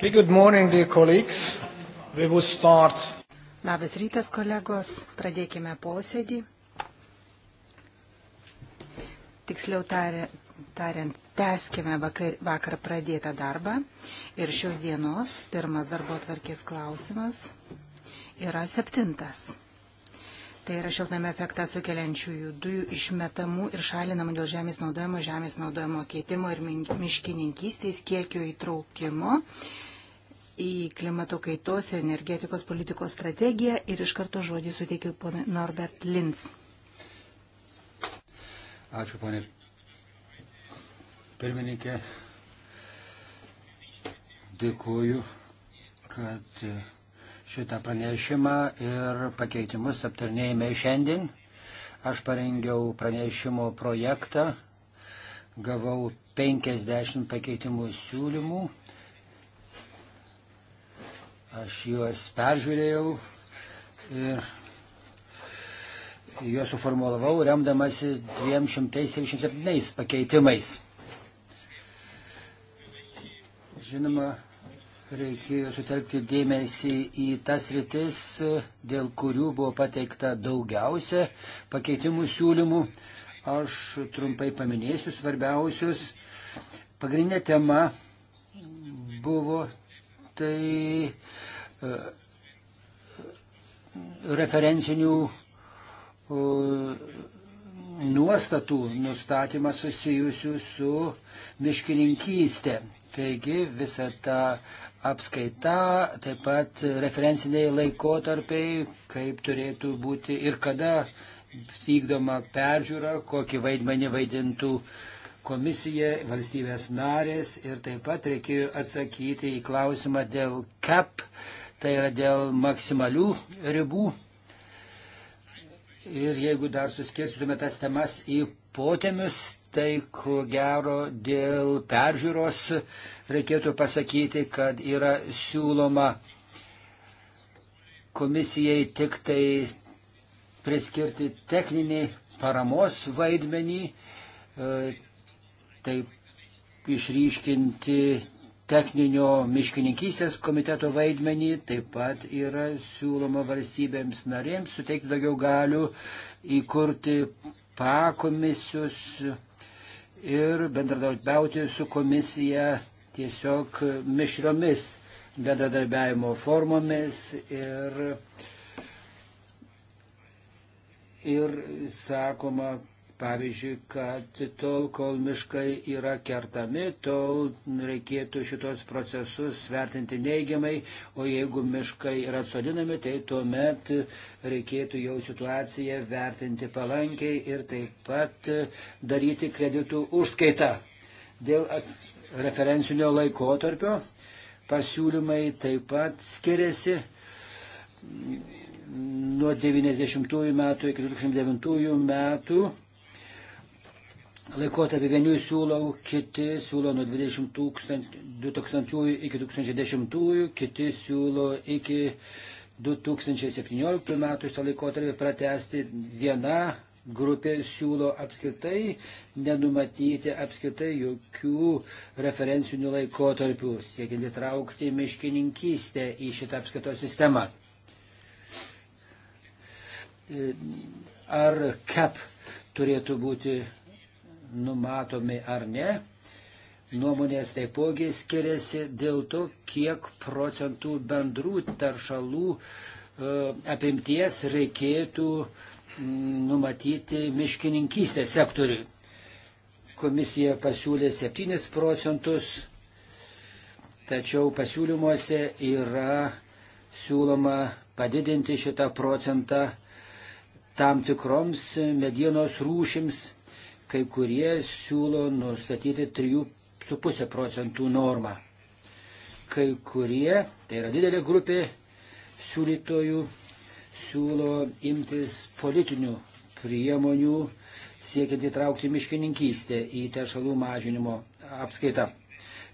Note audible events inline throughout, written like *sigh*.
Okay, good morning, dear colleagues. We will start. Labas rytas, kolegos. Pradėkime posėdį. Tiksliau tariant, tęskime vakar, vakar pradėtą darbą. Ir šios dienos pirmas darbo atvarkės klausimas yra septintas. Tai yra šiltnamio efektą sukeliančiųjų dujų išmetamų ir šalinamų dėl žemės naudojimo, žemės naudojimo keitimo ir miškininkystės kiekio įtraukimo į klimato kaitos ir energetikos politikos strategiją ir iš karto žodį suteikiu ponui Norbert Lins. Ačiū, ponė. Pirmininkė, dėkuoju, kad šitą pranešimą ir pakeitimus aptarnėjame šiandien. Aš parengiau pranešimo projektą, gavau 50 pakeitimų siūlymų Aš juos peržiūrėjau ir juos suformulavau remdamasi 277 pakeitimais. Žinoma, reikėjo sutelkti dėmesį į tas rytis, dėl kurių buvo pateikta daugiausia pakeitimų siūlymų. Aš trumpai paminėsiu svarbiausius. Pagrindinė tema buvo tai e, referencinių e, nuostatų nustatymas susijusių su miškininkystė. Taigi visa ta apskaita, taip pat referenciniai laikotarpiai, kaip turėtų būti ir kada vykdoma peržiūra, kokį vaidmenį vaidintų uh, komisija, valstybės narės ir taip pat reikėjo atsakyti į klausimą dėl CAP, tai yra dėl maksimalių ribų. Ir jeigu dar suskirstytume tas temas į potemius, tai ko gero dėl peržiūros reikėtų pasakyti, kad yra siūloma komisijai tik tai priskirti techninį paramos vaidmenį, e, taip išryškinti techninio miškininkystės komiteto vaidmenį, taip pat yra siūloma valstybėms narėms suteikti daugiau galių įkurti pakomisius ir bendradarbiauti su komisija tiesiog mišriomis bendradarbiavimo formomis ir, ir sakoma, Pavyzdžiui, kad tol, kol miškai yra kertami, tol reikėtų šitos procesus vertinti neigiamai, o jeigu miškai yra atsodinami, tai tuomet reikėtų jau situaciją vertinti palankiai ir taip pat daryti kreditų užskaitą. Dėl referencinio laikotarpio pasiūlymai taip pat skiriasi nuo 90 metų iki 2009 metų laikotarpį vieni siūlau, kiti siūlo nuo 20 tūkstančių, 2000 iki 2010, kiti siūlo iki 2017 metų šitą laikotarpį pratesti viena grupė siūlo apskritai nenumatyti apskritai jokių referencinių laikotarpių, siekiant įtraukti miškininkystę į šitą apskaitos sistemą. Ar CAP e turėtų būti numatomi ar ne. Nuomonės taipogi skiriasi dėl to, kiek procentų bendrų taršalų e, apimties reikėtų numatyti miškininkystės sektoriui. Komisija pasiūlė 7 procentus, tačiau pasiūlymuose yra siūloma padidinti šitą procentą tam tikroms medienos rūšims Kai kurie siūlo nustatyti 3,5 procentų normą. Kai kurie, tai yra didelė grupė siūlytojų, siūlo imtis politinių priemonių siekiant įtraukti miškininkystę į teršalų mažinimo apskaitą.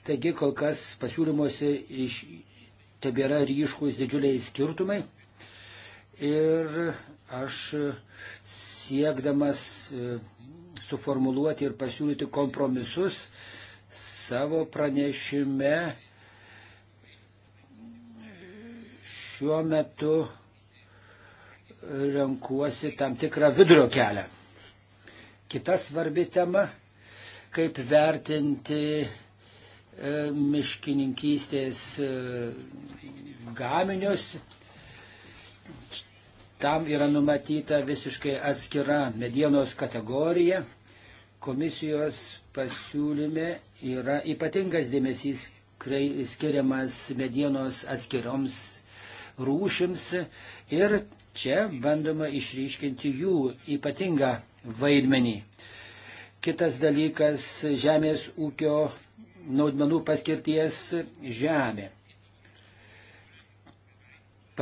Taigi kol kas pasiūlymuose iš, tebėra ryškus didžiuliai skirtumai ir aš siekdamas suformuluoti ir pasiūlyti kompromisus savo pranešime. Šiuo metu renkuosi tam tikrą vidurio kelią. Kita svarbi tema - kaip vertinti e, miškininkystės e, gaminius Tam yra numatyta visiškai atskira medienos kategorija. Komisijos pasiūlyme yra ypatingas dėmesys skiriamas medienos atskiroms rūšims ir čia bandoma išryškinti jų ypatingą vaidmenį. Kitas dalykas - žemės ūkio naudmenų paskirties žemė.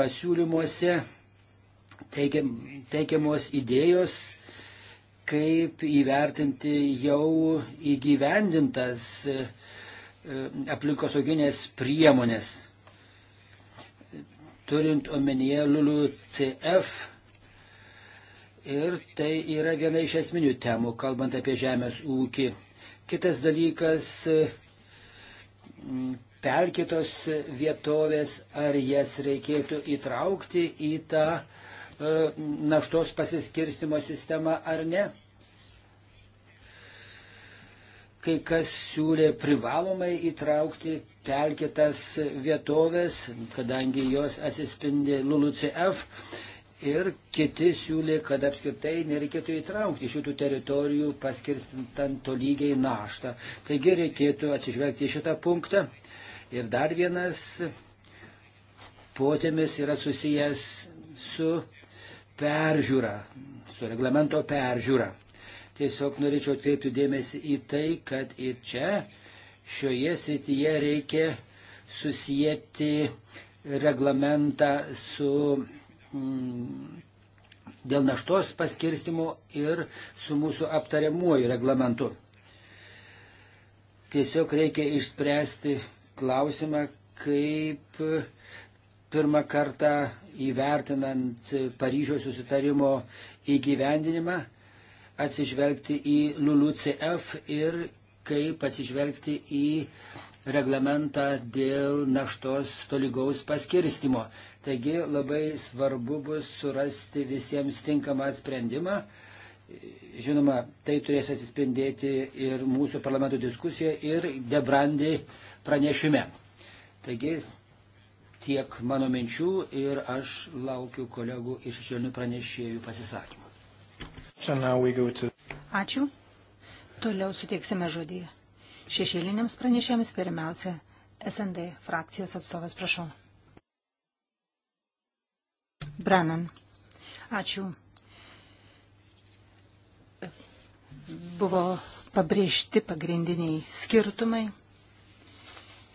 Pasiūlymuose teikiam, teikiamos idėjos, kaip įvertinti jau įgyvendintas e, e, aplinkosauginės priemonės. Turint omenyje LULU CF ir tai yra viena iš esminių temų, kalbant apie žemės ūkį. Kitas dalykas e, pelkitos vietovės, ar jas reikėtų įtraukti į tą E, naštos pasiskirstimo sistemą ar ne. Kai kas siūlė privalomai įtraukti pelkėtas vietovės, kadangi jos atsispindi LULUCF ir kiti siūlė, kad apskritai nereikėtų įtraukti šitų teritorijų paskirstintant tolygiai naštą. Taigi reikėtų atsižvelgti į šitą punktą. Ir dar vienas potėmis yra susijęs su peržiūra, su reglamento peržiūra. Tiesiog norėčiau atkreipti dėmesį į tai, kad ir čia šioje srityje reikia susijęti reglamentą su mm, dėl naštos paskirstimo ir su mūsų aptariamuoju reglamentu. Tiesiog reikia išspręsti klausimą, kaip pirmą kartą įvertinant Paryžiaus susitarimo įgyvendinimą, atsižvelgti į LULUCF ir kaip atsižvelgti į reglamentą dėl naštos tolygaus paskirstimo. Taigi labai svarbu bus surasti visiems tinkamą sprendimą. Žinoma, tai turės atsispindėti ir mūsų parlamento diskusijoje, ir Debrandi pranešime. Taigi tiek mano minčių ir aš laukiu kolegų iš šešėlinių pranešėjų pasisakymų. To... Ačiū. Toliau suteiksime žodį. Šešėliniams pranešėjams pirmiausia SND frakcijos atstovas, prašau. Branan. Ačiū. Buvo pabrėžti pagrindiniai skirtumai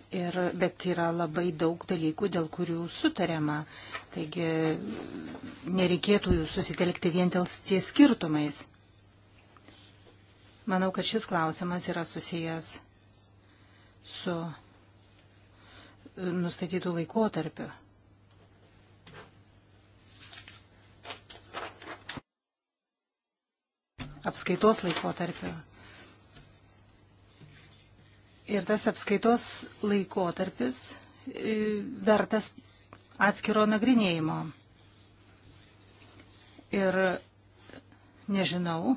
Ir, bet yra labai daug dalykų, dėl kurių sutarėma. Taigi nereikėtų jų susitelkti vien dėl ties skirtumais. Manau, kad šis klausimas yra susijęs su nustatytų laikotarpiu. Apskaitos laikotarpiu. Ir tas apskaitos laikotarpis e, vertas atskiro nagrinėjimo. Ir nežinau,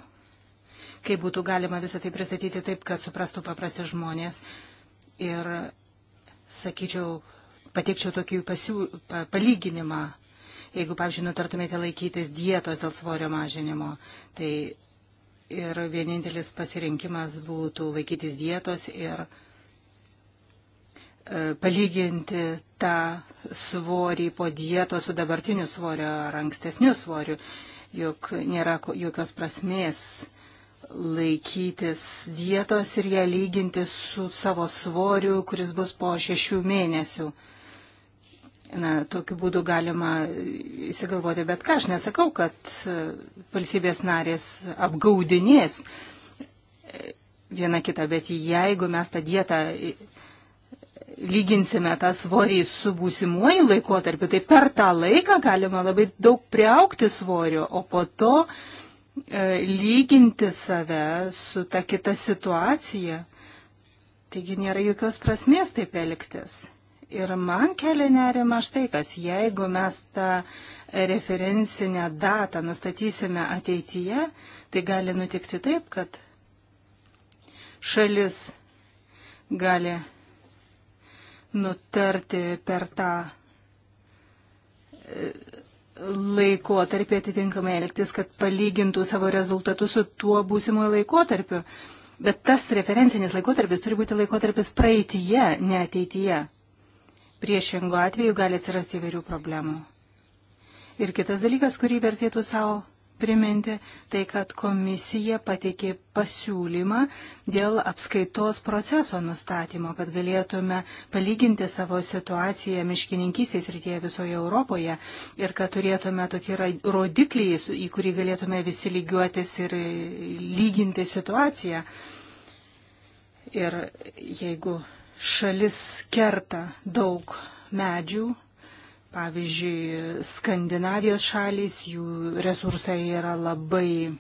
kaip būtų galima visą tai pristatyti taip, kad suprastų paprasti žmonės. Ir sakyčiau, pateikčiau tokį pasiū, pa, palyginimą. Jeigu, pavyzdžiui, nutartumėte laikytis dietos dėl svorio mažinimo, tai ir vienintelis pasirinkimas būtų laikytis dietos ir e, palyginti tą svorį po dietos su dabartiniu svoriu ar ankstesniu svoriu, juk nėra jokios prasmės laikytis dietos ir ją lyginti su savo svoriu, kuris bus po šešių mėnesių. Na, tokiu būdu galima įsigalvoti, bet ką aš nesakau, kad e, valstybės narės apgaudinės e, viena kitą, bet jeigu mes tą dietą e, lyginsime tą svorį su būsimuoju laikotarpiu, tai per tą laiką galima labai daug priaukti svorio, o po to e, lyginti save su ta kita situacija. Taigi nėra jokios prasmės taip elgtis. Ir man kelia nerima štai kas, jeigu mes tą referencinę datą nustatysime ateityje, tai gali nutikti taip, kad šalis gali nutarti per tą e, laikotarpį atitinkamai elgtis, kad palygintų savo rezultatus su tuo būsimojo laikotarpiu. Bet tas referencinis laikotarpis turi būti laikotarpis praeitie, ne ateityje. Priešingo atveju gali atsirasti įvairių problemų. Ir kitas dalykas, kurį vertėtų savo priminti, tai kad komisija pateikė pasiūlymą dėl apskaitos proceso nustatymo, kad galėtume palyginti savo situaciją miškininkystės rytėje visoje Europoje ir kad turėtume tokį rodiklį, į kurį galėtume visi lygiuotis ir lyginti situaciją. Ir jeigu šalis kerta daug medžių. Pavyzdžiui, Skandinavijos šalys, jų resursai yra labai e,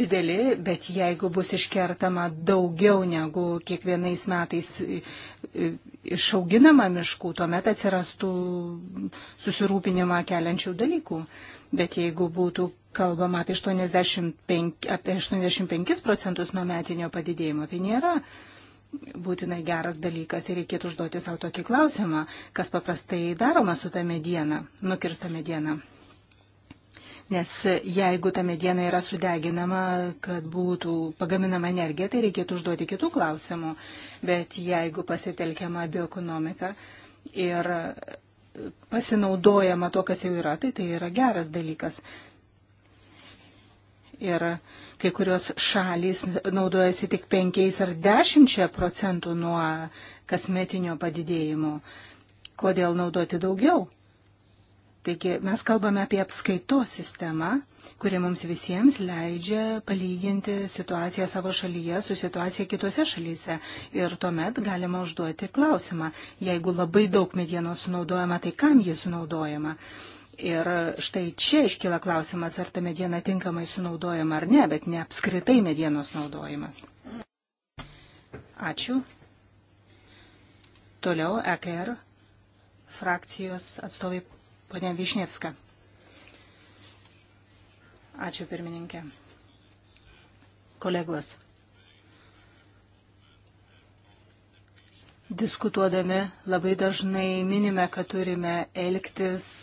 dideli, bet jeigu bus iškertama daugiau negu kiekvienais metais e, e, išauginama miškų, tuomet atsirastų susirūpinimą keliančių dalykų. Bet jeigu būtų kalbama apie 85, apie 85 procentus nuo metinio padidėjimo, tai nėra būtinai geras dalykas ir reikėtų užduoti savo tokį klausimą, kas paprastai daroma su tą medieną, nukirsta mediena. Nes jeigu ta mediena yra sudeginama, kad būtų pagaminama energija, tai reikėtų užduoti kitų klausimų. Bet jeigu pasitelkiama bioekonomika ir pasinaudojama to, kas jau yra, tai tai yra geras dalykas ir kai kurios šalys naudojasi tik 5 ar 10 procentų nuo kasmetinio padidėjimo. Kodėl naudoti daugiau? Taigi mes kalbame apie apskaitos sistemą, kuri mums visiems leidžia palyginti situaciją savo šalyje su situacija kitose šalyse. Ir tuomet galima užduoti klausimą, jeigu labai daug medienos sunaudojama, tai kam ji sunaudojama? Ir štai čia iškyla klausimas, ar ta mediena tinkamai sunaudojama ar ne, bet ne apskritai medienos naudojimas. Ačiū. Toliau EKR frakcijos atstovai ponia Višnievska. Ačiū pirmininkė. Kolegos. Diskutuodami labai dažnai minime, kad turime elgtis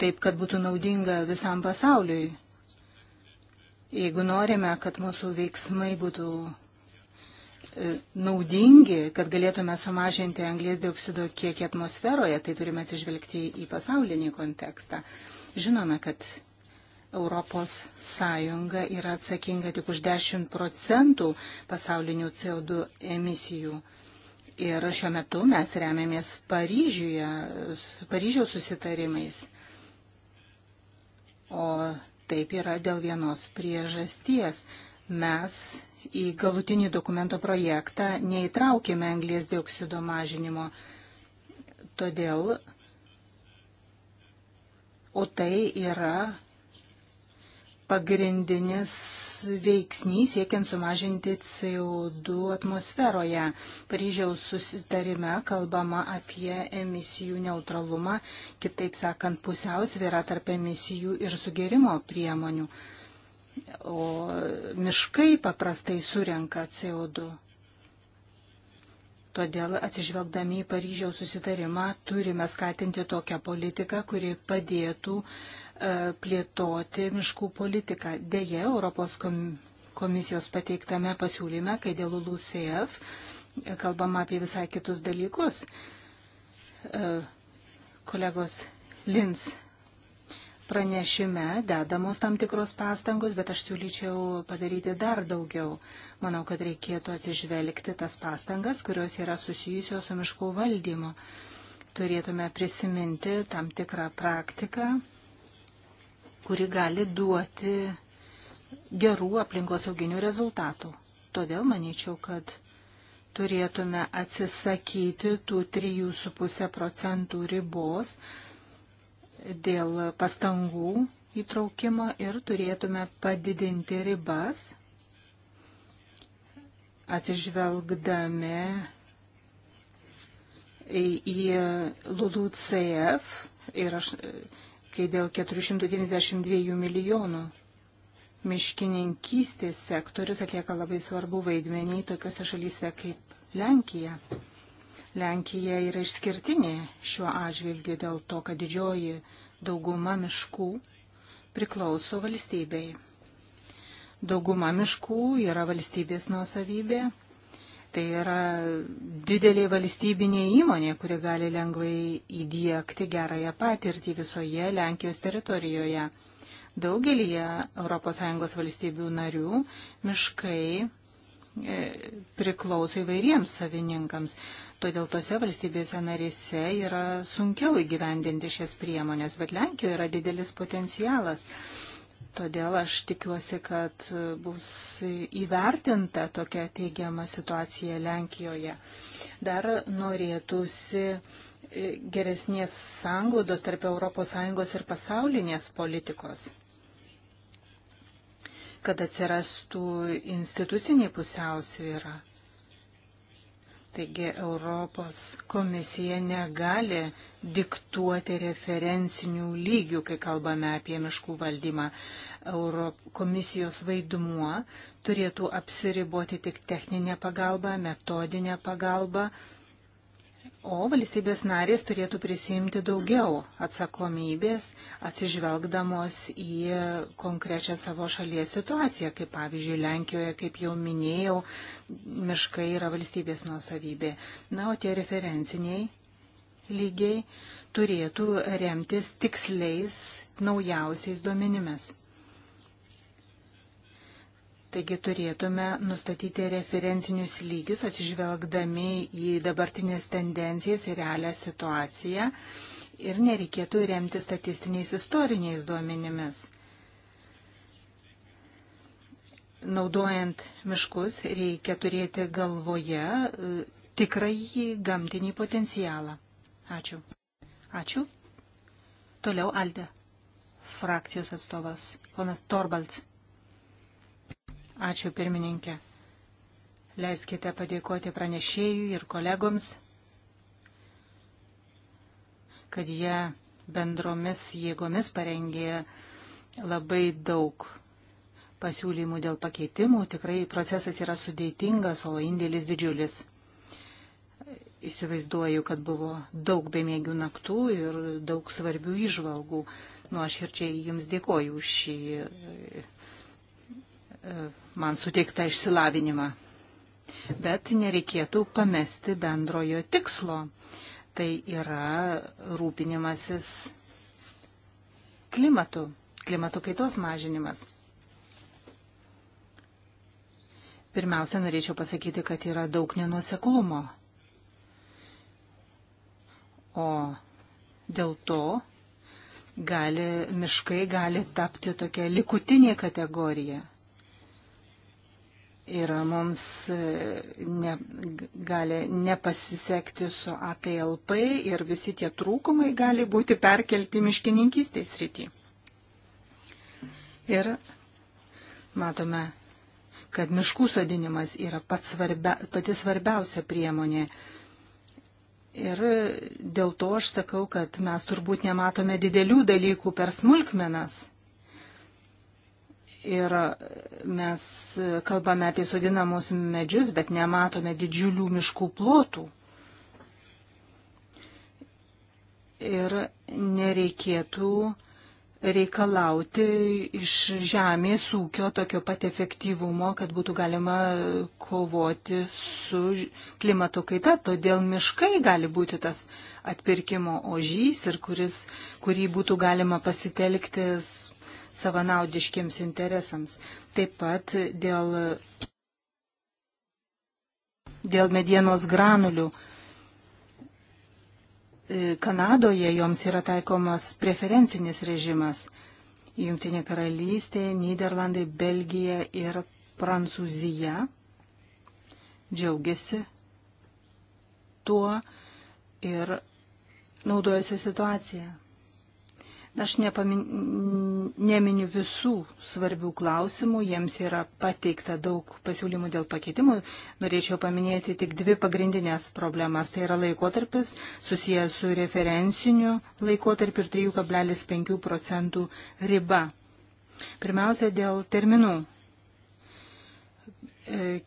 taip kad būtų naudinga visam pasauliui. Jeigu norime, kad mūsų veiksmai būtų e, naudingi, kad galėtume sumažinti anglės dioksido kiekį atmosferoje, tai turime atsižvelgti į pasaulinį kontekstą. Žinome, kad Europos Sąjunga yra atsakinga tik už 10 procentų pasaulinių CO2 emisijų. Ir šiuo metu mes remiamės Paryžiuje, Paryžiaus susitarimais. O taip yra dėl vienos priežasties. Mes į galutinį dokumento projektą neįtraukėme anglės dioksido mažinimo. Todėl, o tai yra pagrindinis veiksnys siekiant sumažinti CO2 atmosferoje. Paryžiaus susitarime kalbama apie emisijų neutralumą, kitaip sakant, pusiausvyrą tarp emisijų ir sugerimo priemonių. O miškai paprastai surenka CO2. Todėl atsižvelgdami į Paryžiaus susitarimą turime skatinti tokią politiką, kuri padėtų e, plėtoti miškų politiką. Deja, Europos komisijos pateiktame pasiūlyme, kai dėl LUCF kalbama apie visai kitus dalykus, e, kolegos Lins pranešime dedamos tam tikros pastangos, bet aš siūlyčiau padaryti dar daugiau. Manau, kad reikėtų atsižvelgti tas pastangas, kurios yra susijusios su miškų valdymu. Turėtume prisiminti tam tikrą praktiką, kuri gali duoti gerų aplinkosauginių rezultatų. Todėl manyčiau, kad turėtume atsisakyti tų 3,5 procentų ribos dėl pastangų įtraukimo ir turėtume padidinti ribas, atsižvelgdami į LULUCF ir aš, kai dėl 492 milijonų miškininkystės sektorius atlieka labai svarbu vaidmenį tokiuose šalyse kaip Lenkija. Lenkija yra išskirtinė šiuo atžvilgiu dėl to, kad didžioji dauguma miškų priklauso valstybei. Dauguma miškų yra valstybės nuosavybė. Tai yra didelė valstybinė įmonė, kuri gali lengvai įdėkti gerąją patirtį visoje Lenkijos teritorijoje. Daugelįje ES valstybių narių miškai e, priklauso įvairiems savininkams. Todėl tose valstybėse narise yra sunkiau įgyvendinti šias priemonės, bet Lenkijoje yra didelis potencialas. Todėl aš tikiuosi, kad bus įvertinta tokia teigiama situacija Lenkijoje. Dar norėtųsi geresnės sanglodos tarp ES ir pasaulinės politikos kad atsirastų instituciniai pusiausvyra. Taigi Europos komisija negali diktuoti referencinių lygių, kai kalbame apie miškų valdymą. Europ komisijos vaidmuo turėtų apsiriboti tik techninę pagalbą, metodinę pagalbą, O valstybės narės turėtų prisimti daugiau atsakomybės, atsižvelgdamos į konkrečią savo šalies situaciją, kaip pavyzdžiui Lenkijoje, kaip jau minėjau, miškai yra valstybės nuosavybė. Na, o tie referenciniai lygiai turėtų remtis tiksliais naujausiais duomenimis. Taigi turėtume nustatyti referencinius lygius, atsižvelgdami į dabartinės tendencijas ir realią situaciją ir nereikėtų remti statistiniais istoriniais duomenimis. Naudojant miškus reikia turėti galvoje e, tikrąjį gamtinį potencialą. Ačiū. Ačiū. Toliau Alde. Frakcijos atstovas, ponas Torbalds. Ačiū pirmininkė. Leiskite padėkoti pranešėjui ir kolegoms, kad jie bendromis jėgomis parengė labai daug pasiūlymų dėl pakeitimų. Tikrai procesas yra sudėtingas, o indėlis didžiulis. Įsivaizduoju, kad buvo daug bemėgių naktų ir daug svarbių išvalgų. Nuoširčiai Jums dėkoju už šį man suteiktą išsilavinimą. Bet nereikėtų pamesti bendrojo tikslo. Tai yra rūpinimasis klimatu, klimato kaitos mažinimas. Pirmiausia, norėčiau pasakyti, kad yra daug nenuoseklumo. O dėl to gali, miškai gali tapti tokia likutinė kategorija – ir mums e, ne, gali nepasisekti su ATLP ir visi tie trūkumai gali būti perkelti miškininkystės rytį. Ir matome, kad miškų sodinimas yra svarbia, pati svarbiausia priemonė. Ir dėl to aš sakau, kad mes turbūt nematome didelių dalykų per smulkmenas Ir mes kalbame apie sodinamus medžius, bet nematome didžiulių miškų plotų. Ir nereikėtų reikalauti iš žemės ūkio tokio pat efektyvumo, kad būtų galima kovoti su klimato kaita. Todėl miškai gali būti tas atpirkimo ožys ir kuris, kurį būtų galima pasitelktis savanaudiškiams interesams. Taip pat dėl, dėl medienos granulių. E, Kanadoje joms yra taikomas preferencinis režimas. Jungtinė karalystė, Niderlandai, Belgija ir Prancūzija džiaugiasi tuo ir naudojasi situacija. Aš nepamin, neminiu visų svarbių klausimų, jiems yra pateikta daug pasiūlymų dėl pakeitimų. Norėčiau paminėti tik dvi pagrindinės problemas. Tai yra laikotarpis susijęs su referenciniu laikotarpiu ir 3,5 procentų riba. Pirmiausia, dėl terminų. E,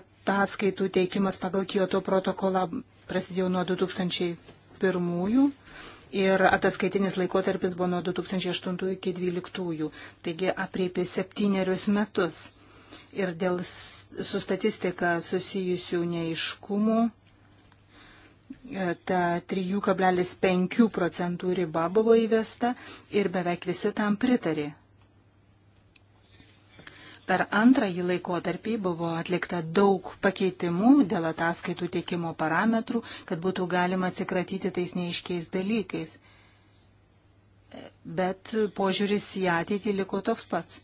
ataskaitų teikimas pagal Kyoto protokolą prasidėjo nuo 2001 ir ataskaitinis laikotarpis buvo nuo 2008 iki 2012, taigi apriepė septynerius metus. Ir dėl su statistika susijusių neiškumų e, ta 3,5 procentų riba buvo įvesta ir beveik visi tam pritarė. Per antrąjį laikotarpį buvo atlikta daug pakeitimų dėl ataskaitų teikimo parametrų, kad būtų galima atsikratyti tais neiškiais dalykais. Bet požiūris į ateitį liko toks pats.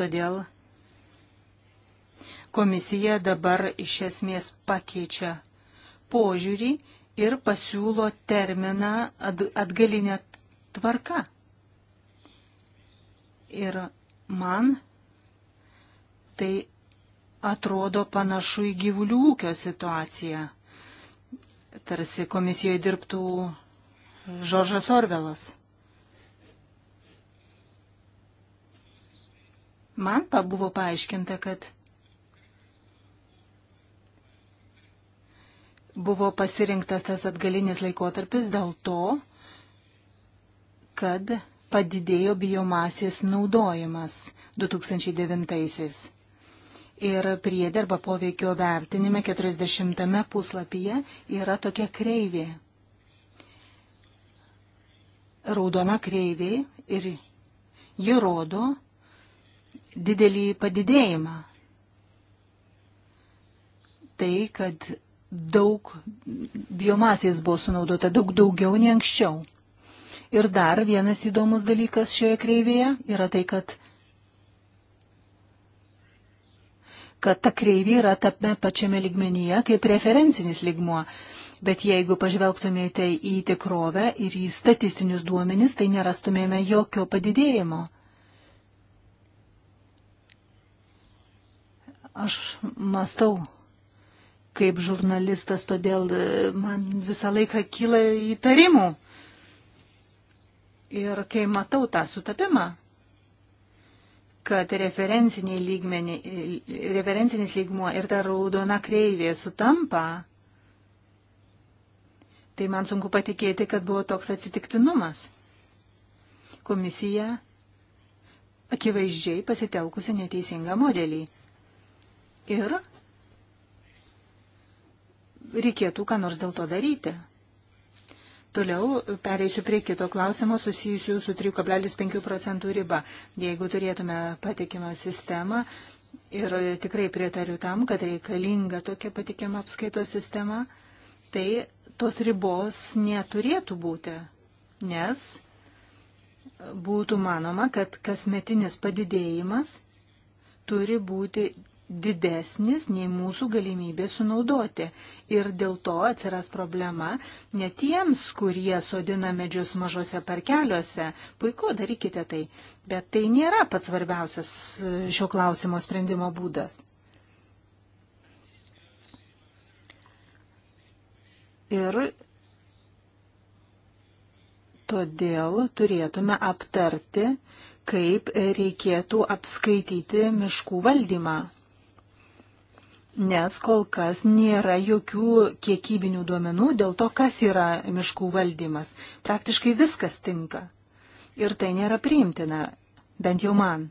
Todėl komisija dabar iš esmės pakeičia požiūrį ir pasiūlo terminą atgalinę tvarką. Ir man Tai atrodo panašu į gyvulių ūkio situaciją. Tarsi komisijoje dirbtų Žoržas Orvelas. Man buvo paaiškinta, kad buvo pasirinktas tas atgalinis laikotarpis dėl to, kad padidėjo biomasės naudojimas 2009-aisiais. Ir priedė arba poveikio vertinime 40 puslapyje yra tokia kreivė. Raudona kreivė ir ji rodo didelį padidėjimą. Tai, kad daug biomasės buvo sunaudota, daug daugiau nei anksčiau. Ir dar vienas įdomus dalykas šioje kreivėje yra tai, kad kad ta kreivė yra tame pačiame ligmenyje kaip referencinis ligmuo. Bet jeigu pažvelgtumėte į tikrovę ir į statistinius duomenis, tai nerastumėme jokio padidėjimo. Aš mastau kaip žurnalistas, todėl e, man visą laiką kyla įtarimų. Ir kai matau tą sutapimą, kad lygmenį, referencinis lygmuo ir ta raudona kreivė sutampa, tai man sunku patikėti, kad buvo toks atsitiktinumas. Komisija akivaizdžiai pasitelkusi neteisingą modelį. Ir reikėtų ką nors dėl to daryti. Toliau pereisiu prie kito klausimo susijusiu su 3,5 procentų riba. Jeigu turėtume patikimą sistemą ir tikrai pritariu tam, kad reikalinga tokia patikima apskaitos sistema, tai tos ribos neturėtų būti, nes būtų manoma, kad kasmetinis padidėjimas turi būti didesnis nei mūsų galimybė sunaudoti. Ir dėl to atsiras problema ne tiems, kurie sodina medžius mažose parkeliuose. Puiku, darykite tai. Bet tai nėra pats svarbiausias e, šio klausimo sprendimo būdas. Ir todėl turėtume aptarti, kaip reikėtų apskaityti miškų valdymą nes kol kas nėra jokių kiekybinių duomenų dėl to, kas yra miškų valdymas. Praktiškai viskas tinka. Ir tai nėra priimtina, bent jau man.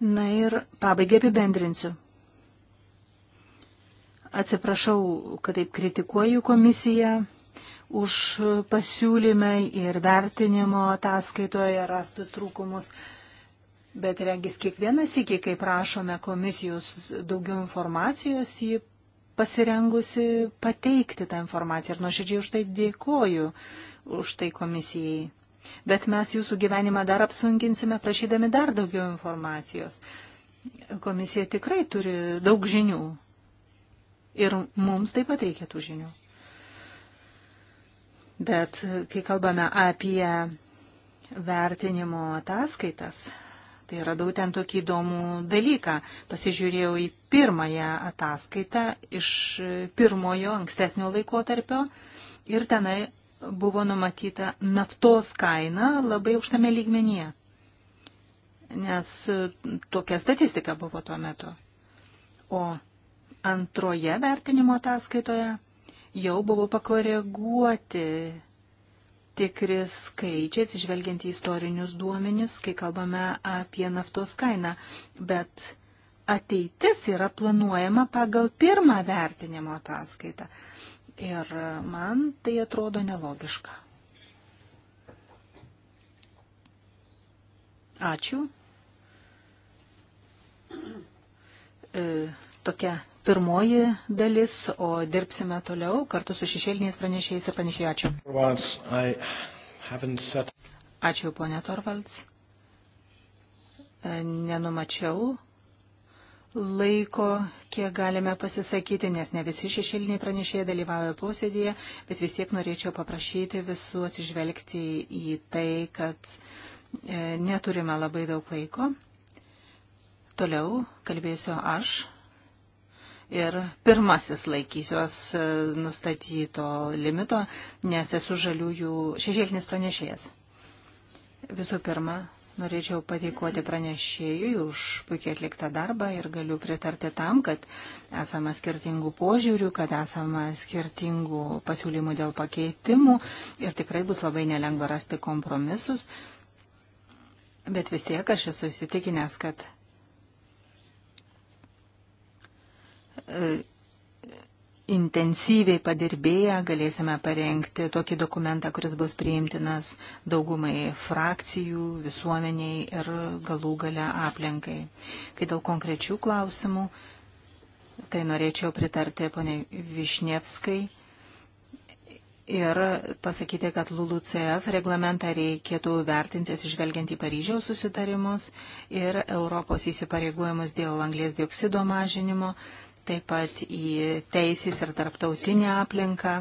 Na ir pabaigai apibendrinsiu. Atsiprašau, kad taip kritikuoju komisiją už pasiūlymą ir vertinimo ataskaitoje rastus trūkumus. Bet regis kiekvienas iki, kai prašome komisijos daugiau informacijos, ji pasirengusi pateikti tą informaciją. Ir nuoširdžiai už tai dėkoju už tai komisijai. Bet mes jūsų gyvenimą dar apsunkinsime, prašydami dar daugiau informacijos. Komisija tikrai turi daug žinių. Ir mums taip pat reikia tų žinių. Bet kai kalbame apie vertinimo ataskaitas, Tai radau ten tokį įdomų dalyką. Pasižiūrėjau į pirmąją ataskaitą iš pirmojo ankstesnio laikotarpio ir tenai buvo numatyta naftos kaina labai aukštame lygmenyje, nes e, tokia statistika buvo tuo metu. O antroje vertinimo ataskaitoje jau buvo pakoreguoti tikri skaičiai, atsižvelgiant į istorinius duomenis, kai kalbame apie naftos kainą, bet ateitis yra planuojama pagal pirmą vertinimo ataskaitą. Ir man tai atrodo nelogiška. Ačiū. E, tokia pirmoji dalis, o dirbsime toliau kartu su šešėliniais pranešėjais ir panašiai. Ačiū. Ačiū, ponė Torvalds. E, nenumačiau laiko, kiek galime pasisakyti, nes ne visi šešėliniai pranešėjai dalyvauja posėdėje, bet vis tiek norėčiau paprašyti visų atsižvelgti į tai, kad e, neturime labai daug laiko. Toliau kalbėsiu aš, ir pirmasis laikysiuos e, nustatyto limito, nes esu žaliųjų šešėlinis pranešėjas. Visų pirma, norėčiau padėkoti pranešėjui už puikiai atliktą darbą ir galiu pritarti tam, kad esama skirtingų požiūrių, kad esama skirtingų pasiūlymų dėl pakeitimų ir tikrai bus labai nelengva rasti kompromisus. Bet vis tiek aš esu įsitikinęs, kad intensyviai padirbėję galėsime parengti tokį dokumentą, kuris bus priimtinas daugumai frakcijų, visuomeniai ir galų gale aplinkai. Kai dėl konkrečių klausimų, tai norėčiau pritarti ponė Višnievskai ir pasakyti, kad LULUCF reglamentą reikėtų vertinti atsižvelgiant į Paryžiaus susitarimus ir Europos įsipareigojimus dėl anglės dioksido mažinimo taip pat į teisės ir tarptautinę aplinką.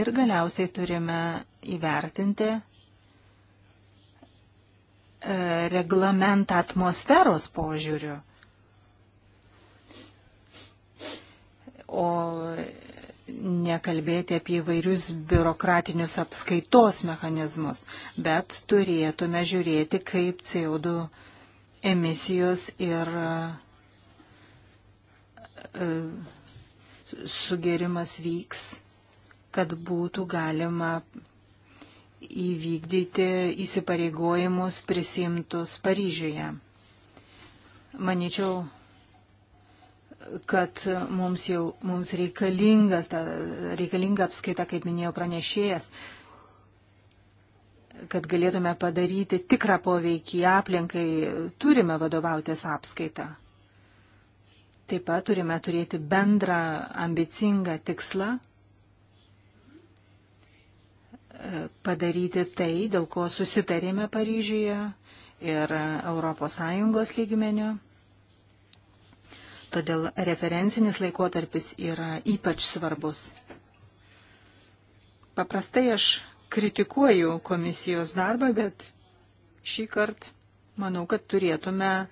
Ir galiausiai turime įvertinti e, reglamentą atmosferos požiūriu. O nekalbėti apie įvairius biurokratinius apskaitos mechanizmus, bet turėtume žiūrėti, kaip CO2 emisijos ir E, sugerimas vyks, kad būtų galima įvykdyti įsipareigojimus prisimtus Paryžiuje. Maničiau, kad mums jau mums reikalingas, ta, reikalinga apskaita, kaip minėjo pranešėjas, kad galėtume padaryti tikrą poveikį aplinkai, turime vadovautis apskaitą. Taip pat turime turėti bendrą ambicingą tikslą e, padaryti tai, dėl ko susitarėme Paryžiuje ir ES lygmenio. Todėl referencinis laikotarpis yra ypač svarbus. Paprastai aš kritikuoju komisijos darbą, bet šį kartą manau, kad turėtume uh,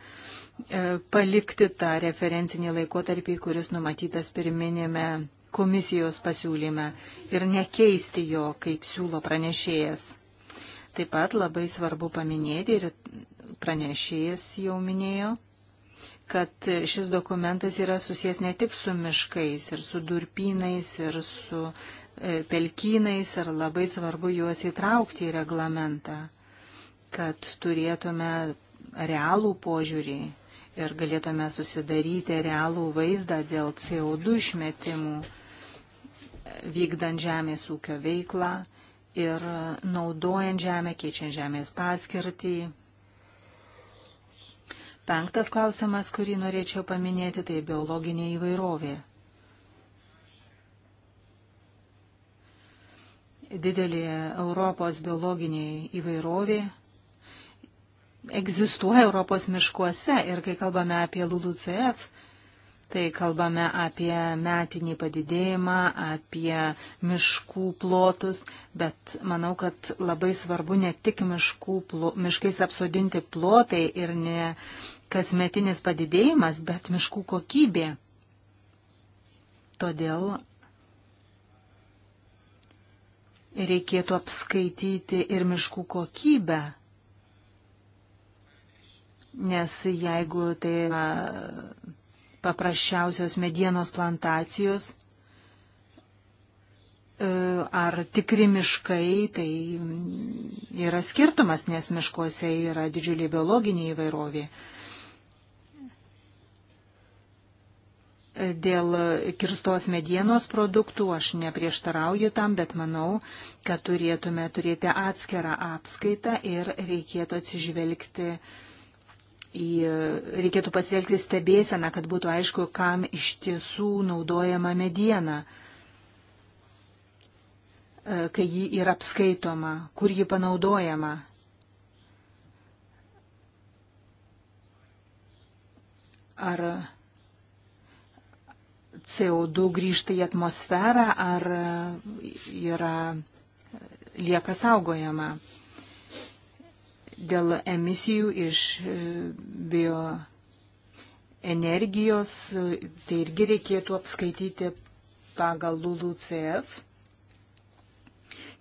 E, palikti tą referencinį laikotarpį, kuris numatytas pirminėme komisijos pasiūlyme ir nekeisti jo, kaip siūlo pranešėjas. Taip pat labai svarbu paminėti ir pranešėjas jau minėjo, kad šis dokumentas yra susijęs ne tik su miškais ir su durpynais ir su e, pelkynais ir labai svarbu juos įtraukti į reglamentą, kad turėtume realų požiūrį ir galėtume susidaryti realų vaizdą dėl CO2 išmetimų vykdant žemės ūkio veiklą ir naudojant žemę, keičiant žemės paskirtį. Penktas klausimas, kurį norėčiau paminėti, tai biologinė įvairovė. Didelė Europos biologinė įvairovė egzistuoja Europos miškuose ir kai kalbame apie LULUCF, tai kalbame apie metinį padidėjimą, apie miškų plotus, bet manau, kad labai svarbu ne tik miškų, plo, miškais apsodinti plotai ir ne kasmetinis padidėjimas, bet miškų kokybė. Todėl reikėtų apskaityti ir miškų kokybę nes jeigu tai yra paprasčiausios medienos plantacijos e, ar tikri miškai, tai yra skirtumas, nes miškuose yra didžiulė biologinė įvairovė. Dėl kirstos medienos produktų aš neprieštarauju tam, bet manau, kad turėtume turėti atskirą apskaitą ir reikėtų atsižvelgti uh, į, reikėtų pasielgti stebėseną, kad būtų aišku, kam iš tiesų naudojama mediena, e, kai ji yra apskaitoma, kur ji panaudojama. Ar CO2 grįžta į atmosferą, ar yra lieka saugojama dėl emisijų iš e, bioenergijos, e, tai irgi reikėtų apskaityti pagal LULUCF,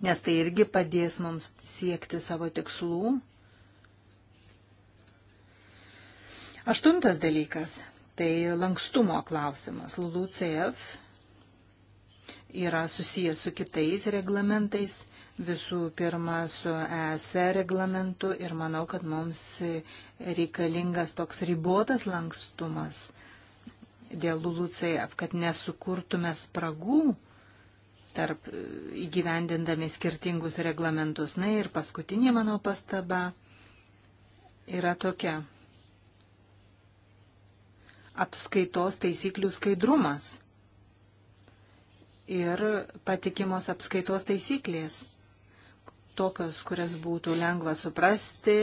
nes tai irgi padės mums siekti savo tikslų. Aštuntas dalykas - tai lankstumo klausimas. LULUCF yra susijęs su kitais reglamentais visų pirma su ES e reglamentu ir manau, kad mums reikalingas toks ribotas lankstumas dėl LULUCF, e kad nesukurtume spragų tarp įgyvendindami skirtingus reglamentus. Na ir paskutinė mano pastaba yra tokia. Apskaitos taisyklių skaidrumas ir patikimos apskaitos taisyklės tokios, kurias būtų lengva suprasti,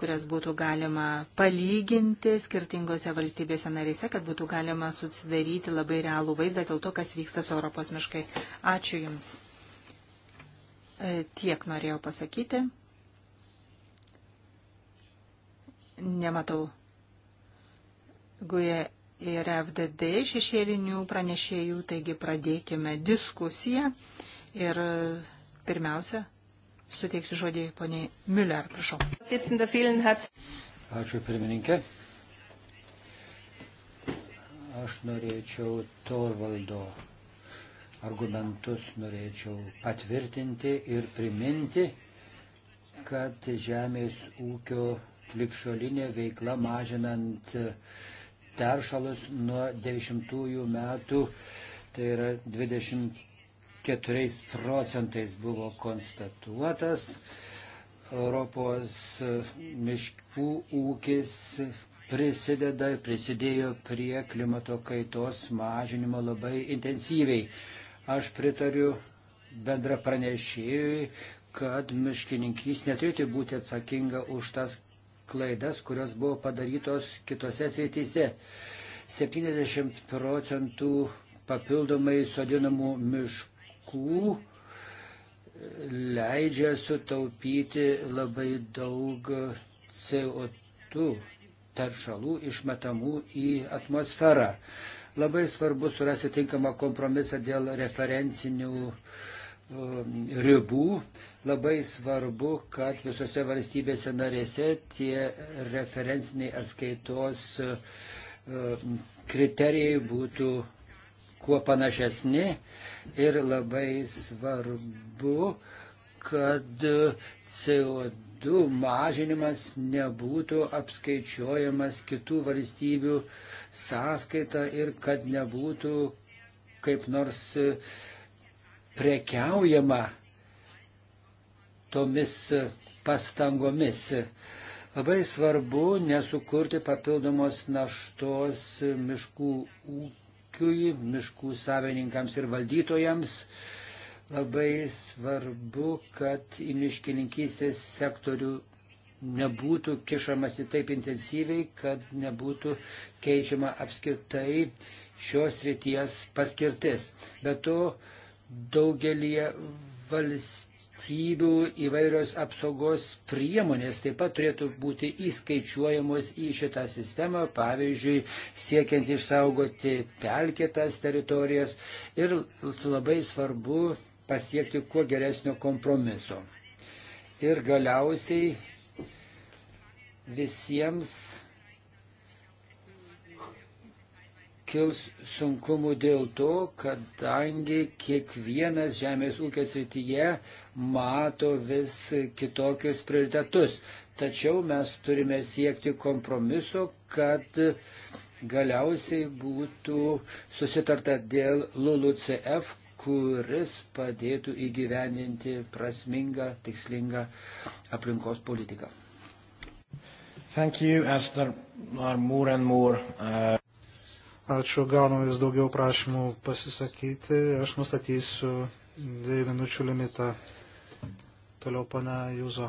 kurias būtų galima palyginti skirtingose valstybėse narėse, kad būtų galima susidaryti labai realų vaizdą dėl to, kas vyksta su Europos miškais. Ačiū Jums. E, tiek norėjau pasakyti. Nematau. Guje ir FDD šešėlinių pranešėjų, taigi pradėkime diskusiją. Ir pirmiausia, suteiksiu žodį poniai Müller, prašau. Ačiū pirmininkė. Aš norėčiau Torvaldo argumentus norėčiau patvirtinti ir priminti, kad žemės ūkio likščiolinė veikla mažinant teršalus nuo 90-ųjų metų, tai yra 20 4 procentais buvo konstatuotas. Europos miškų ūkis prisideda, prisidėjo prie klimato kaitos mažinimo labai intensyviai. Aš pritariu bendra pranešėjui, kad miškininkys neturėtų būti atsakinga už tas klaidas, kurios buvo padarytos kitose srityse. 70 procentų papildomai sodinamų miškų atliekų leidžia sutaupyti labai daug CO2 taršalų išmetamų į atmosferą. Labai svarbu surasti tinkamą kompromisą dėl referencinių um, ribų. Labai svarbu, kad visose valstybėse narėse tie referenciniai atskaitos um, kriterijai būtų kuo panašesni ir labai svarbu, kad CO2 mažinimas nebūtų apskaičiuojamas kitų valstybių sąskaita ir kad nebūtų kaip nors prekiaujama tomis pastangomis. Labai svarbu nesukurti papildomos naštos miškų ūkio paskui miškų savininkams ir valdytojams. Labai svarbu, kad į miškininkystės sektorių nebūtų kišamasi taip intensyviai, kad nebūtų keičiama apskritai šios ryties paskirtis. Be to, daugelie valstybių valstybių įvairios apsaugos priemonės taip pat turėtų būti įskaičiuojamos į šitą sistemą, pavyzdžiui, siekiant išsaugoti pelkėtas teritorijas ir labai svarbu pasiekti kuo geresnio kompromiso. Ir galiausiai visiems kils sunkumų dėl to, kadangi kiekvienas žemės ūkio srityje mato vis kitokius prioritetus. Tačiau mes turime siekti kompromiso, kad galiausiai būtų susitarta dėl LULUCF, kuris padėtų įgyveninti prasmingą, tikslingą aplinkos politiką. Thank you, as there are more and more. Uh... Ačiū, gaunam vis daugiau prašymų pasisakyti. Aš nustatysiu dviejų minučių limitą. Toliau pana Jūzo.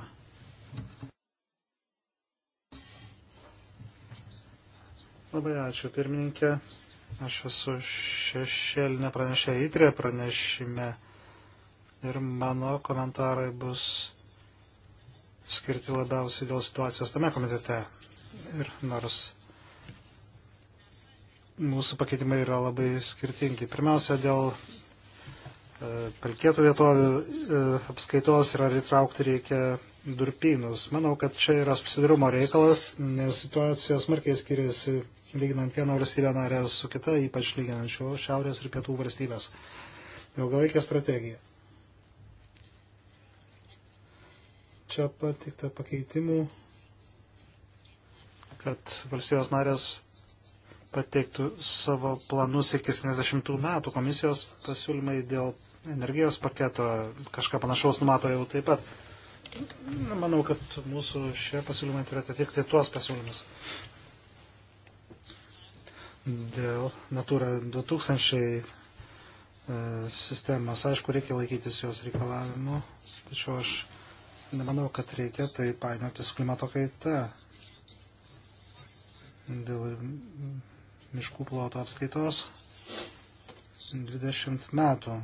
Labai ačiū, pirmininkė. Aš esu šešėlinė pranešė įtrė pranešime ir mano komentarai bus skirti labiausiai dėl situacijos tame komitete. Ir nors mūsų pakeitimai yra labai skirtingi. Pirmiausia, dėl e, pelkėtų vietovių e, apskaitos yra įtraukti reikia durpynus. Manau, kad čia yra susidarumo reikalas, nes situacija smarkiai skiriasi lyginant vieną valstybę narę su kita, ypač lyginant šio šiaurės ir pietų valstybės. Ilgalaikė strategija. Čia patikta pakeitimų, kad valstybės narės pateiktų savo planus iki 70 metų. Komisijos pasiūlymai dėl energijos paketo kažką panašaus numato jau taip pat. Manau, kad mūsų šie pasiūlymai turėtų atitikti tuos pasiūlymus. Dėl Natura 2000 e, sistemos, aišku, reikia laikytis jos reikalavimų, tačiau aš nemanau, kad reikia tai painioti su klimato kaita dėl miškų ploto apskaitos 20 metų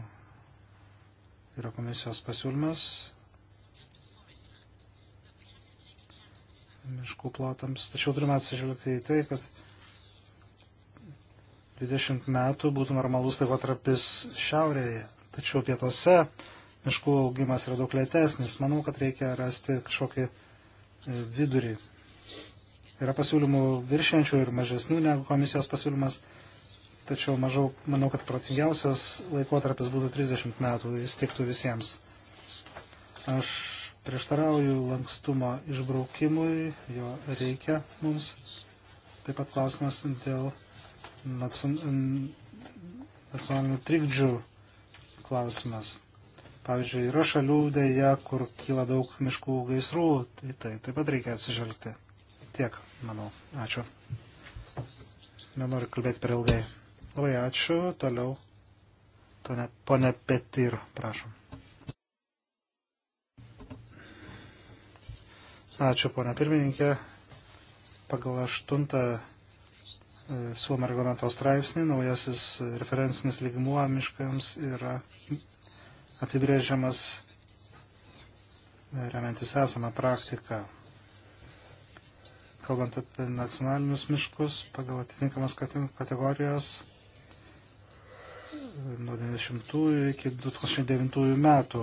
yra komisijos pasiūlymas miškų plotams. Tačiau turime atsižvelgti į tai, kad 20 metų būtų normalus laikotarpis šiaurėje. Tačiau pietuose miškų augimas yra daug lėtesnis. Manau, kad reikia rasti kažkokį e, vidurį. Yra pasiūlymų viršiančių ir mažesnių negu komisijos pasiūlymas, tačiau mažau, manau, kad protingiausias laikotarpis būtų 30 metų, jis tiktų visiems. Aš prieštarauju lankstumo išbraukimui, jo reikia mums. Taip pat klausimas dėl nacionalinių trikdžių klausimas. Pavyzdžiui, yra šalių dėja, kur kyla daug miškų gaisrų, tai, tai taip pat reikia atsižvelgti. Tiek, manau. Ačiū. Nenoriu kalbėti per ilgai. Labai ačiū. Toliau. Pone Petir, prašom. Ačiū, ponia pirmininkė. Pagal aštuntą e, siūlomą reglamento straipsnį naujasis referencinis lygmuo miškams yra apibrėžiamas e, remiantis esamą praktiką kalbant apie nacionalinius miškus, pagal atitinkamas kategorijos nuo 90 iki 2009 metų.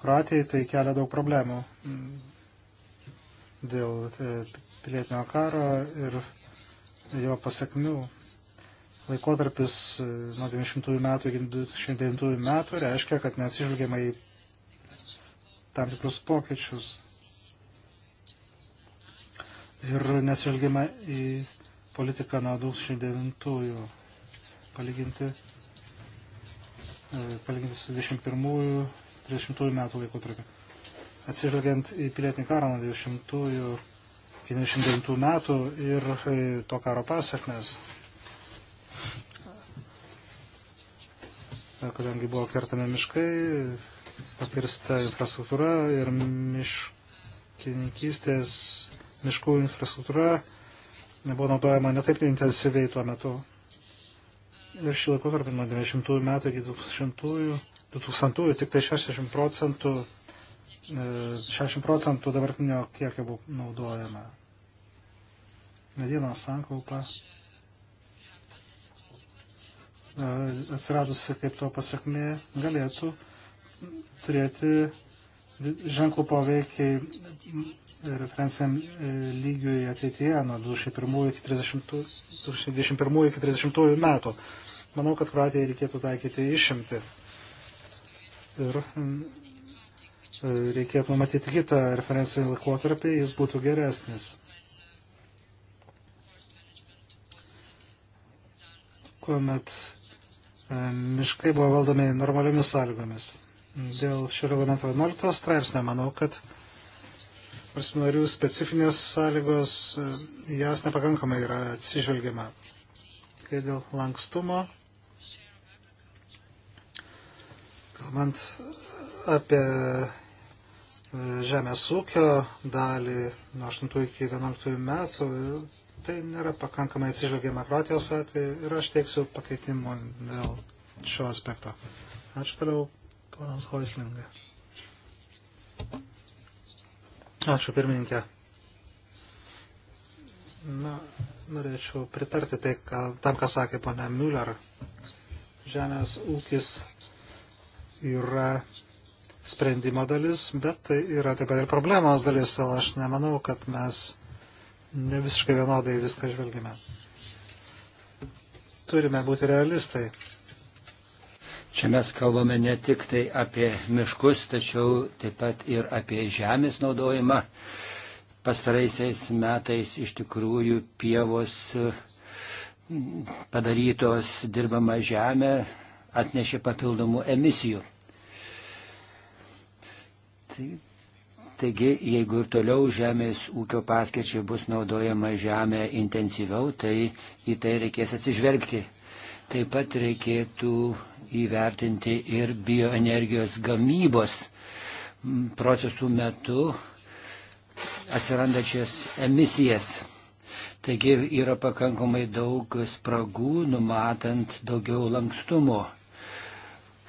Kroatijai tai kelia daug problemų mm, dėl e, pilietinio karo ir jo pasiekmių. Laikotarpis e, nuo 90 metų iki 2009 metų reiškia, kad nesižvelgiama į tam tikrus pokyčius ir nesilgima į politiką nuo 2009-ųjų palyginti, e, palyginti su 21-ųjų, 30-ųjų metų laikotarpiu. Atsižvelgiant į pilietinį karą nuo 20-ųjų, 99 metų ir e, to karo pasakmes. E, kadangi buvo kertami miškai, pakirsta infrastruktūra ir miškininkystės miškų infrastruktūra nebuvo naudojama netaip intensyviai tuo metu. Ir šį laikotarpį nuo 90 metų iki 2000, 2000 tik tai 60 procentų, 60 e, procentų dabartinio kiekio buvo naudojama. Medienos sankaupa e, atsiradusi kaip to pasakmė galėtų turėti ženklų poveikiai referenciniam e, lygiui ateityje nuo 2021 iki 2030, iki 30 metų. Manau, kad Kroatijai reikėtų taikyti išimti. Ir mm, e, reikėtų numatyti kitą referencinį laikotarpį, jis būtų geresnis. Kuomet e, miškai buvo valdomi normaliomis sąlygomis. Dėl šio reglamento 11 straipsnio manau, kad varsinarių specifinės sąlygos, jas nepakankamai yra atsižvelgiama. Kai dėl lankstumo, kalbant apie e, žemės ūkio dalį nuo 8 iki 11 metų, tai nėra pakankamai atsižvelgiama Kroatijos atveju ir aš teiksiu pakeitimų dėl šio aspekto. Ačiū toliau, ponas Hoislingai. Ačiū pirmininkė. Na, norėčiau pritarti tai, ką, tam, ką sakė ponia Müller. Žemės ūkis yra sprendimo dalis, bet tai yra taip pat ir problemos dalis, todėl aš nemanau, kad mes ne visiškai vienodai viską žvelgime. Turime būti realistai. Čia mes kalbame ne tik tai apie miškus, tačiau taip pat ir apie žemės naudojimą. Pastaraisiais metais iš tikrųjų pievos mm, padarytos dirbama žemė atnešė papildomų emisijų. Tai, taigi, jeigu ir toliau žemės ūkio paskaičiai bus naudojama žemė intensyviau, tai į tai reikės atsižvelgti. Taip pat reikėtų įvertinti ir bioenergijos gamybos procesų metu atsirandačias emisijas. Taigi yra pakankamai daug spragų, numatant daugiau lankstumo,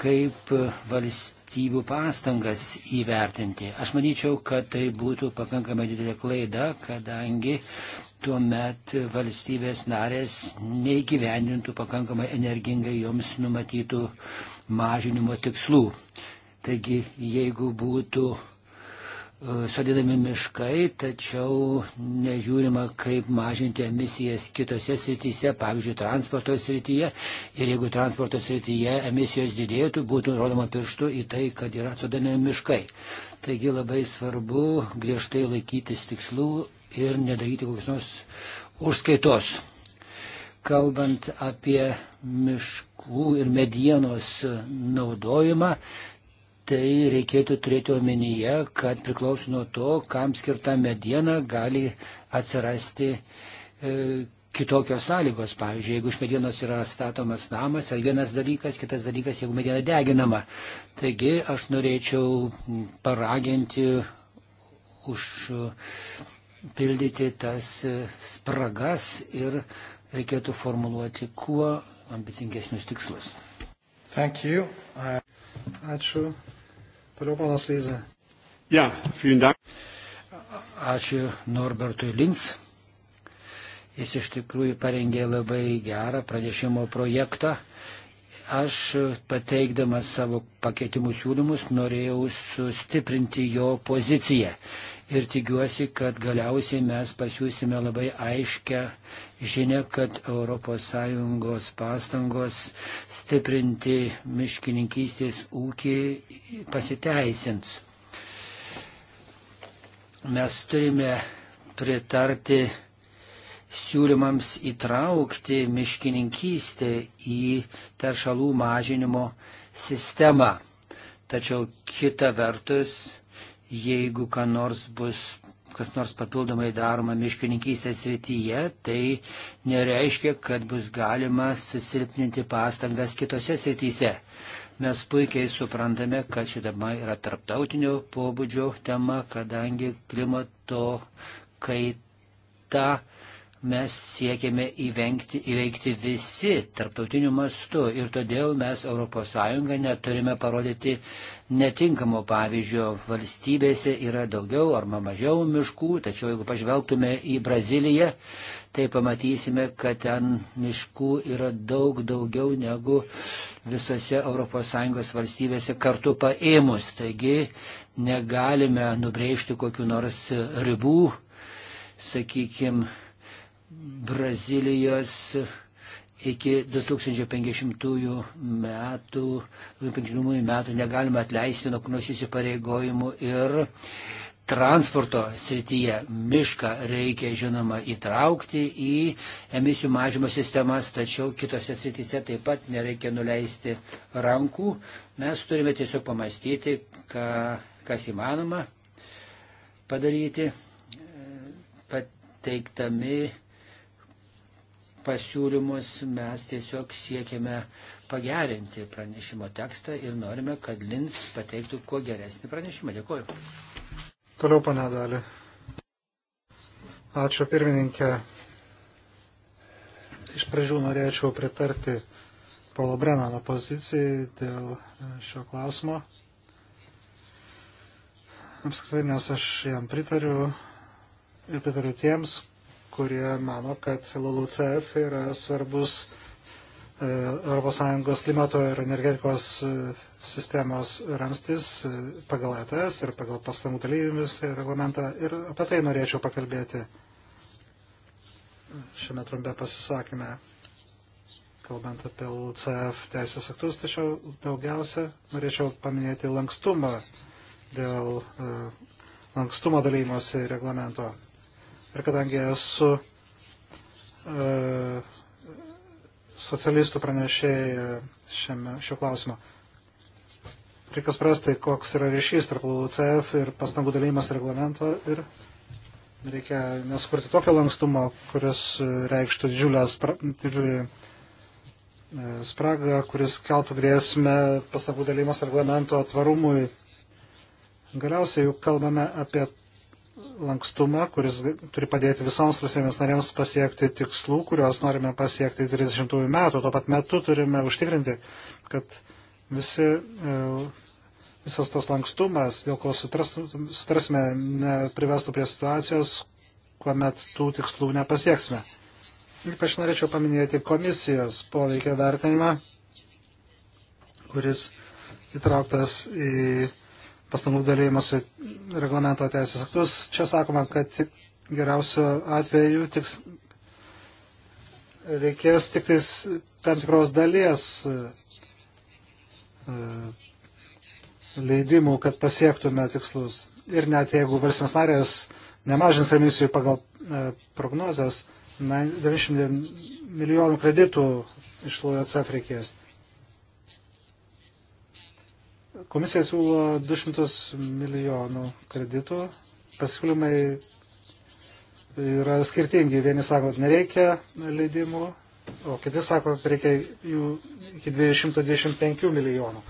kaip valstybių pastangas įvertinti. Aš manyčiau, kad tai būtų pakankamai didelė klaida, kadangi tuomet valstybės narės neįgyvendintų pakankamai energingai joms numatytų mažinimo tikslų. Taigi, jeigu būtų e, sodinami miškai, tačiau nežiūrima, kaip mažinti emisijas kitose srityse, pavyzdžiui, transporto srityje. Ir jeigu transporto srityje emisijos didėtų, būtų rodoma pirštu į tai, kad yra sodinami miškai. Taigi labai svarbu griežtai laikytis tikslų ir nedaryti kokios nors užskaitos. Kalbant apie miškų ir medienos naudojimą, tai reikėtų turėti omenyje, kad priklauso nuo to, kam skirta mediena, gali atsirasti e, kitokios sąlygos. Pavyzdžiui, jeigu iš medienos yra statomas namas, ar vienas dalykas, kitas dalykas, jeigu mediena deginama. Taigi aš norėčiau paraginti už. E, pildyti tas e, spragas ir reikėtų formuluoti kuo ambicingesnius tikslus. Thank you. Uh, ačiū. Toliau ponas Lyza. Ja, vielen Dank. Ačiū Norbertui Lins. Jis iš tikrųjų parengė labai gerą pranešimo projektą. Aš pateikdamas savo pakeitimų siūlymus norėjau sustiprinti jo poziciją ir tikiuosi, kad galiausiai mes pasiūsime labai aiškę žinę, kad ES pastangos stiprinti miškininkystės ūkį pasiteisins. Mes turime pritarti siūlymams įtraukti miškininkystę į teršalų mažinimo sistemą. Tačiau kita vertus, jeigu ką nors bus kas nors papildomai daroma miškininkystės srityje, tai nereiškia, kad bus galima susilpninti pastangas kitose srityse. Mes puikiai suprantame, kad ši tema yra tarptautinio pobūdžio tema, kadangi klimato kaita mes siekiame įvengti, įveikti visi tarptautiniu mastu ir todėl mes ES neturime parodyti netinkamo pavyzdžio. Valstybėse yra daugiau ar mažiau miškų, tačiau jeigu pažvelgtume į Braziliją, tai pamatysime, kad ten miškų yra daug daugiau negu visose ES valstybėse kartu paėmus. Taigi negalime nubrėžti kokiu nors ribų, sakykime, Brazilijos iki 2050 metų, 2050 metų negalima atleisti nuo kokių nors įsipareigojimų ir transporto srityje mišką reikia, žinoma, įtraukti į emisijų mažimo sistemas, tačiau kitose srityse taip pat nereikia nuleisti rankų. Mes turime tiesiog pamastyti, ką, kas įmanoma padaryti, e, pateiktami pasiūlymus, mes tiesiog siekiame pagerinti pranešimo tekstą ir norime, kad Lins pateiktų kuo geresnį pranešimą. Dėkuoju. Toliau, pane Dalį. Ačiū pirmininkė. Iš pradžių norėčiau pritarti Paulo Brenano pozicijai dėl šio klausimo. Apskritai, nes aš jam pritariu ir pritariu tiems, kurie mano, kad LULUCF yra svarbus ES klimato ir energetikos e, sistemos ramstis e, pagal ETS ir pagal pastangų dalyvimus reglamentą. Ir apie tai norėčiau pakalbėti šiame trumpe pasisakymė, kalbant apie LCF teisės aktus, tačiau daugiausia norėčiau paminėti lankstumą dėl uh, lankstumo dalymosi reglamento. Ir kadangi esu e, socialistų pranešėjai šiame, šio klausimo, reikia suprasti, koks yra ryšys tarp LUCF ir pastangų dalymas reglamento ir reikia nesukurti tokio lankstumo, kuris reikštų didžiulę e, spragą, kuris keltų grėsmę pastangų dalymas reglamento tvarumui. Galiausiai, juk kalbame apie lankstumą, kuris turi padėti visoms valstybėms narėms pasiekti tikslų, kuriuos norime pasiekti 30 metų. Tuo pat metu turime užtikrinti, kad visi, e, visas tas lankstumas, dėl ko sutras, sutarsime, privestų prie situacijos, kuomet tų tikslų nepasieksime. Ypač norėčiau paminėti komisijos poveikio vertinimą, kuris įtrauktas į pastangų dalymosi reglamento teisės aktus. Čia sakoma, kad geriausiu atveju tiks, reikės tik tais tam tikros dalies e, leidimų, kad pasiektume tikslus. Ir net jeigu valstybės narės nemažins emisijų pagal e, prognozes, 90 milijonų kreditų iš LUECF reikės. Komisija siūlo 200 milijonų kreditų. Pasiūlymai yra skirtingi. Vieni sako, kad nereikia leidimų, o kiti sako, kad reikia jų iki 225 milijonų.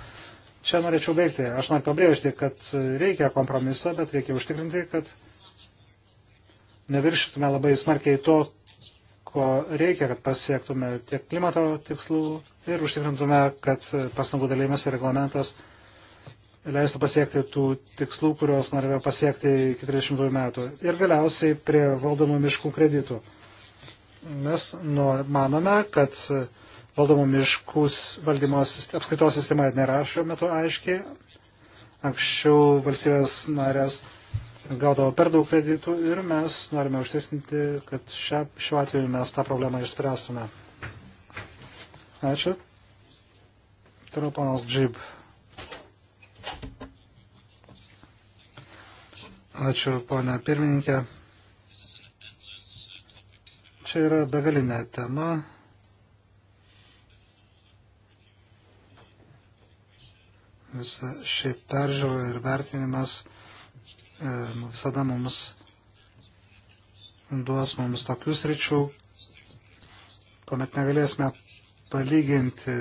Čia norėčiau baigti. Aš noriu pabrėžti, kad reikia kompromisą, bet reikia užtikrinti, kad neviršytume labai smarkiai to, ko reikia, kad pasiektume tiek klimato tikslų ir užtikrintume, kad pastangų dalymas ir reglamentas leistų pasiekti tų tikslų, kuriuos norime pasiekti iki 30 metų. Ir galiausiai prie valdomų miškų kreditų. Mes nu, manome, kad valdomų miškus valdymos apskaitos sistema nėra šiuo metu aiškiai. Anksčiau valstybės narės gaudavo per daug kreditų ir mes norime užtikrinti, kad šia, šiuo atveju mes tą problemą išspręstume. Ačiū. Toliau panas Džib. Ačiū, ponia pirmininkė. Čia yra begalinė tema. Visa ši peržiūra ir vertinimas e, visada mums duos mums tokius ryčių, kuomet negalėsime palyginti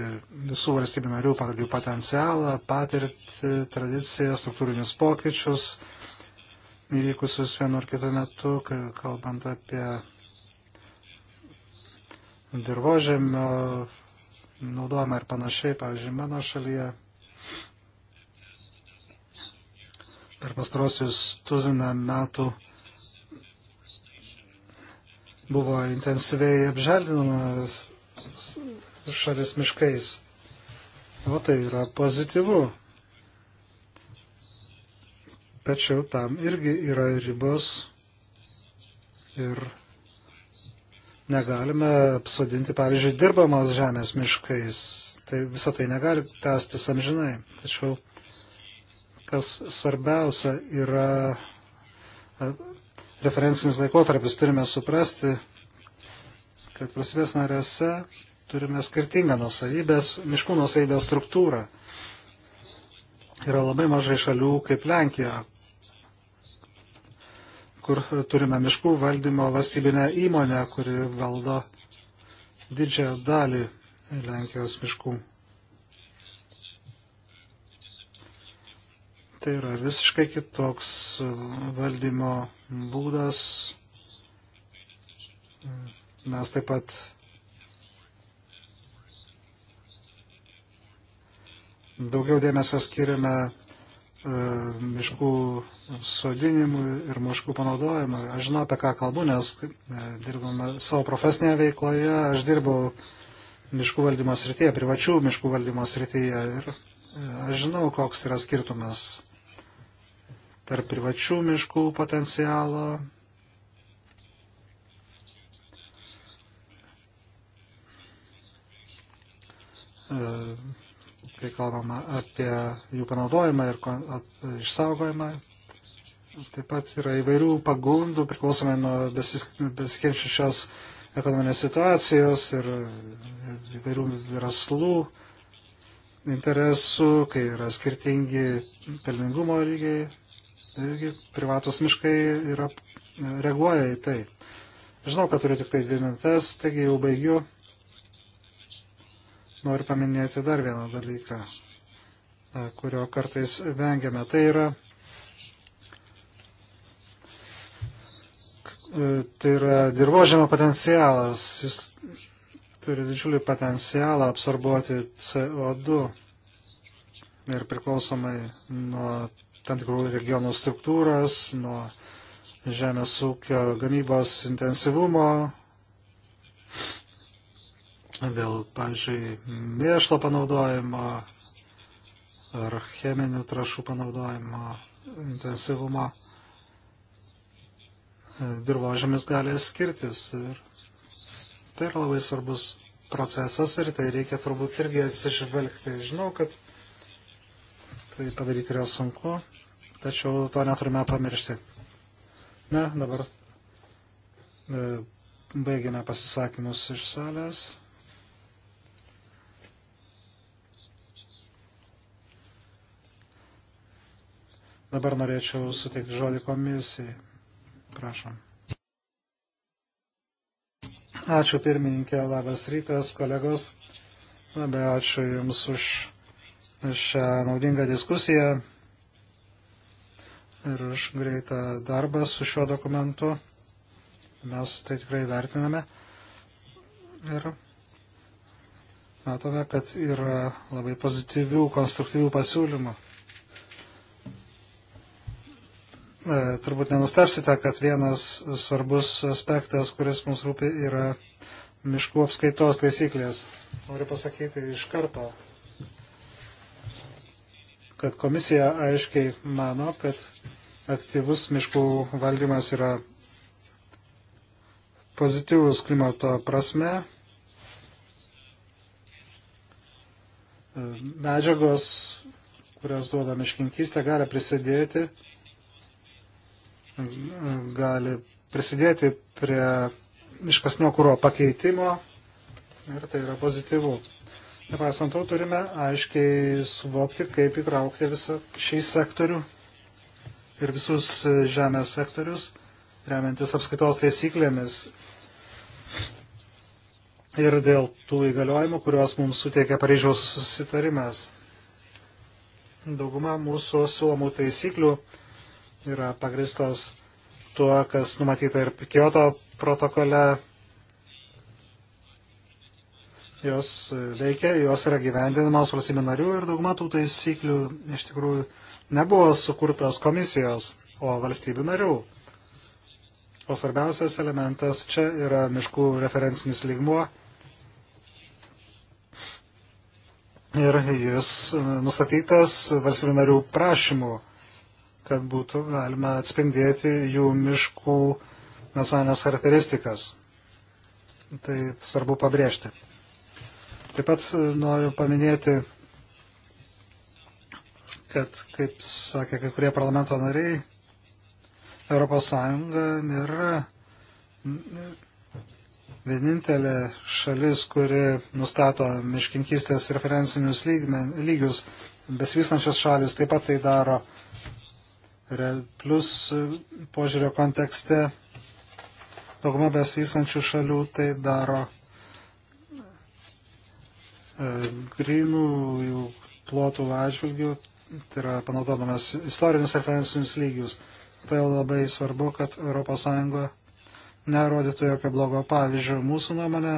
visų valstybių narių pagal jų potencialą, patirtį, tradiciją, struktūrinius pokyčius įvykusius vienu ar kitu metu, kalbant apie dirbožėmio naudojimą ir panašiai. Pavyzdžiui, mano šalyje per pastarosius tuziną metų buvo intensyviai apželdinama šalis miškais. O tai yra pozityvu. Tačiau tam irgi yra ribos ir negalime apsodinti, pavyzdžiui, dirbamos žemės miškais. Tai visą tai negali tęsti amžinai. Tačiau kas svarbiausia yra referencinis laikotarpis. Turime suprasti, kad prasvės narėse turime skirtingą nusavybės, miškų nusavybės struktūrą. Yra labai mažai šalių kaip Lenkija, kur turime miškų valdymo valstybinę įmonę, kuri valdo didžiąją dalį Lenkijos miškų. Tai yra visiškai kitoks valdymo būdas. Mes taip pat daugiau dėmesio skiriame E, miškų sodinimui ir miškų panaudojimui. Aš žinau, apie ką kalbu, nes e, dirbame savo profesinėje veikloje, aš dirbau miškų valdymo srityje, privačių miškų valdymo srityje ir e, aš žinau, koks yra skirtumas tarp privačių miškų potencialo. Uh, kai kalbama apie jų panaudojimą ir išsaugojimą. Taip pat yra įvairių pagundų priklausomai nuo besikeičiančios ekonominės situacijos ir įvairių verslų interesų, kai yra skirtingi pelningumo lygiai, irgi privatus miškai yra, reaguoja į tai. Žinau, kad turiu tik tai dvi mintes, taigi jau baigiu noriu paminėti dar vieną dalyką, e, kurio kartais vengiame. Tai yra, e, tai yra dirbožėmio potencialas. Jis turi didžiulį potencialą absorbuoti CO2 ir priklausomai nuo tam tikrų regionų struktūros, nuo žemės ūkio gamybos intensyvumo, dėl, pavyzdžiui, mėšlo panaudojimo ar cheminių trašų panaudojimo intensyvumo e, dirbožėmis gali skirtis. Ir tai yra labai svarbus procesas ir tai reikia turbūt irgi atsižvelgti. Žinau, kad tai padaryti yra sunku, tačiau to neturime pamiršti. Na, dabar e, baigiame pasisakymus iš salės. Dabar norėčiau suteikti žodį komisijai. Prašom. Ačiū pirmininkė, labas rytas, kolegos. Labai ačiū Jums už šią naudingą diskusiją ir už greitą darbą su šiuo dokumentu. Mes tai tikrai vertiname. Ir matome, kad yra labai pozityvių, konstruktyvių pasiūlymų. E, turbūt nenustepsite, kad vienas svarbus aspektas, kuris mums rūpi, yra miškų apskaitos taisyklės. Noriu pasakyti iš karto, kad komisija aiškiai mano, kad aktyvus miškų valdymas yra pozityvus klimato prasme. E, medžiagos, kurias duoda miškinkystė, gali prisidėti gali prisidėti prie iškasnio kūro pakeitimo ir tai yra pozityvu. Nepaisant to, turime aiškiai suvokti, kaip įtraukti visą šį sektorių ir visus žemės sektorius, remiantis apskaitos taisyklėmis ir dėl tų įgaliojimų, kuriuos mums suteikia Paryžiaus susitarimas. Dauguma mūsų siūlomų taisyklių yra pagristos tuo, kas numatyta ir Kyoto protokole. Jos veikia, jos yra gyvendinamos valstybių narių ir dauguma tų taisyklių iš tikrųjų nebuvo sukurtos komisijos, o valstybių narių. O svarbiausias elementas čia yra miškų referencinis lygmuo. Ir jis nustatytas valstybių narių prašymų kad būtų galima atspindėti jų miškų nacionalinės charakteristikas. Tai svarbu pabrėžti. Taip pat e, noriu paminėti, kad, kaip sakė kai kurie parlamento nariai, ES nėra vienintelė šalis, kuri nustato miškinkystės referencinius lygmen, lygius. Besvystančios šalis taip pat tai daro plus e, požiūrio kontekste dauguma besvystančių šalių tai daro e, grinųjų plotų atžvilgių, tai yra panaudodamas istorinius referencinius lygius. Tai labai svarbu, kad ES nerodytų jokio blogo pavyzdžio mūsų nuomonė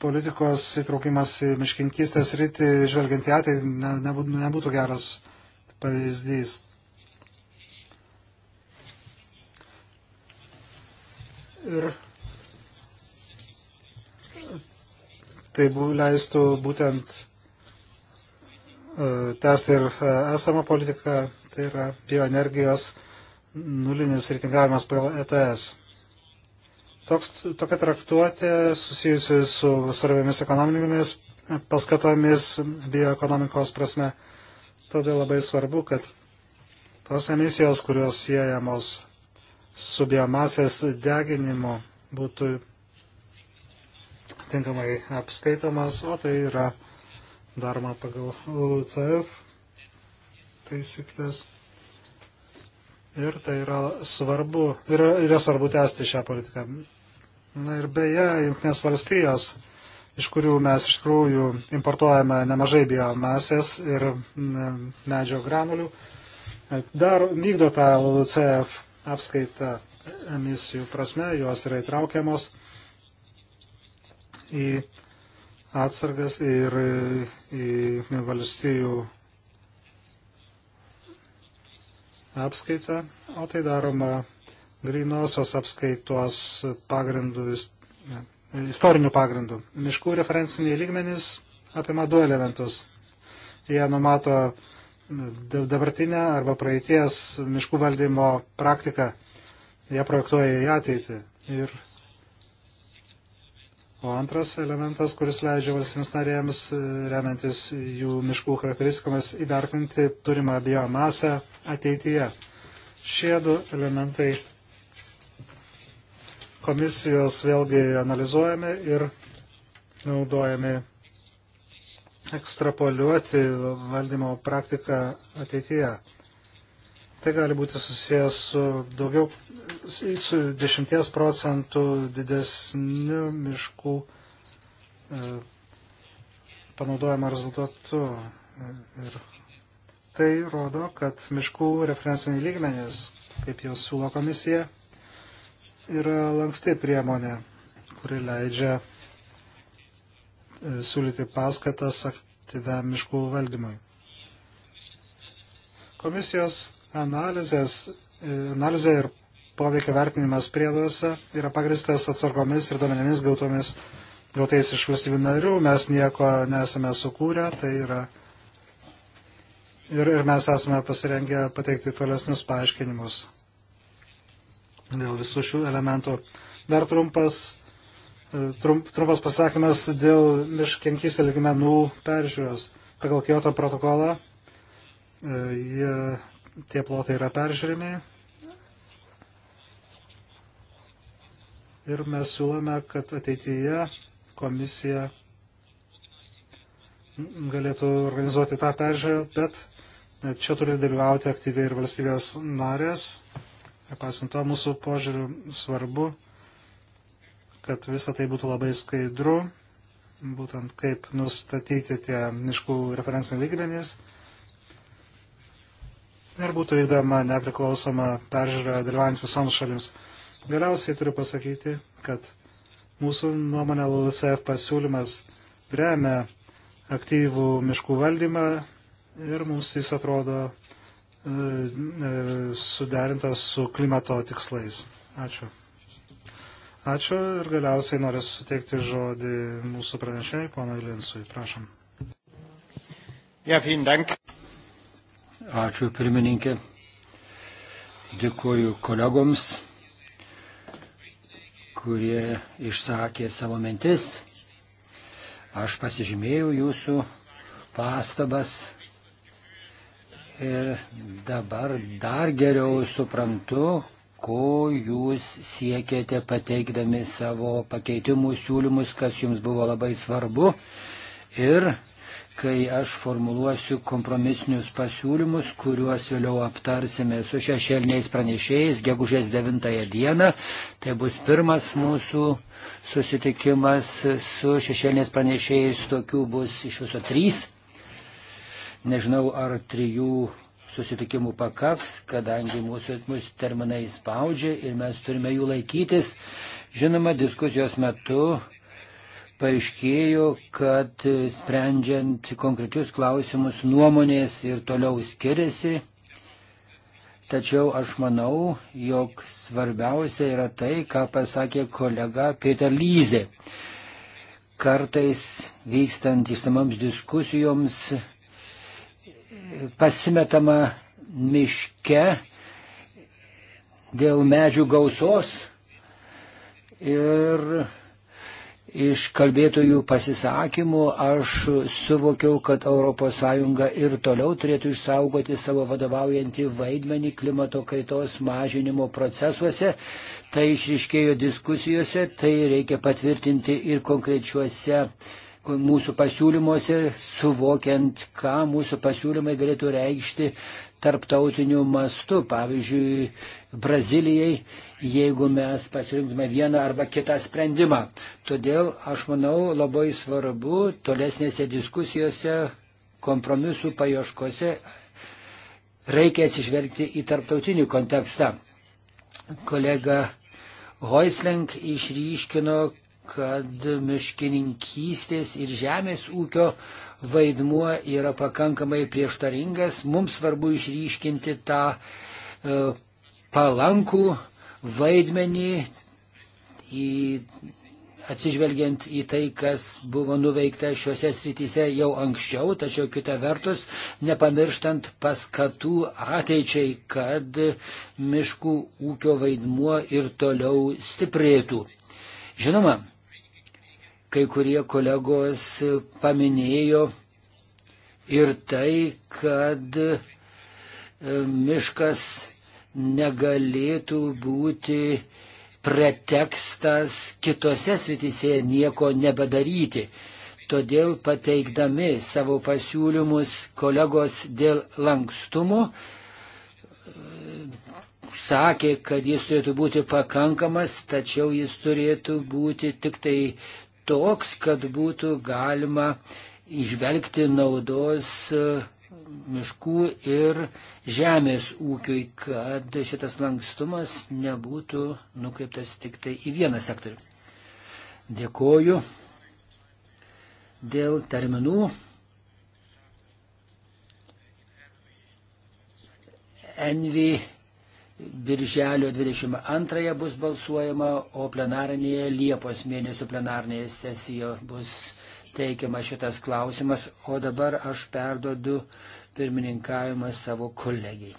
politikos įtraukimas į miškinkystės rytį, žvelgiant į ateitį, ne, nebūtų, nebūtų geras pavyzdys. Ir tai bū, leistų būtent uh, tęsti ir uh, esamą politiką, tai yra bioenergijos nulinis reitingavimas pagal ETS. Toks, tokia traktuotė susijusi su svarbiamis ekonominėmis paskatomis bioekonomikos prasme. Todėl labai svarbu, kad tos emisijos, kurios siejamos su biomasės deginimu, būtų tinkamai apskaitomas, o tai yra daroma pagal LUCF taisyklės. Ir tai yra svarbu, yra, yra svarbu tęsti šią politiką. Na ir beje, Junktinės valstijos, iš kurių mes iš tikrųjų importuojame nemažai biomasės ir e, medžio granulių, e, dar vykdo tą LUCF apskaitą emisijų prasme, jos yra įtraukiamos į atsargas ir e, į Junktinių valstijų apskaitą, o tai daroma grinosios apskaitos pagrindų, istorinių pagrindų. Miškų referenciniai lygmenys apima du elementus. Jie numato dabartinę arba praeities miškų valdymo praktiką. Jie projektuoja į ateitį. Ir O antras elementas, kuris leidžia valstybės narėms, e, remiantis jų miškų charakteristikomis, įvertinti turimą biomasę ateityje. Šie du elementai komisijos vėlgi analizuojami ir naudojami ekstrapoliuoti valdymo praktiką ateityje. Tai gali būti susijęs su daugiau, su 10 procentų didesniu miškų e, panaudojimo rezultatu. Ir tai rodo, kad miškų referenciniai lygmenys, kaip jau siūlo komisija, yra lanksti priemonė, kuri leidžia e, siūlyti paskatas aktyviam miškų valdymui. Komisijos analizės, e, analizė ir poveikio vertinimas prieduose yra pagristas atsargomis ir duomenimis gautomis gautais iš valstybių narių. Mes nieko nesame sukūrę, tai yra. Ir, ir mes esame pasirengę pateikti tolesnius paaiškinimus dėl visų šių elementų. Dar trumpas, e, trump, trumpas pasakymas dėl miškinkystės ligmenų peržiūros. Pagal Kyoto protokolą e, jie, tie plotai yra peržiūrimi. Ir mes siūlome, kad ateityje komisija galėtų organizuoti tą peržiūrą, bet čia turi dalyvauti aktyviai ir valstybės narės. Nepasant to, mūsų požiūrių svarbu, kad visa tai būtų labai skaidru, būtent kaip nustatyti tie miškų referenciniai lygmenys. Ir būtų vykdama nepriklausoma peržiūra dalyvaujant visoms šalims. Galiausiai turiu pasakyti, kad mūsų nuomonė LCF pasiūlymas remia aktyvų miškų valdymą ir mums jis atrodo E, e, suderintas su klimato tikslais. Ačiū. Ačiū ir galiausiai noriu suteikti žodį mūsų pranešėjai, ponui Linsui. Prašom. Ja, Ačiū pirmininkė. Dėkuoju kolegoms, kurie išsakė savo mintis. Aš pasižymėjau jūsų pastabas Ir dabar dar geriau suprantu, ko jūs siekėte pateikdami savo pakeitimų siūlymus, kas jums buvo labai svarbu. Ir kai aš formuluosiu kompromisinius pasiūlymus, kuriuos vėliau aptarsime su šešėliniais pranešėjais gegužės 9 dieną. Tai bus pirmas mūsų susitikimas su šešėliniais pranešėjais, tokių bus iš viso trys. Nežinau, ar trijų susitikimų pakaks, kadangi mūsų, mūsų terminai spaudžia ir mes turime jų laikytis. Žinoma, diskusijos metu paaiškėjo, kad sprendžiant konkrečius klausimus nuomonės ir toliau skiriasi. Tačiau aš manau, jog svarbiausia yra tai, ką pasakė kolega Peter Lyze. Kartais vykstant išsamams diskusijoms pasimetama miške dėl medžių gausos ir iš kalbėtojų pasisakymų aš suvokiau, kad ES ir toliau turėtų išsaugoti savo vadovaujantį vaidmenį klimato kaitos mažinimo procesuose. Tai išriškėjo diskusijose, tai reikia patvirtinti ir konkrečiuose uh, mūsų pasiūlymuose, suvokiant, ką mūsų pasiūlymai galėtų reikšti tarptautiniu mastu. Pavyzdžiui, Brazilijai, jeigu mes pasirinktume vieną arba kitą sprendimą. Todėl aš manau labai svarbu tolesnėse diskusijose, kompromisų paieškose reikia atsižvelgti į tarptautinį kontekstą. Kolega Hoisling išryškino, kad miškininkystės ir žemės ūkio vaidmuo yra pakankamai prieštaringas. Mums svarbu išryškinti tą e, palankų vaidmenį, į, atsižvelgiant į tai, kas buvo nuveikta šiuose srityse jau anksčiau, tačiau kita vertus, nepamirštant paskatų ateičiai, kad miškų ūkio vaidmuo ir toliau stiprėtų. Žinoma, kai kurie kolegos paminėjo ir tai, kad e, miškas negalėtų būti pretekstas kitose sritise nieko nebedaryti. Todėl pateikdami savo pasiūlymus kolegos dėl lankstumo e, sakė, kad jis turėtų būti pakankamas, tačiau jis turėtų būti tik tai toks, kad būtų galima išvelgti naudos e, miškų ir žemės ūkiui, kad šitas lankstumas nebūtų nukreiptas tik tai į vieną sektorių. Dėkoju dėl terminų. Envy Birželio 22 bus balsuojama, o plenarinėje Liepos mėnesio plenarinėje sesijoje bus teikiamas šitas klausimas, o dabar aš perduodu pirmininkavimą savo kolegijai.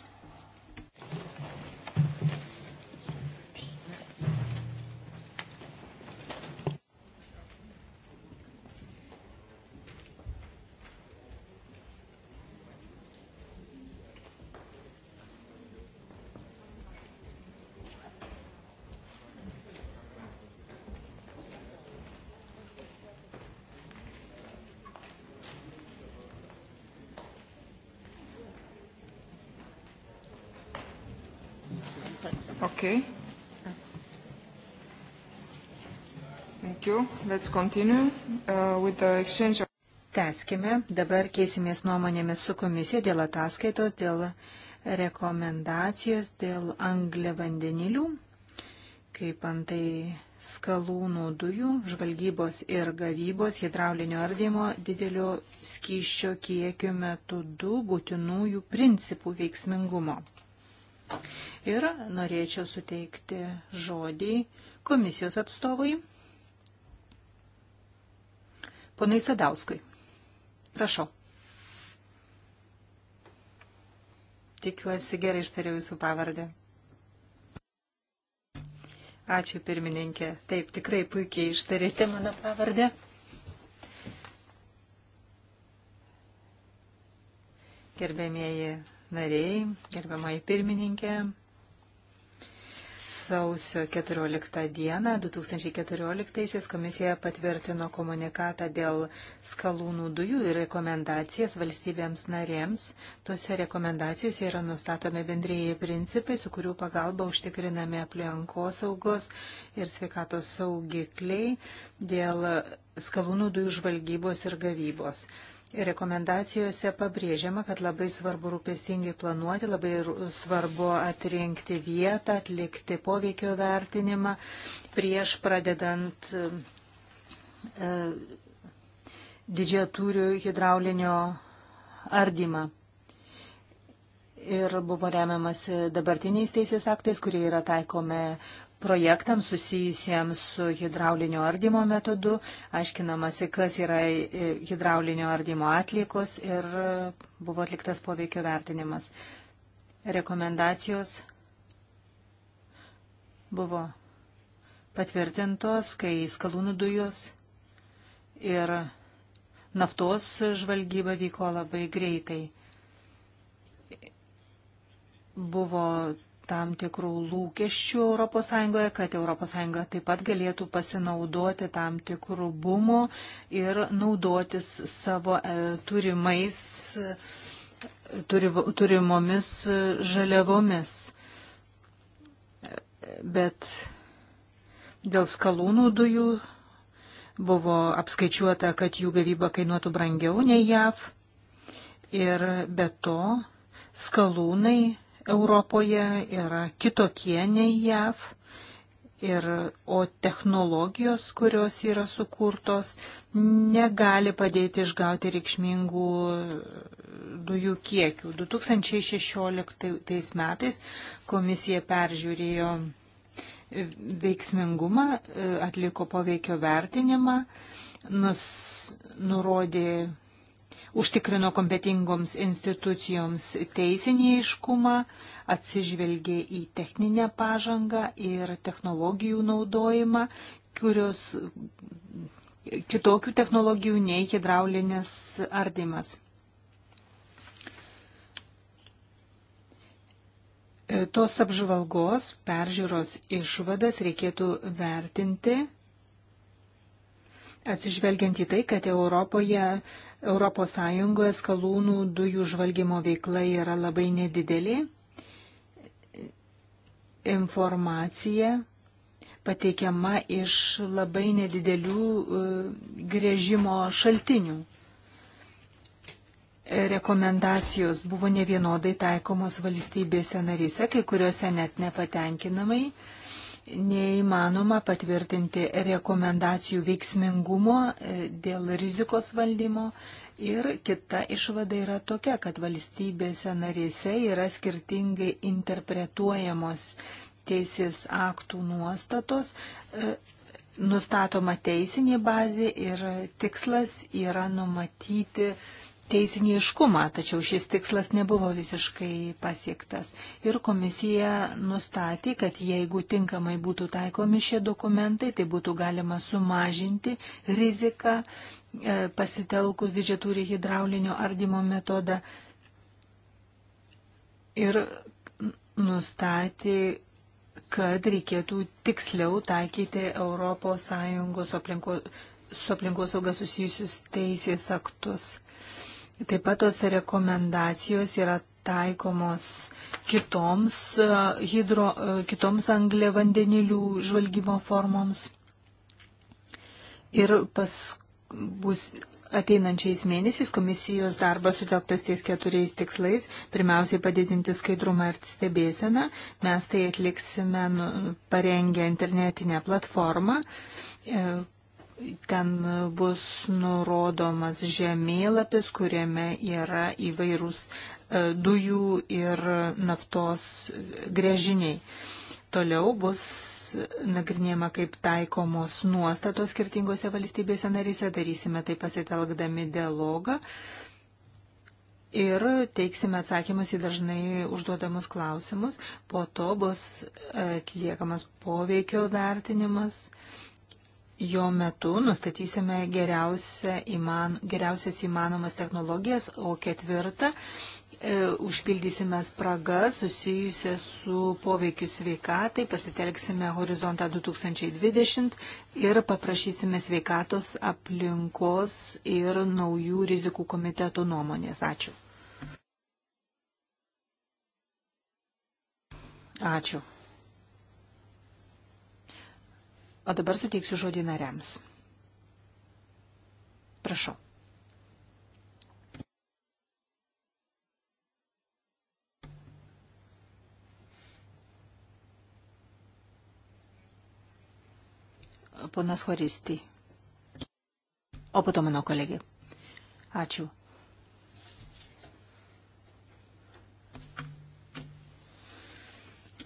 Let's continue uh, with the exchange of... Teskime, dabar keisimės nuomonėmis su komisija dėl ataskaitos, dėl rekomendacijos, dėl anglė vandenilių, kaip antai skalūnų dujų, žvalgybos ir gavybos, hidraulinio ardymo, didelio skyščio kiekio metodų, būtinųjų principų veiksmingumo. Ir norėčiau suteikti žodį komisijos atstovai Ponai Sadauskui. Prašau. Tikiuosi gerai ištariau jūsų pavardę. Ačiū pirmininkė. Taip, tikrai puikiai ištarėte mano pavardę. Gerbėmieji nariai, gerbiamai pirmininkė, Sausio 14 dieną 2014 komisija patvirtino komunikatą dėl skalūnų dujų ir rekomendacijas valstybėms narėms. Tuose rekomendacijose yra nustatomi bendrėjai principai, su kurių pagalba užtikrinami aplinkosaugos ir sveikatos saugikliai dėl skalūnų dujų žvalgybos ir gavybos. Rekomendacijose pabrėžiama, kad labai svarbu rūpestingai planuoti, labai svarbu atrinkti vietą, atlikti poveikio vertinimą prieš pradedant e, didžiatūrių hidraulinio ardymą. Ir buvo remiamasi dabartiniais teisės aktais, kurie yra taikome projektams susijusiems su hidraulinio ardymo metodu, aiškinamasi, kas yra e, hidraulinio ardymo atlikos ir buvo atliktas poveikio vertinimas. Rekomendacijos buvo patvirtintos, kai skalūnų dujos ir naftos žvalgyba vyko labai greitai. Buvo tam tikrų lūkesčių ES, kad ES taip pat galėtų pasinaudoti tam tikrų bumų ir naudotis savo e, turimais, turi, turimomis žaliavomis. Bet dėl skalūnų dujų buvo apskaičiuota, kad jų gavyba kainuotų brangiau nei JAV ir be to skalūnai Europoje yra kitokie nei JAV, ir, o technologijos, kurios yra sukurtos, negali padėti išgauti reikšmingų dujų kiekių. 2016 metais komisija peržiūrėjo veiksmingumą, atliko poveikio vertinimą, nus, nurodė užtikrino kompetingoms institucijoms teisinį iškumą, atsižvelgė į techninę pažangą ir technologijų naudojimą, kurios kitokių technologijų nei hidraulinės ardymas. E, tos apžvalgos peržiūros išvadas reikėtų vertinti atsižvelgiant į tai, kad Europoje ES kalūnų dujų žvalgymo veikla yra labai nedidelė. Informacija pateikiama iš labai nedidelių e, grėžimo šaltinių. Rekomendacijos buvo nevienodai taikomos valstybėse narise, kai kuriuose net nepatenkinamai neįmanoma patvirtinti rekomendacijų veiksmingumo e, dėl rizikos valdymo. Ir kita išvada yra tokia, kad valstybėse narėse yra skirtingai interpretuojamos teisės aktų nuostatos, e, nustatoma teisinė bazė ir tikslas yra numatyti teisinį iškumą, tačiau šis tikslas nebuvo visiškai pasiektas. Ir komisija nustatė, kad jeigu tinkamai būtų taikomi šie dokumentai, tai būtų galima sumažinti riziką e, pasitelkus didžiatūrį hidraulinio ardymo metodą. Ir nustatė, kad reikėtų tiksliau taikyti ES aplinko, su aplinkosauga susijusius teisės aktus. Taip pat tos rekomendacijos yra taikomos kitoms, e, hidro, e, kitoms anglė vandenilių žvalgymo formoms. Ir pas bus ateinančiais mėnesiais komisijos darbas sutelktas ties keturiais tikslais. Pirmiausiai padidinti skaidrumą ir stebėseną. Mes tai atliksime nu, parengę internetinę platformą e, Ten bus nurodomas žemėlapis, kuriame yra įvairūs e, dujų ir naftos grėžiniai. Toliau bus nagrinėjama, kaip taikomos nuostatos skirtingose valstybėse narise, darysime tai pasitelkdami dialogą ir teiksime atsakymus į dažnai užduodamus klausimus. Po to bus e, atliekamas poveikio vertinimas Jo metu nustatysime geriausia įman, geriausias įmanomas technologijas, o ketvirta, e, užpildysime spragas susijusias su poveikiu sveikatai, pasitelksime horizontą 2020 ir paprašysime sveikatos aplinkos ir naujų rizikų komitetų nuomonės. Ačiū. Ačiū. O dabar suteiksiu žodį nariams. Prašau. Ponas Horisti. O po to mano kolegė. Ačiū.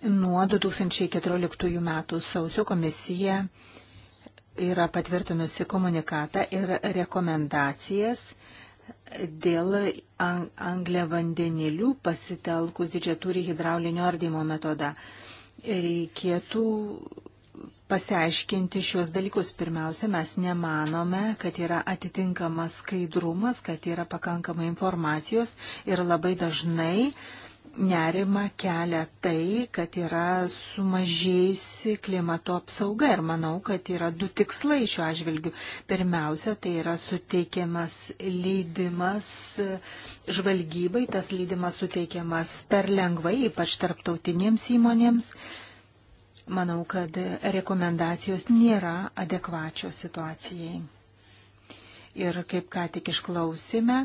Nuo 2014 metų sausio komisija yra patvirtinusi komunikatą ir rekomendacijas dėl anglė vandenilių pasitelkus didžiatūrį hidraulinio ardymo metodą. Reikėtų pasiaiškinti šios dalykus. Pirmiausia, mes nemanome, kad yra atitinkamas skaidrumas, kad yra pakankamai informacijos ir labai dažnai uh, nerima kelia tai, kad yra sumažėjusi klimato apsauga ir manau, kad yra du tikslai šiuo atžvilgiu. Pirmiausia, tai yra suteikiamas leidimas žvalgybai, tas leidimas suteikiamas per lengvai, ypač tarptautinėms įmonėms. Manau, kad rekomendacijos nėra adekvačios situacijai. Ir kaip ką tik išklausime,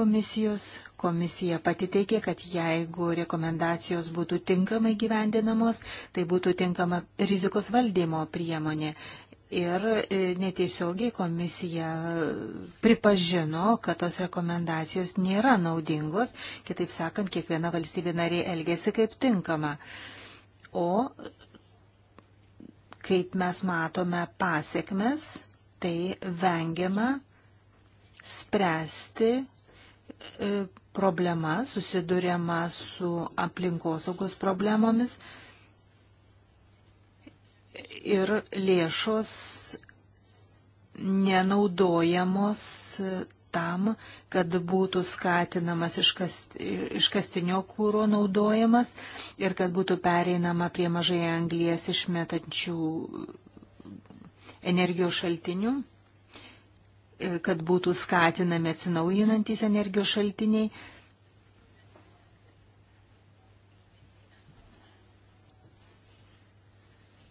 komisijos. Komisija pati teigia, kad jeigu rekomendacijos būtų tinkamai gyvendinamos, tai būtų tinkama rizikos valdymo priemonė. Ir e, netiesiogiai komisija pripažino, kad tos rekomendacijos nėra naudingos, kitaip sakant, kiekviena valstybė nariai elgesi kaip tinkama. O kaip mes matome pasiekmes, tai vengiama spręsti E, problema, susidurėma su aplinkosaugos problemomis ir lėšos nenaudojamos tam, kad būtų skatinamas iškastinio kūro naudojimas ir kad būtų pereinama prie mažai anglijas išmetančių energijos šaltinių kad būtų skatinami atsinaujinantys energijos šaltiniai.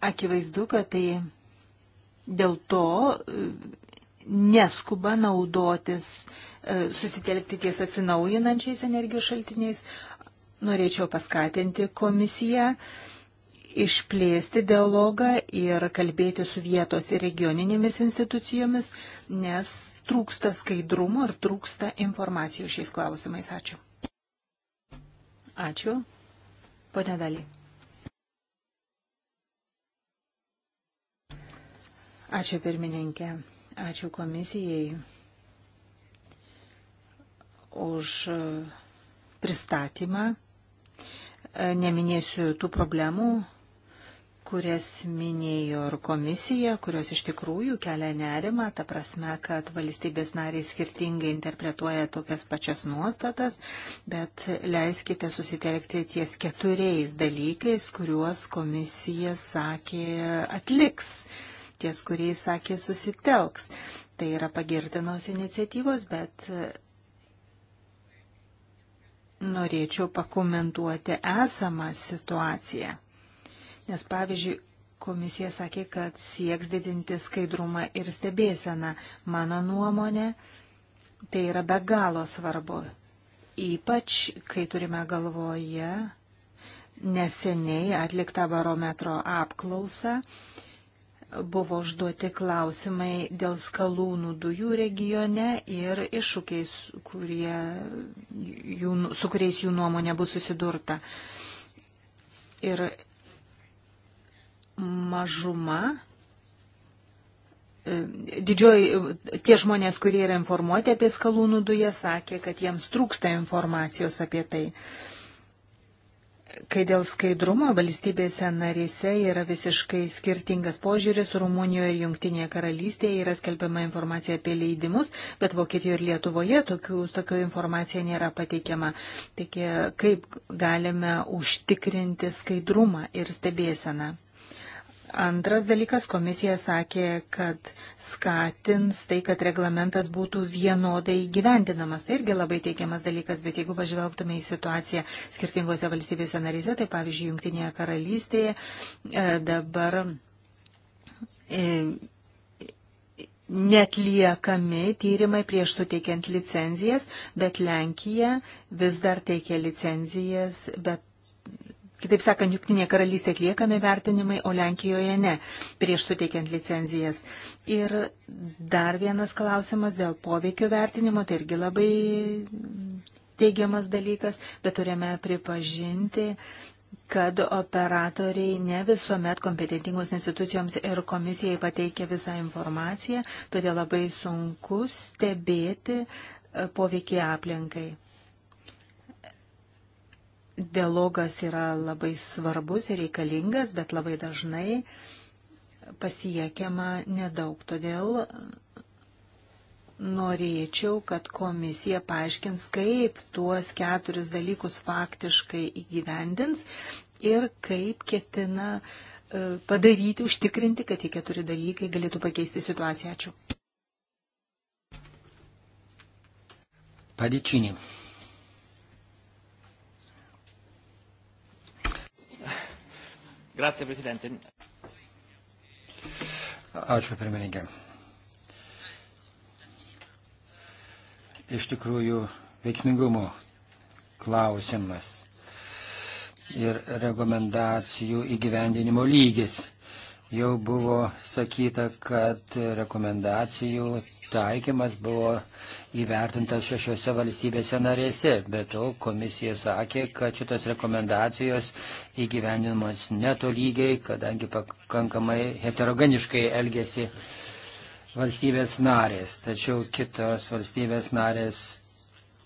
Akivaizdu, kad tai dėl to e, neskuba naudotis, e, susitelkti ties atsinaujinančiais energijos šaltiniais. Norėčiau paskatinti komisiją uh, išplėsti dialogą ir kalbėti su vietos ir regioninėmis institucijomis, nes trūksta skaidrumo ir trūksta informacijų šiais klausimais. Ačiū. Ačiū. Pone Daly. Ačiū pirmininkė. Ačiū komisijai už pristatymą. Neminėsiu tų problemų, kurias minėjo ir komisija, kurios iš tikrųjų kelia nerimą, ta prasme, kad valstybės nariai skirtingai interpretuoja tokias pačias nuostatas, bet leiskite susitelkti ties keturiais dalykais, kuriuos komisija sakė atliks, ties kuriais sakė susitelks. Tai yra pagirtinos iniciatyvos, bet norėčiau pakomentuoti esamą situaciją. Nes pavyzdžiui, komisija sakė, kad sieks didinti skaidrumą ir stebėseną. Mano nuomonė, tai yra be galo svarbu. Ypač, kai turime galvoje neseniai atliktą barometro apklausą, buvo užduoti klausimai dėl skalūnų dujų regione ir iššūkiais, kurie, jų, su kuriais jų nuomonė bus susidurta. Ir mažuma, e, didžioji tie žmonės, kurie yra informuoti apie skalūnų dują, sakė, kad jiems trūksta informacijos apie tai. Kai dėl skaidrumo valstybėse narise yra visiškai skirtingas požiūris, Rumunijoje ir Junktinėje karalystėje yra skelbiama informacija apie leidimus, bet Vokietijoje ir Lietuvoje tokių, tokio informacija nėra pateikiama. Taigi, kaip galime užtikrinti skaidrumą ir stebėseną? Antras dalykas, komisija sakė, kad skatins tai, kad reglamentas būtų vienodai gyvendinamas. Tai irgi labai teikiamas dalykas, bet jeigu pažvelgtume į situaciją skirtingose valstybėse narise, tai pavyzdžiui, Junktinėje karalystėje e, dabar e, netliekami tyrimai prieš suteikiant licenzijas, bet Lenkija vis dar teikia licenzijas, bet Kitaip sakant, Junktinėje karalystėje atliekami vertinimai, o Lenkijoje ne, prieš suteikiant licenzijas. Ir dar vienas klausimas dėl poveikio vertinimo, tai irgi labai teigiamas dalykas, bet turime pripažinti, kad operatoriai ne visuomet kompetentingos institucijoms ir komisijai pateikia visą informaciją, todėl labai sunku stebėti poveikį aplinkai. Dialogas yra labai svarbus ir reikalingas, bet labai dažnai pasiekiama nedaug. Todėl norėčiau, kad komisija paaiškins, kaip tuos keturis dalykus faktiškai įgyvendins ir kaip ketina e, padaryti, užtikrinti, kad tie keturi dalykai galėtų pakeisti situaciją. Ačiū. Padičinė. Grazie, prezidentė. Ačiū, pirmininkė. Iš tikrųjų, veiksmingumo klausimas ir rekomendacijų įgyvendinimo lygis. Jau buvo sakyta, kad rekomendacijų taikymas buvo įvertintas šešiose valstybėse narėse. Be to, komisija sakė, kad šitos rekomendacijos įgyvendinimas netolygiai, kadangi pakankamai heterogeniškai elgesi valstybės narės. Tačiau kitos valstybės narės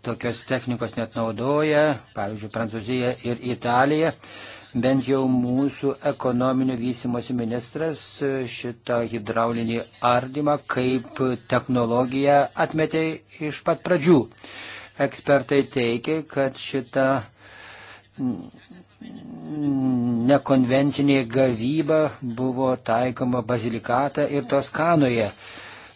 tokios technikos net naudoja, pavyzdžiui, Prancūzija ir Italija. Bent jau mūsų ekonominio vystimosi ministras e, šitą hidraulinį ardymą kaip technologiją atmetė iš pat pradžių. Ekspertai teikia, kad šita nekonvencinė gavyba buvo taikoma bazilikata ir Toskanoje.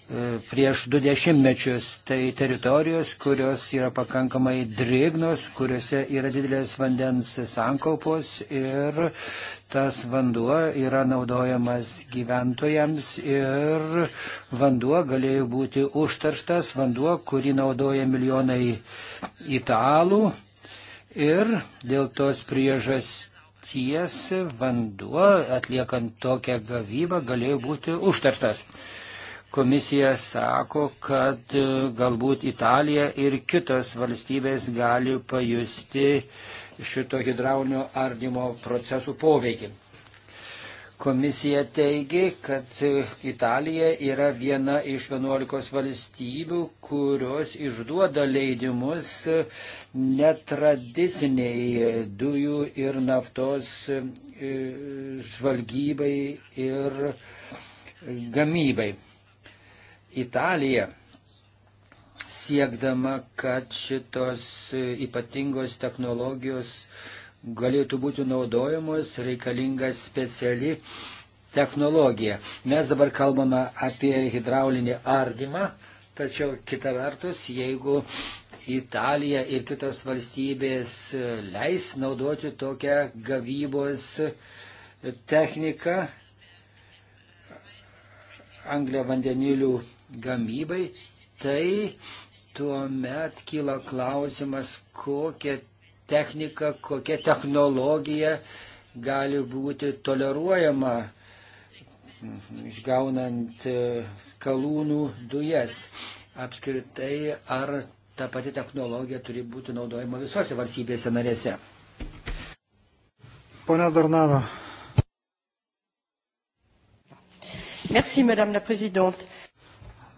E, prieš du dešimtmečius. Tai teritorijos, kurios yra pakankamai drėgnos, kuriuose yra didelės vandens sankaupos ir tas vanduo yra naudojamas gyventojams ir vanduo galėjo būti užtarštas, vanduo, kurį naudoja milijonai italų. Ir dėl tos priežasties ties vanduo, atliekant tokią gavybą, galėjo būti užtartas. Komisija sako, kad e, galbūt Italija ir kitos valstybės gali pajusti šito hidraulinio ardymo procesų poveikį. Komisija teigia, kad Italija yra viena iš 11 valstybių, kurios išduoda leidimus netradiciniai dujų ir naftos e, žvalgybai ir gamybai. Italija, siekdama, kad šitos ypatingos technologijos galėtų būti naudojamos, reikalinga speciali technologija. Mes dabar kalbame apie hidraulinį ardymą, tačiau kita vertus, jeigu Italija ir kitos valstybės leis naudoti tokią gavybos techniką, anglio vandenilių gamybai, tai tuomet kyla klausimas, kokia technika, kokia technologija gali būti toleruojama mhm, išgaunant e, skalūnų dujas. Apskritai, ar ta pati technologija turi būti naudojama visose valstybėse narėse. Pone Dornano. Merci, Madame la Présidente.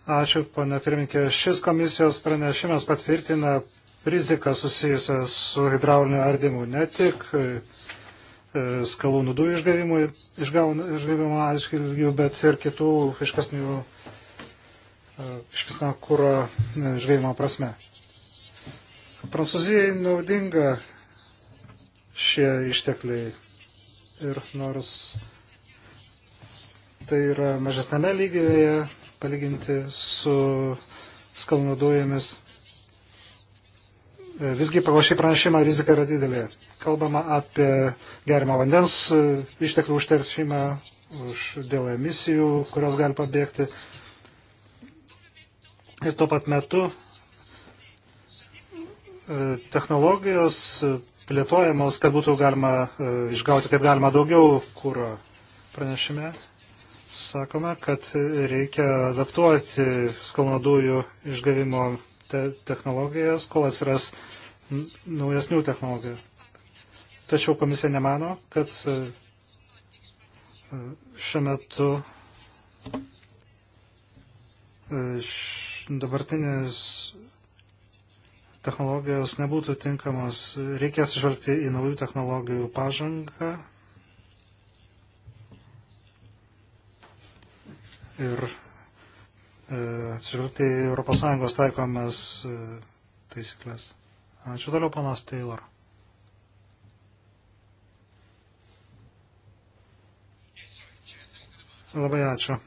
Ačiū, pana pirminkė. Šis komisijos pranešimas patvirtina riziką susijusią su hidrauliniu ardymu, ne tik e, e, skalūnų dujų išgavimo, išgavimo atžvilgių, bet ir kitų iškasnių e, iškasnio kūro išgavimo prasme. Prancūzijai naudinga šie ištekliai ir nors tai yra mažesnėme lygyje, palyginti su skalnaudojomis. E, visgi pagal šį pranešimą rizika yra didelė. Kalbama apie gerimo vandens e, išteklių užteršimą už dėl emisijų, kurios gali pabėgti. Ir tuo pat metu e, technologijos plėtojamos, kad būtų galima išgauti kaip galima daugiau kūro pranešime sakome, kad reikia adaptuoti skalno dujų išgavimo te technologijas, kol atsiras naujesnių technologijų. Tačiau komisija nemano, kad e, šiuo metu e, dabartinės technologijos nebūtų tinkamos. Reikės žvelgti į naujų technologijų pažangą ir e, atsižvelgti į ES taikomas e, taisyklės. Ačiū toliau, panas Taylor. Labai ačiū.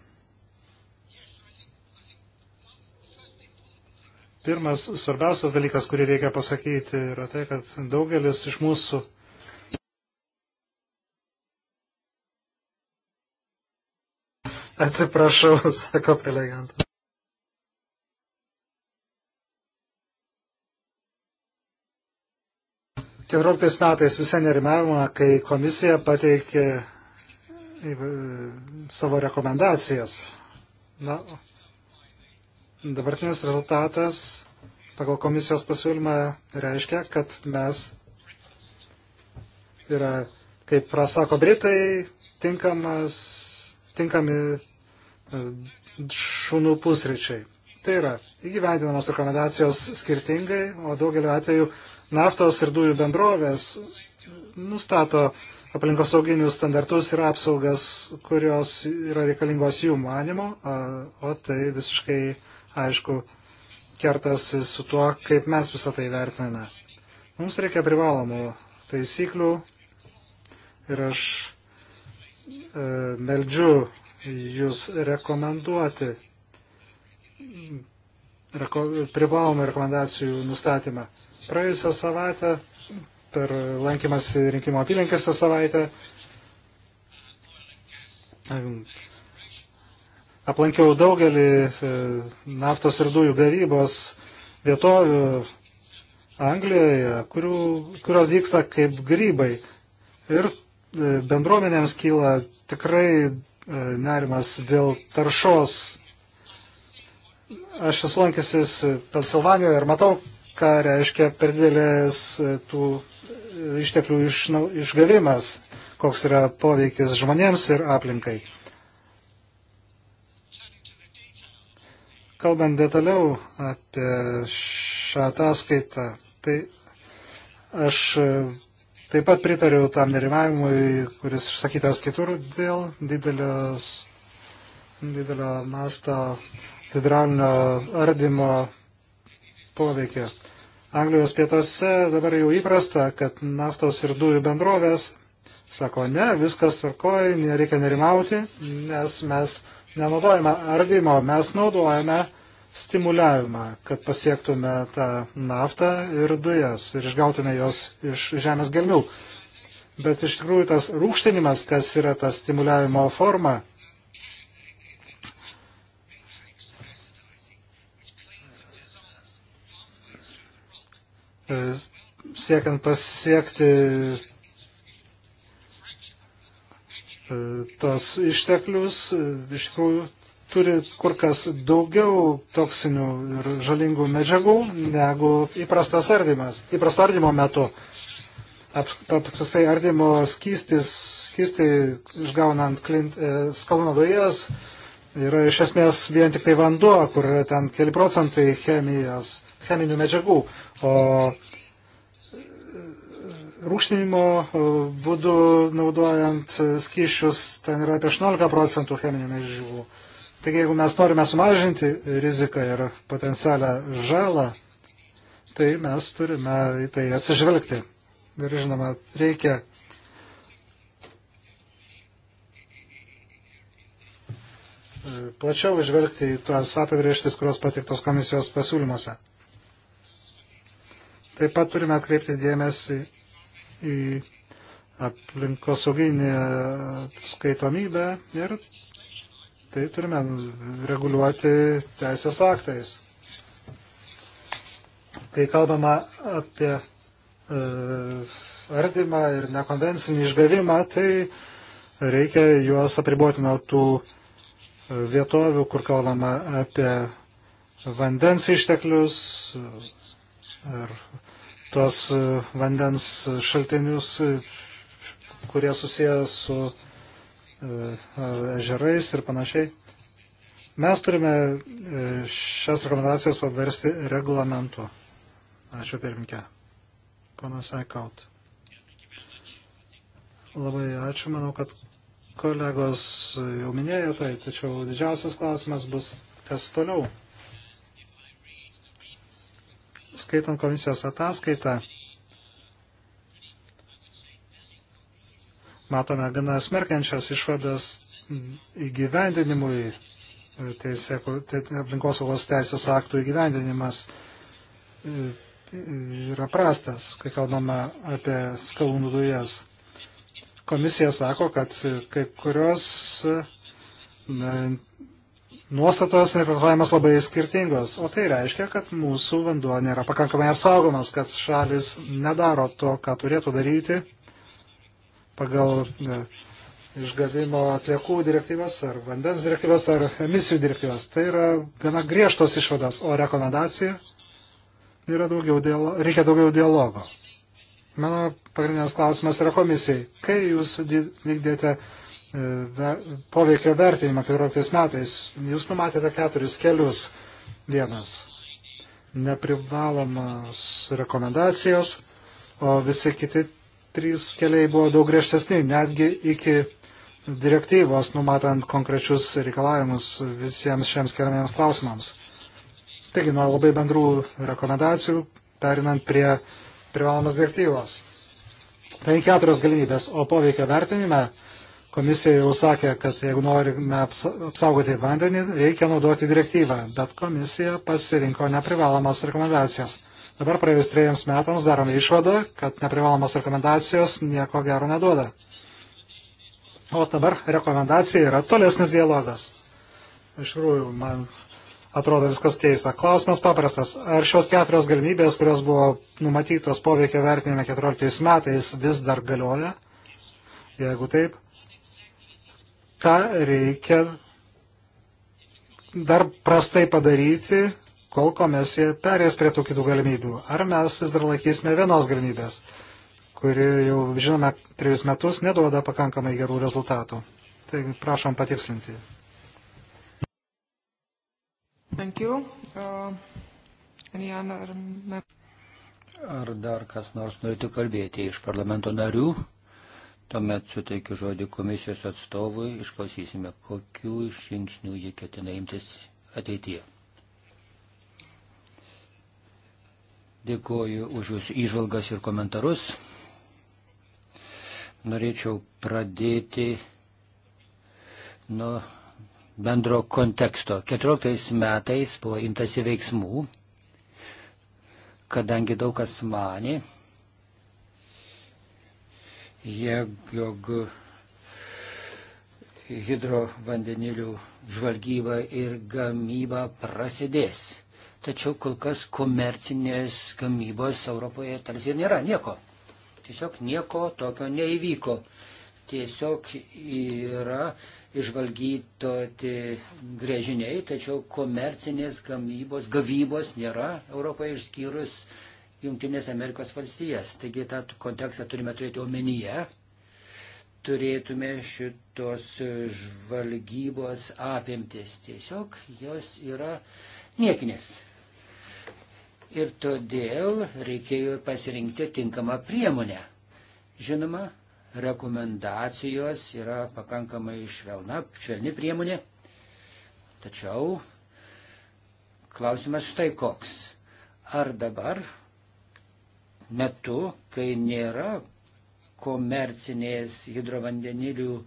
Pirmas svarbiausias dalykas, kurį reikia pasakyti, yra tai, kad daugelis iš mūsų Atsiprašau, *laughs* sako prelegentas. Keturioliktais metais visą nerimavimą, kai komisija pateikė e, savo rekomendacijas. Na, dabartinis rezultatas pagal komisijos pasiūlymą reiškia, kad mes yra, kaip prasako Britai, tinkamas, tinkami šunų pusryčiai. Tai yra, įgyvendinamos rekomendacijos skirtingai, o daugeliu atveju naftos ir dujų bendrovės nustato aplinkosauginius standartus ir apsaugas, kurios yra reikalingos jų manimo, o tai visiškai aišku kertasi su tuo, kaip mes visą tai vertiname. Mums reikia privalomų taisyklių ir aš e, meldžiu jūs rekomenduoti reko, privalomų rekomendacijų nustatymą. Praėjusią savaitę, per lankymas rinkimo apylinkėse savaitę, aplankiau daugelį e, naftos ir dujų gavybos vietovių Anglijoje, kurių, kurios vyksta kaip grybai. Ir e, bendruomenėms kyla tikrai E, nerimas dėl taršos. Aš esu lankęsis Pensilvanijoje ir matau, ką reiškia per didelės e, tų išteklių išnau, išgavimas, koks yra poveikis žmonėms ir aplinkai. Kalbant detaliau apie šią ataskaitą, tai aš e, Taip pat pritariu tam nerimavimui, kuris išsakytas kitur dėl didelios, didelio masto hidraulinio ardymo poveikio. Anglijos pietuose dabar jau įprasta, kad naftos ir dujų bendrovės sako, ne, viskas tvarkoja, nereikia nerimauti, nes mes nenaudojame ardymo, mes naudojame uh, stimuliavimą, kad pasiektume tą naftą ir dujas ir išgautume jos iš žemės gelmių. Bet iš tikrųjų tas rūkštinimas, kas yra ta stimuliavimo forma, e, siekiant pasiekti e, tos išteklius, e, iš tikrųjų turi kur kas daugiau toksinių ir žalingų medžiagų negu įprastas ardymas, įprasto ardymo metu. Paprastai ardymo skystis, skystį išgaunant klint, e, skalūno dujas yra iš esmės vien tik tai vanduo, kur ten keli procentai chemijos, cheminių medžiagų, o e, rūkštinimo e, būdu naudojant skyšius ten yra apie 18 procentų cheminių medžiagų. Taigi, jeigu mes norime sumažinti riziką ir potencialią žalą, tai mes turime į tai atsižvelgti. Ir žinoma, reikia plačiau žvelgti į tuos apibrieštis, kurios patiktos komisijos pasiūlymuose. Taip pat turime atkreipti dėmesį į aplinkosauginį skaitomybę ir tai turime reguliuoti teisės aktais. Kai kalbama apie uh, ardymą ir nekonvencinį išgavimą, tai reikia juos apriboti nuo tų e, vietovių, kur kalbama apie vandens išteklius ir tuos e, vandens šaltinius, kurie susijęs su uh, E, ežerais ir panašiai. Mes turime e, šias rekomendacijas paversti reglamentu. Ačiū pirmke. Panas Aikaut. Labai ačiū. Manau, kad kolegos jau minėjo tai, tačiau didžiausias klausimas bus, kas toliau. Skaitant komisijos ataskaitą, matome gana smerkiančias išvadas įgyvendinimui, e, teisė, te, aplinkosaugos teisės aktų įgyvendinimas e, yra prastas, kai kalbama apie skalūnų dujas. Komisija sako, kad kai kurios na, nuostatos ir vartojimas labai skirtingos, o tai reiškia, kad mūsų vanduo nėra pakankamai apsaugomas, kad šalis nedaro to, ką turėtų daryti pagal išgavimo atliekų direktyvas ar vandens direktyvas ar emisijų direktyvas. Tai yra gana griežtos išvados, o rekomendacija yra daugiau dialo, reikia daugiau dialogo. Mano pagrindinės klausimas yra komisijai. Kai jūs vykdėte e, poveikio vertinimą 14 metais, jūs numatėte keturis kelius. Vienas neprivalomas rekomendacijos, o visi kiti trys keliai buvo daug griežtesni, netgi iki direktyvos, numatant konkrečius reikalavimus visiems šiems keliamiems klausimams. Taigi, nuo labai bendrų rekomendacijų, perinant prie privalomas direktyvos. Tai keturios galimybės, o poveikio vertinime komisija jau sakė, kad jeigu norime apsaugoti vandenį, reikia naudoti direktyvą, bet komisija pasirinko neprivalomas rekomendacijas. Dabar praėjus trejams metams darome išvadą, kad neprivalomas rekomendacijos nieko gero neduoda. O dabar rekomendacija yra tolesnis dialogas. Iš tikrųjų, man atrodo viskas keista. Klausimas paprastas. Ar šios keturios galimybės, kurios buvo numatytos poveikio vertinime 14 metais, vis dar galioja? Jeigu taip, ką reikia dar prastai padaryti, kol komisija perės prie tų kitų galimybių. Ar mes vis dar laikysime vienos galimybės, kuri jau, žinome, trejus metus neduoda pakankamai gerų rezultatų. Tai prašom patikslinti. Uh, Ar dar kas nors norėtų kalbėti iš parlamento narių? Tuomet suteikiu žodį komisijos atstovui, išklausysime, kokių žingsnių jie ketina imtis ateityje. Dėkuoju už Jūsų įžvalgas ir komentarus. Norėčiau pradėti nuo bendro konteksto. 14 metais buvo imtasi veiksmų, kadangi daug kas mani, jog hidrovandenilių žvalgyba ir gamyba prasidės tačiau kol kas komercinės gamybos Europoje tarsi ir nėra nieko. Tiesiog nieko tokio neįvyko. Tiesiog yra išvalgyti grėžiniai, tačiau komercinės gamybos, gavybos nėra Europoje išskyrus Junktinės Amerikos valstijas. Taigi tą kontekstą turime turėti omenyje. Turėtume šitos žvalgybos apimtis. Tiesiog jos yra niekinės. Ir todėl reikėjo pasirinkti tinkamą priemonę. Žinoma, rekomendacijos yra pakankamai švelna, švelni priemonė. Tačiau klausimas štai koks. Ar dabar metu, kai nėra komercinės hidrovandenilių uh,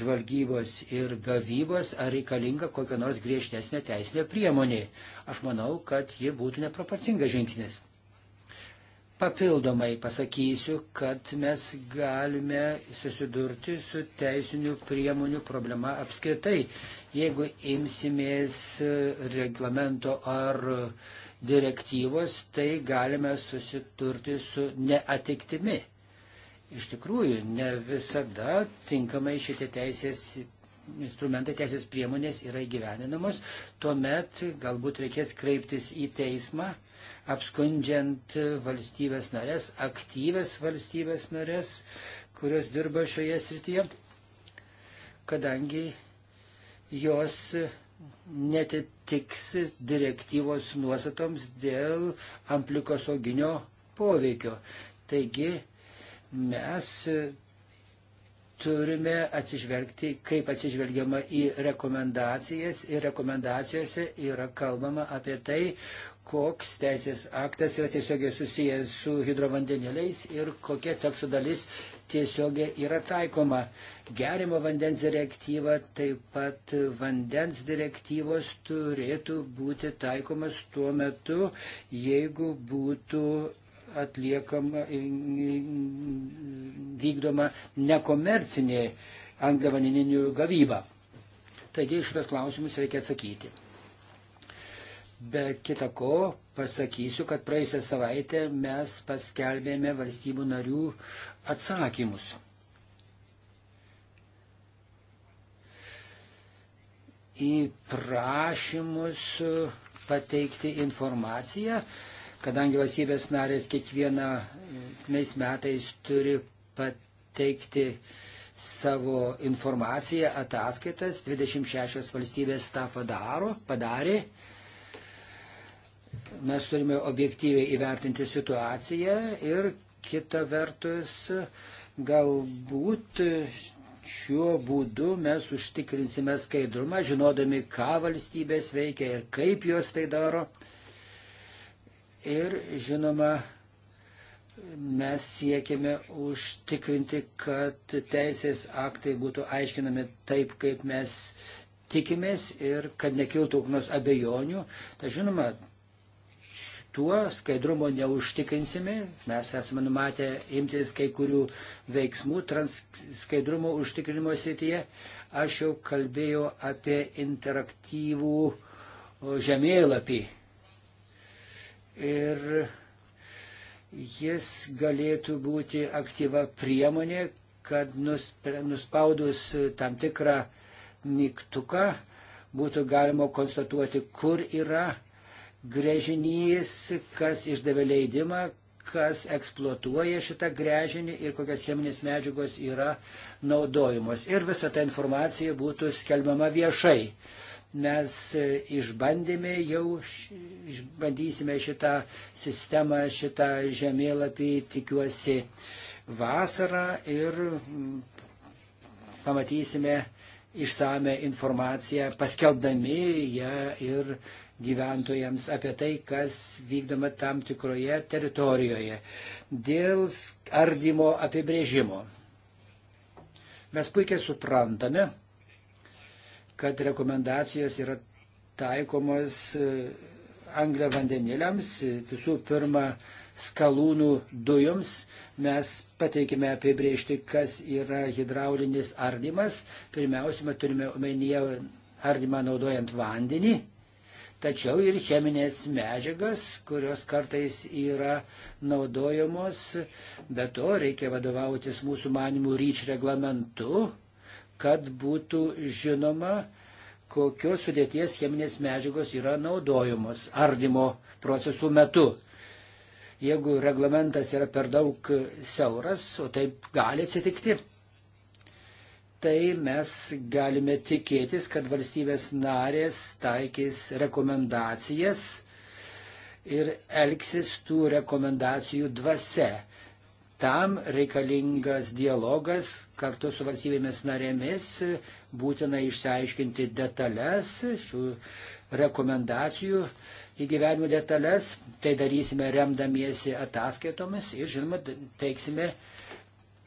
žvalgybos ir gavybos, ar reikalinga kokia nors griežtesnė teisinė priemonė. Aš manau, kad ji būtų neproporcingas žingsnis. Papildomai pasakysiu, kad mes galime susidurti su teisinių priemonių problema apskritai. Jeigu imsimės reglamento ar direktyvos, tai galime susidurti su neatiktimi iš tikrųjų ne visada tinkamai šitie teisės instrumentai, teisės priemonės yra įgyveninamos, tuomet galbūt reikės kreiptis į teismą, apskundžiant valstybės narės, aktyves valstybės narės, kurios dirba šioje srityje, kadangi jos netitiks direktyvos nuostatoms dėl aplikosoginio poveikio. Taigi mes e, turime atsižvelgti, kaip atsižvelgiama į rekomendacijas ir rekomendacijose yra kalbama apie tai, koks teisės aktas yra tiesiogiai susijęs su hidrovandenėliais ir kokia teksto dalis tiesiogiai yra taikoma. Gerimo vandens direktyva, taip pat vandens direktyvos turėtų būti taikomas tuo metu, jeigu būtų atliekama, vykdoma nekomercinė angliavandeninių gavyba. Taigi iš šios klausimus reikia atsakyti. Be kita ko, pasakysiu, kad praėjusią savaitę mes paskelbėme valstybių narių atsakymus. Į prašymus pateikti informaciją, kadangi valstybės narės kiekvienais metais turi pateikti savo informaciją, ataskaitas, 26 valstybės tą padaro, padarė. Mes turime objektyviai įvertinti situaciją ir kita vertus galbūt šiuo būdu mes užtikrinsime skaidrumą, žinodami, ką valstybės veikia ir kaip jos tai daro ir žinoma, mes siekiame užtikrinti, kad teisės aktai būtų aiškinami taip, kaip mes tikimės ir kad nekiltų kokios abejonių. Tai žinoma, tuo skaidrumo neužtikrinsime. Mes esame numatę imtis kai kurių veiksmų trans, skaidrumo užtikrinimo srityje. Aš jau kalbėjau apie interaktyvų žemėlapį ir jis galėtų būti aktyva priemonė, kad nuspaudus tam tikrą mygtuką būtų galima konstatuoti, kur yra grėžinys, kas išdavė leidimą, kas eksploatuoja šitą grėžinį ir kokias cheminės medžiagos yra naudojamos. Ir visa ta informacija būtų skelbiama viešai. Mes e, išbandėme jau, išbandysime šitą sistemą, šitą žemėlapį, tikiuosi, vasarą ir pamatysime išsame informaciją, paskelbdami ją ir gyventojams apie tai, kas vykdoma tam tikroje teritorijoje. Dėl ardymo apibrėžimo. Mes puikiai suprantame, kad rekomendacijos yra taikomos e, anglio vandeniliams, e, visų pirma, skalūnų dujoms. Mes pateikime apibriežti, kas yra hidraulinis ardymas. Pirmiausia, turime omenyje ardymą naudojant vandenį, tačiau ir cheminės medžiagas, kurios kartais yra naudojamos. Be to, reikia vadovautis mūsų manimų ryč reglamentu, kad būtų žinoma, kokios sudėties cheminės medžiagos yra naudojamos ardymo procesų metu. Jeigu reglamentas yra per daug siauras, o taip gali atsitikti, tai mes galime tikėtis, kad valstybės narės taikys rekomendacijas ir elgsis tų rekomendacijų dvasia. Tam reikalingas dialogas kartu su valstybėmis narėmis, būtina išsiaiškinti detalės šių rekomendacijų įgyvenimo detalės, tai darysime remdamiesi ataskaitomis ir, žinoma, teiksime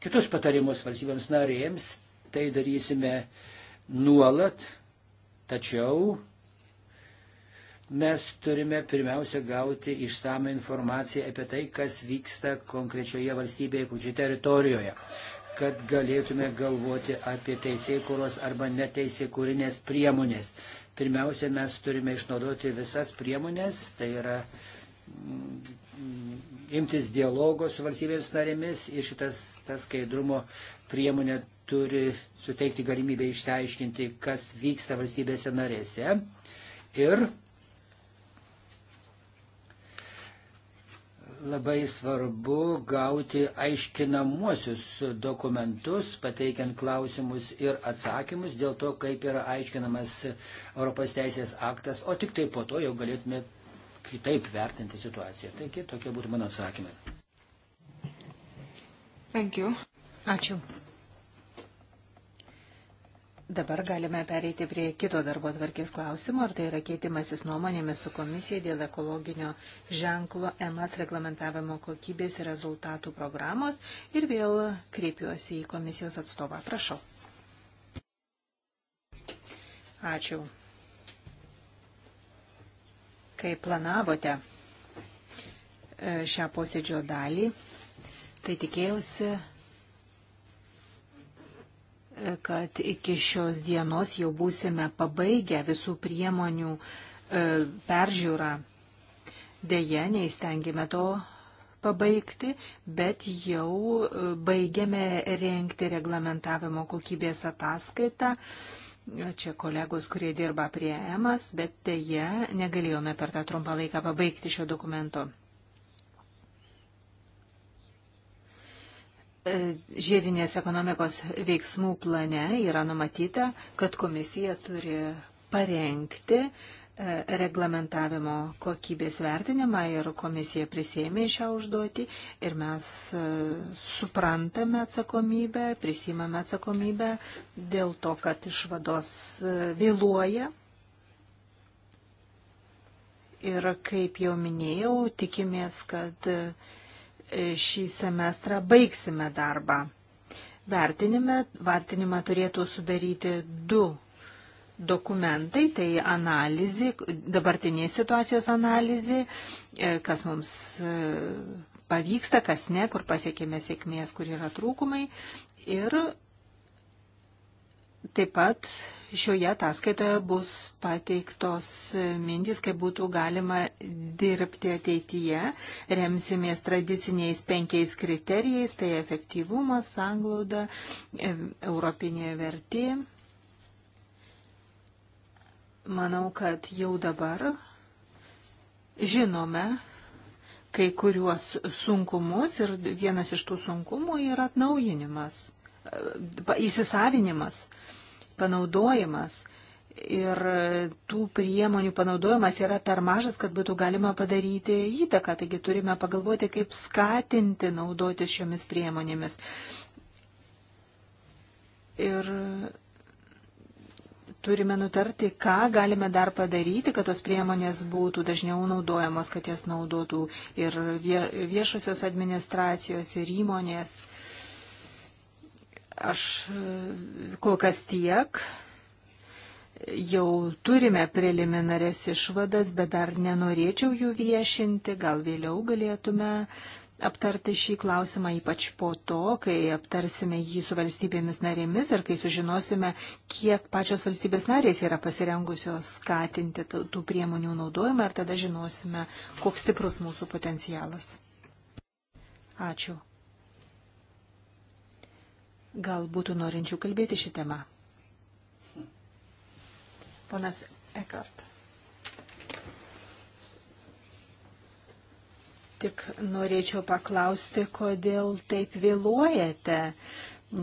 kitus patarimus valstybėms narėms, tai darysime nuolat, tačiau mes turime pirmiausia gauti išsamą informaciją apie tai, kas vyksta konkrečioje valstybėje, konkrečioje teritorijoje, kad galėtume galvoti apie teisėkuros arba neteisėkurinės priemonės. Pirmiausia, mes turime išnaudoti visas priemonės, tai yra mm, imtis dialogo su valstybės narėmis ir šitas tas skaidrumo priemonė turi suteikti galimybę išsiaiškinti, kas vyksta valstybėse narėse. Ir Labai svarbu gauti aiškinamuosius dokumentus, pateikiant klausimus ir atsakymus dėl to, kaip yra aiškinamas Europos teisės aktas, o tik tai po to jau galėtume kitaip vertinti situaciją. Taigi tokie būtų mano atsakymai. Ačiū. Dabar galime pereiti prie kito darbo atvarkės klausimo, ar tai yra keitimasis nuomonėmis su komisija dėl ekologinio ženklo EMAS reglamentavimo kokybės ir rezultatų programos. Ir vėl kreipiuosi į komisijos atstovą. Prašau. Ačiū. Kai planavote e, šią posėdžio dalį, tai tikėjausi kad iki šios dienos jau būsime pabaigę visų priemonių e, peržiūrą. Deja, neįstengėme to pabaigti, bet jau e, baigėme renkti reglamentavimo kokybės ataskaitą. Čia kolegos, kurie dirba prie EMAS, bet dėje negalėjome per tą trumpą laiką pabaigti šio dokumento. E, žiedinės ekonomikos veiksmų plane yra numatyta, kad komisija turi parengti e, reglamentavimo kokybės vertinimą ir komisija prisėmė šią užduotį ir mes e, suprantame atsakomybę, prisimame atsakomybę dėl to, kad išvados vėluoja. Ir kaip jau minėjau, tikimės, kad uh, E, šį semestrą baigsime darbą. Vertinime, vertinimą turėtų sudaryti du dokumentai, tai analizė, dabartinės situacijos analizė, e, kas mums e, pavyksta, kas ne, kur pasiekėme sėkmės, kur yra trūkumai. Ir taip pat šioje ataskaitoje bus pateiktos mintys, kaip būtų galima dirbti ateityje. Remsimės tradiciniais penkiais kriterijais - tai efektyvumas, sanglauda, europinė vertė. Manau, kad jau dabar žinome, kai kuriuos sunkumus ir vienas iš tų sunkumų yra atnaujinimas, e, įsisavinimas panaudojimas ir tų priemonių panaudojimas yra per mažas, kad būtų galima padaryti įtaką. Taigi turime pagalvoti, kaip skatinti naudotis šiomis priemonėmis. Ir turime nutarti, ką galime dar padaryti, kad tos priemonės būtų dažniau naudojamos, kad jas naudotų ir viešosios administracijos, ir įmonės. Aš e, kol kas tiek. Jau turime preliminarės išvadas, bet dar nenorėčiau jų viešinti. Gal vėliau galėtume aptarti šį klausimą, ypač po to, kai aptarsime jį su valstybėmis narėmis ir kai sužinosime, kiek pačios valstybės narės yra pasirengusios skatinti tų priemonių naudojimą ir tada žinosime, koks stiprus mūsų potencialas. Ačiū. Gal būtų norinčių kalbėti šį temą? Ponas Ekart. Tik norėčiau paklausti, kodėl taip vėluojate,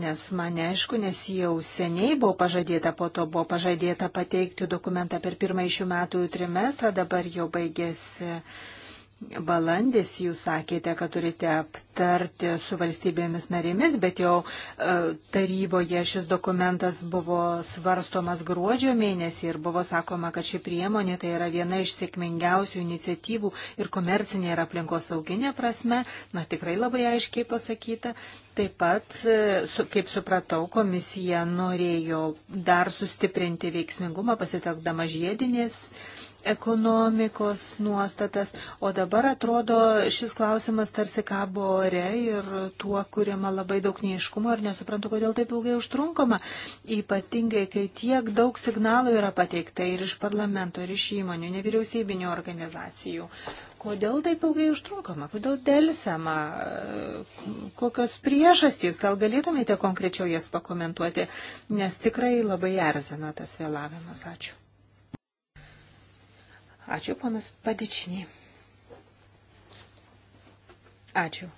nes man neaišku, nes jau seniai buvo pažadėta, po to buvo pažadėta pateikti dokumentą per pirmąjį šių metų trimestrą, dabar jau baigėsi uh, balandis jūs sakėte, kad turite aptarti su valstybėmis narėmis, bet jau e, taryboje šis dokumentas buvo svarstomas gruodžio mėnesį ir buvo sakoma, kad ši priemonė tai yra viena iš sėkmingiausių iniciatyvų ir komercinė ir aplinkos sauginė prasme. Na, tikrai labai aiškiai pasakyta. Taip pat, e, kaip supratau, komisija norėjo dar sustiprinti veiksmingumą pasitelkdama žiedinės ekonomikos nuostatas, o dabar atrodo šis klausimas tarsi kabo ore ir tuo kuriama labai daug neiškumo ir nesuprantu, kodėl taip ilgai užtrunkama, ypatingai, kai tiek daug signalų yra pateikta ir iš parlamento, ir iš įmonių, nevyriausybinių organizacijų. Kodėl taip ilgai užtrunkama, kodėl dėlsama, kokios priežastys, gal galėtumėte konkrečiau jas pakomentuoti, nes tikrai labai erzina tas vėlavimas. Ačiū. Ačiū, ponas Padičiniai. Ačiū.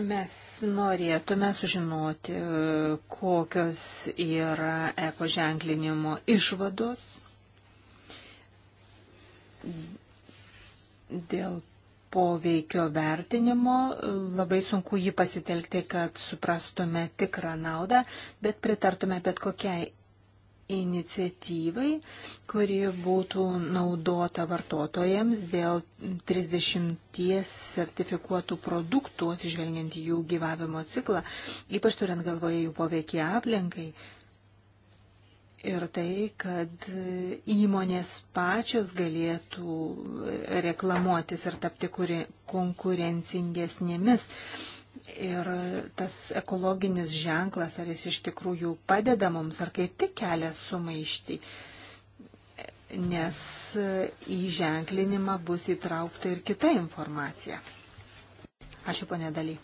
Mes norėtume sužinoti, kokios yra eko ženklinimo išvados dėl poveikio vertinimo. Labai sunku jį pasitelkti, kad suprastume tikrą naudą, bet pritartume bet kokiai iniciatyvai, kuri būtų naudota vartotojams dėl 30 sertifikuotų produktų, atsižvelgiant jų gyvavimo ciklą, ypač turint galvoje jų poveikį aplinkai. Ir tai, kad įmonės pačios galėtų reklamuotis ir tapti konkurencingesnėmis. Ir tas ekologinis ženklas, ar jis iš tikrųjų padeda mums, ar kaip tik kelia sumaištį. Nes į ženklinimą bus įtraukta ir kita informacija. Ačiū, ponė Daly.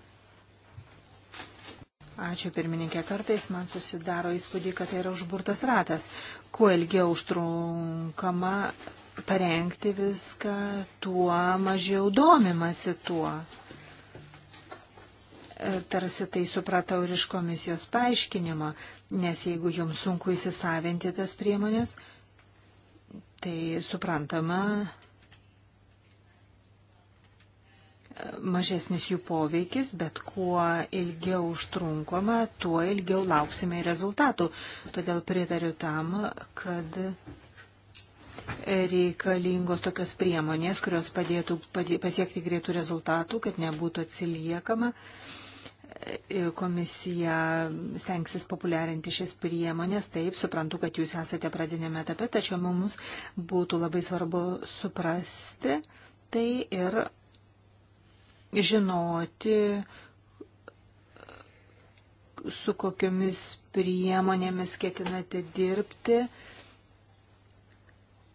Ačiū, pirmininkė. Kartais man susidaro įspūdį, kad tai yra užburtas ratas. Kuo ilgiau užtrunkama parengti viską, tuo mažiau domimasi tuo. E, tarsi tai supratau ir iš komisijos paaiškinimo, nes jeigu jums sunku įsisavinti tas priemonės, tai suprantama e, mažesnis jų poveikis, bet kuo ilgiau užtrunkoma, tuo ilgiau lauksime rezultatų. Todėl pritariu tam, kad reikalingos tokios priemonės, kurios padėtų pasiekti greitų rezultatų, kad nebūtų atsiliekama. Uh, E, komisija stengsis populiarinti šias priemonės. Taip, suprantu, kad jūs esate pradinėme etape, tačiau mums būtų labai svarbu suprasti tai ir žinoti, su kokiomis priemonėmis ketinate dirbti,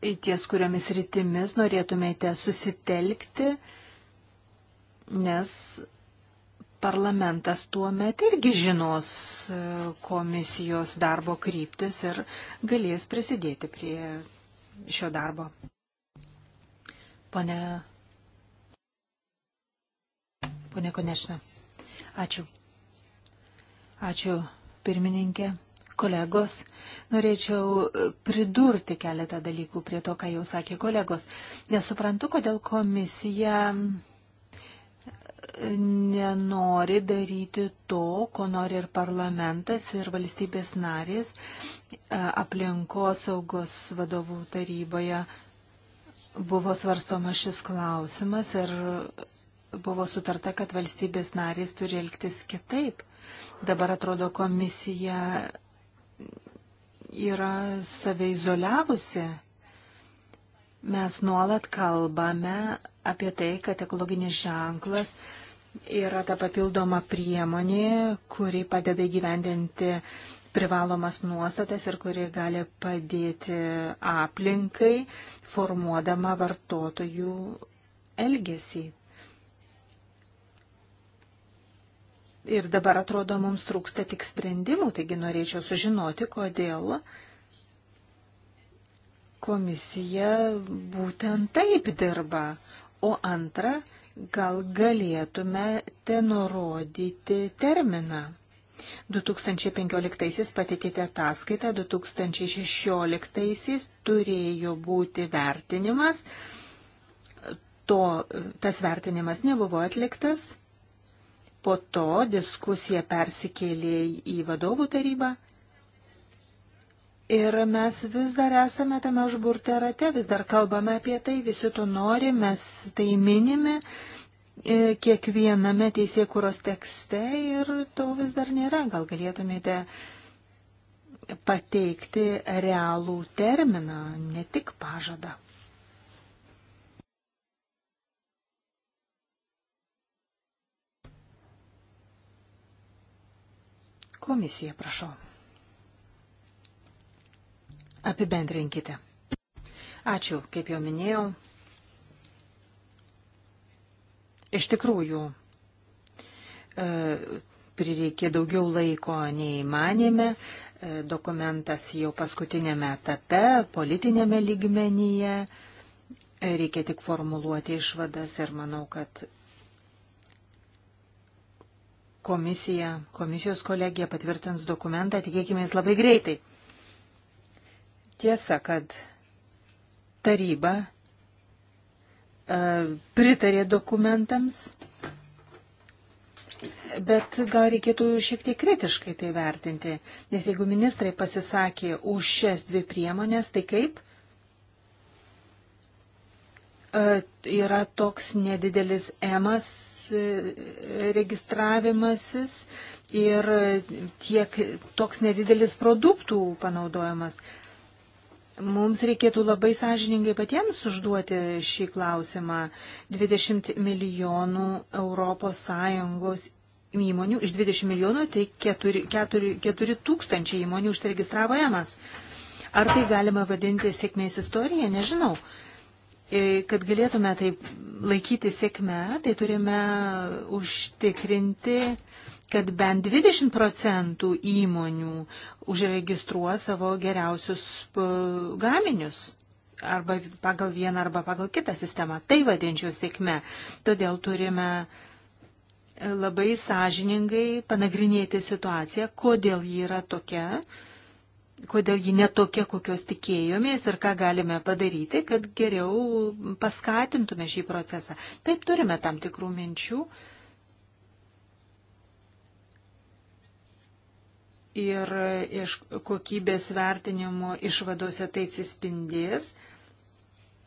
ties kuriomis rytimis norėtumėte susitelkti, nes parlamentas tuo met irgi žinos e, komisijos darbo kryptis ir galės prisidėti prie šio darbo. Pone, pone Konečna, ačiū. Ačiū, pirmininkė, kolegos. Norėčiau e, pridurti keletą dalykų prie to, ką jau sakė kolegos. Nesuprantu, kodėl komisija nenori daryti to, ko nori ir parlamentas, ir valstybės narės e, aplinkosaugos vadovų taryboje. Buvo svarstoma šis klausimas ir buvo sutarta, kad valstybės narės turi elgtis kitaip. Dabar atrodo komisija yra save izoliavusi. Mes nuolat kalbame apie tai, kad ekologinis ženklas yra ta papildoma priemonė, kuri padeda įgyvendinti privalomas nuostatas ir kuri gali padėti aplinkai, formuodama vartotojų elgesį. Ir dabar atrodo, mums trūksta tik sprendimų, taigi norėčiau sužinoti, kodėl komisija būtent taip dirba. O antra, gal galėtumėte nurodyti terminą. 2015 patikite ataskaitą, 2016 turėjo būti vertinimas, to, tas vertinimas nebuvo atliktas, po to diskusija persikėlė į vadovų tarybą Ir mes vis dar esame tame užburte rate, vis dar kalbame apie tai, visi to nori, mes tai minime e, kiekviename teisėkuros tekste ir to vis dar nėra. Gal galėtumėte pateikti realų terminą, ne tik pažadą. Komisija, prašau. Apibendrinkite. Ačiū, kaip jau minėjau. Iš tikrųjų, e, prireikė daugiau laiko nei manėme. E, dokumentas jau paskutinėme etape, politinėme lygmenyje. E, reikia tik formuluoti išvadas ir manau, kad komisija, komisijos kolegija patvirtins dokumentą, tikėkime, jis labai greitai. Tiesa, kad taryba e, pritarė dokumentams, bet gal reikėtų šiek tiek kritiškai tai vertinti, nes jeigu ministrai pasisakė už šias dvi priemonės, tai kaip e, yra toks nedidelis emas e, registravimasis ir tiek toks nedidelis produktų panaudojimas. Mums reikėtų labai sąžiningai patiems užduoti šį klausimą. 20 milijonų ES įmonių, iš 20 milijonų tai 4, 4, 4 tūkstančiai įmonių užsiregistravo EMAS. Ar tai galima vadinti sėkmės istorija, nežinau. E, kad galėtume tai laikyti sėkme, tai turime užtikrinti kad bent 20 procentų įmonių užregistruos savo geriausius e, gaminius arba pagal vieną arba pagal kitą sistemą. Tai vadinčiau sėkme. Todėl turime e, labai sąžiningai panagrinėti situaciją, kodėl ji yra tokia, kodėl ji netokia, kokios tikėjomės ir ką galime padaryti, kad geriau paskatintume šį procesą. Taip turime tam tikrų minčių. Uh, ir e, iš kokybės vertinimo išvadose tai atsispindės.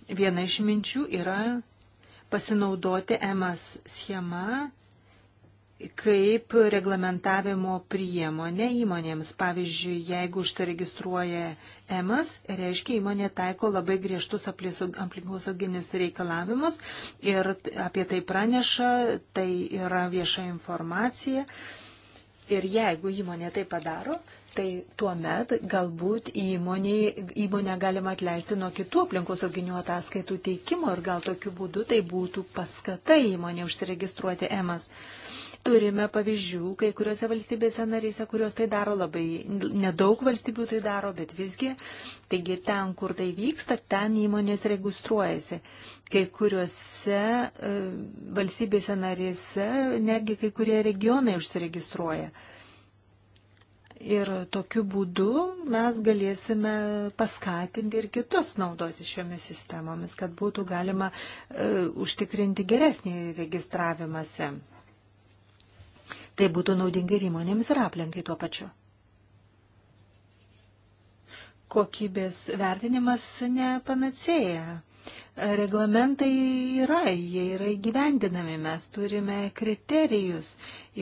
Viena iš minčių yra pasinaudoti EMAS schema kaip reglamentavimo priemonė įmonėms. Pavyzdžiui, jeigu užsiregistruoja EMAS, reiškia įmonė taiko labai griežtus aplinkosauginius reikalavimus ir apie tai praneša, tai yra vieša informacija. Ir jeigu įmonė tai padaro, tai tuo met galbūt įmonė, įmonė galima atleisti nuo kitų aplinkos auginių ataskaitų teikimo ir gal tokiu būdu tai būtų paskata įmonė užsiregistruoti EMAS. Turime pavyzdžių kai kuriuose valstybėse naryse, kurios tai daro labai, nedaug valstybių tai daro, bet visgi, taigi ten, kur tai vyksta, ten įmonės registruojasi. Kai kuriuose e, valstybėse naryse netgi kai kurie regionai užsiregistruoja. Ir tokiu būdu mes galėsime paskatinti ir kitus naudoti šiomis sistemomis, kad būtų galima e, užtikrinti geresnį registravimąsi. Tai būtų naudinga ir įmonėms ir aplinkai tuo pačiu. Kokybės vertinimas nepanacėja. Reglamentai yra, jie yra įgyvendinami, mes turime kriterijus,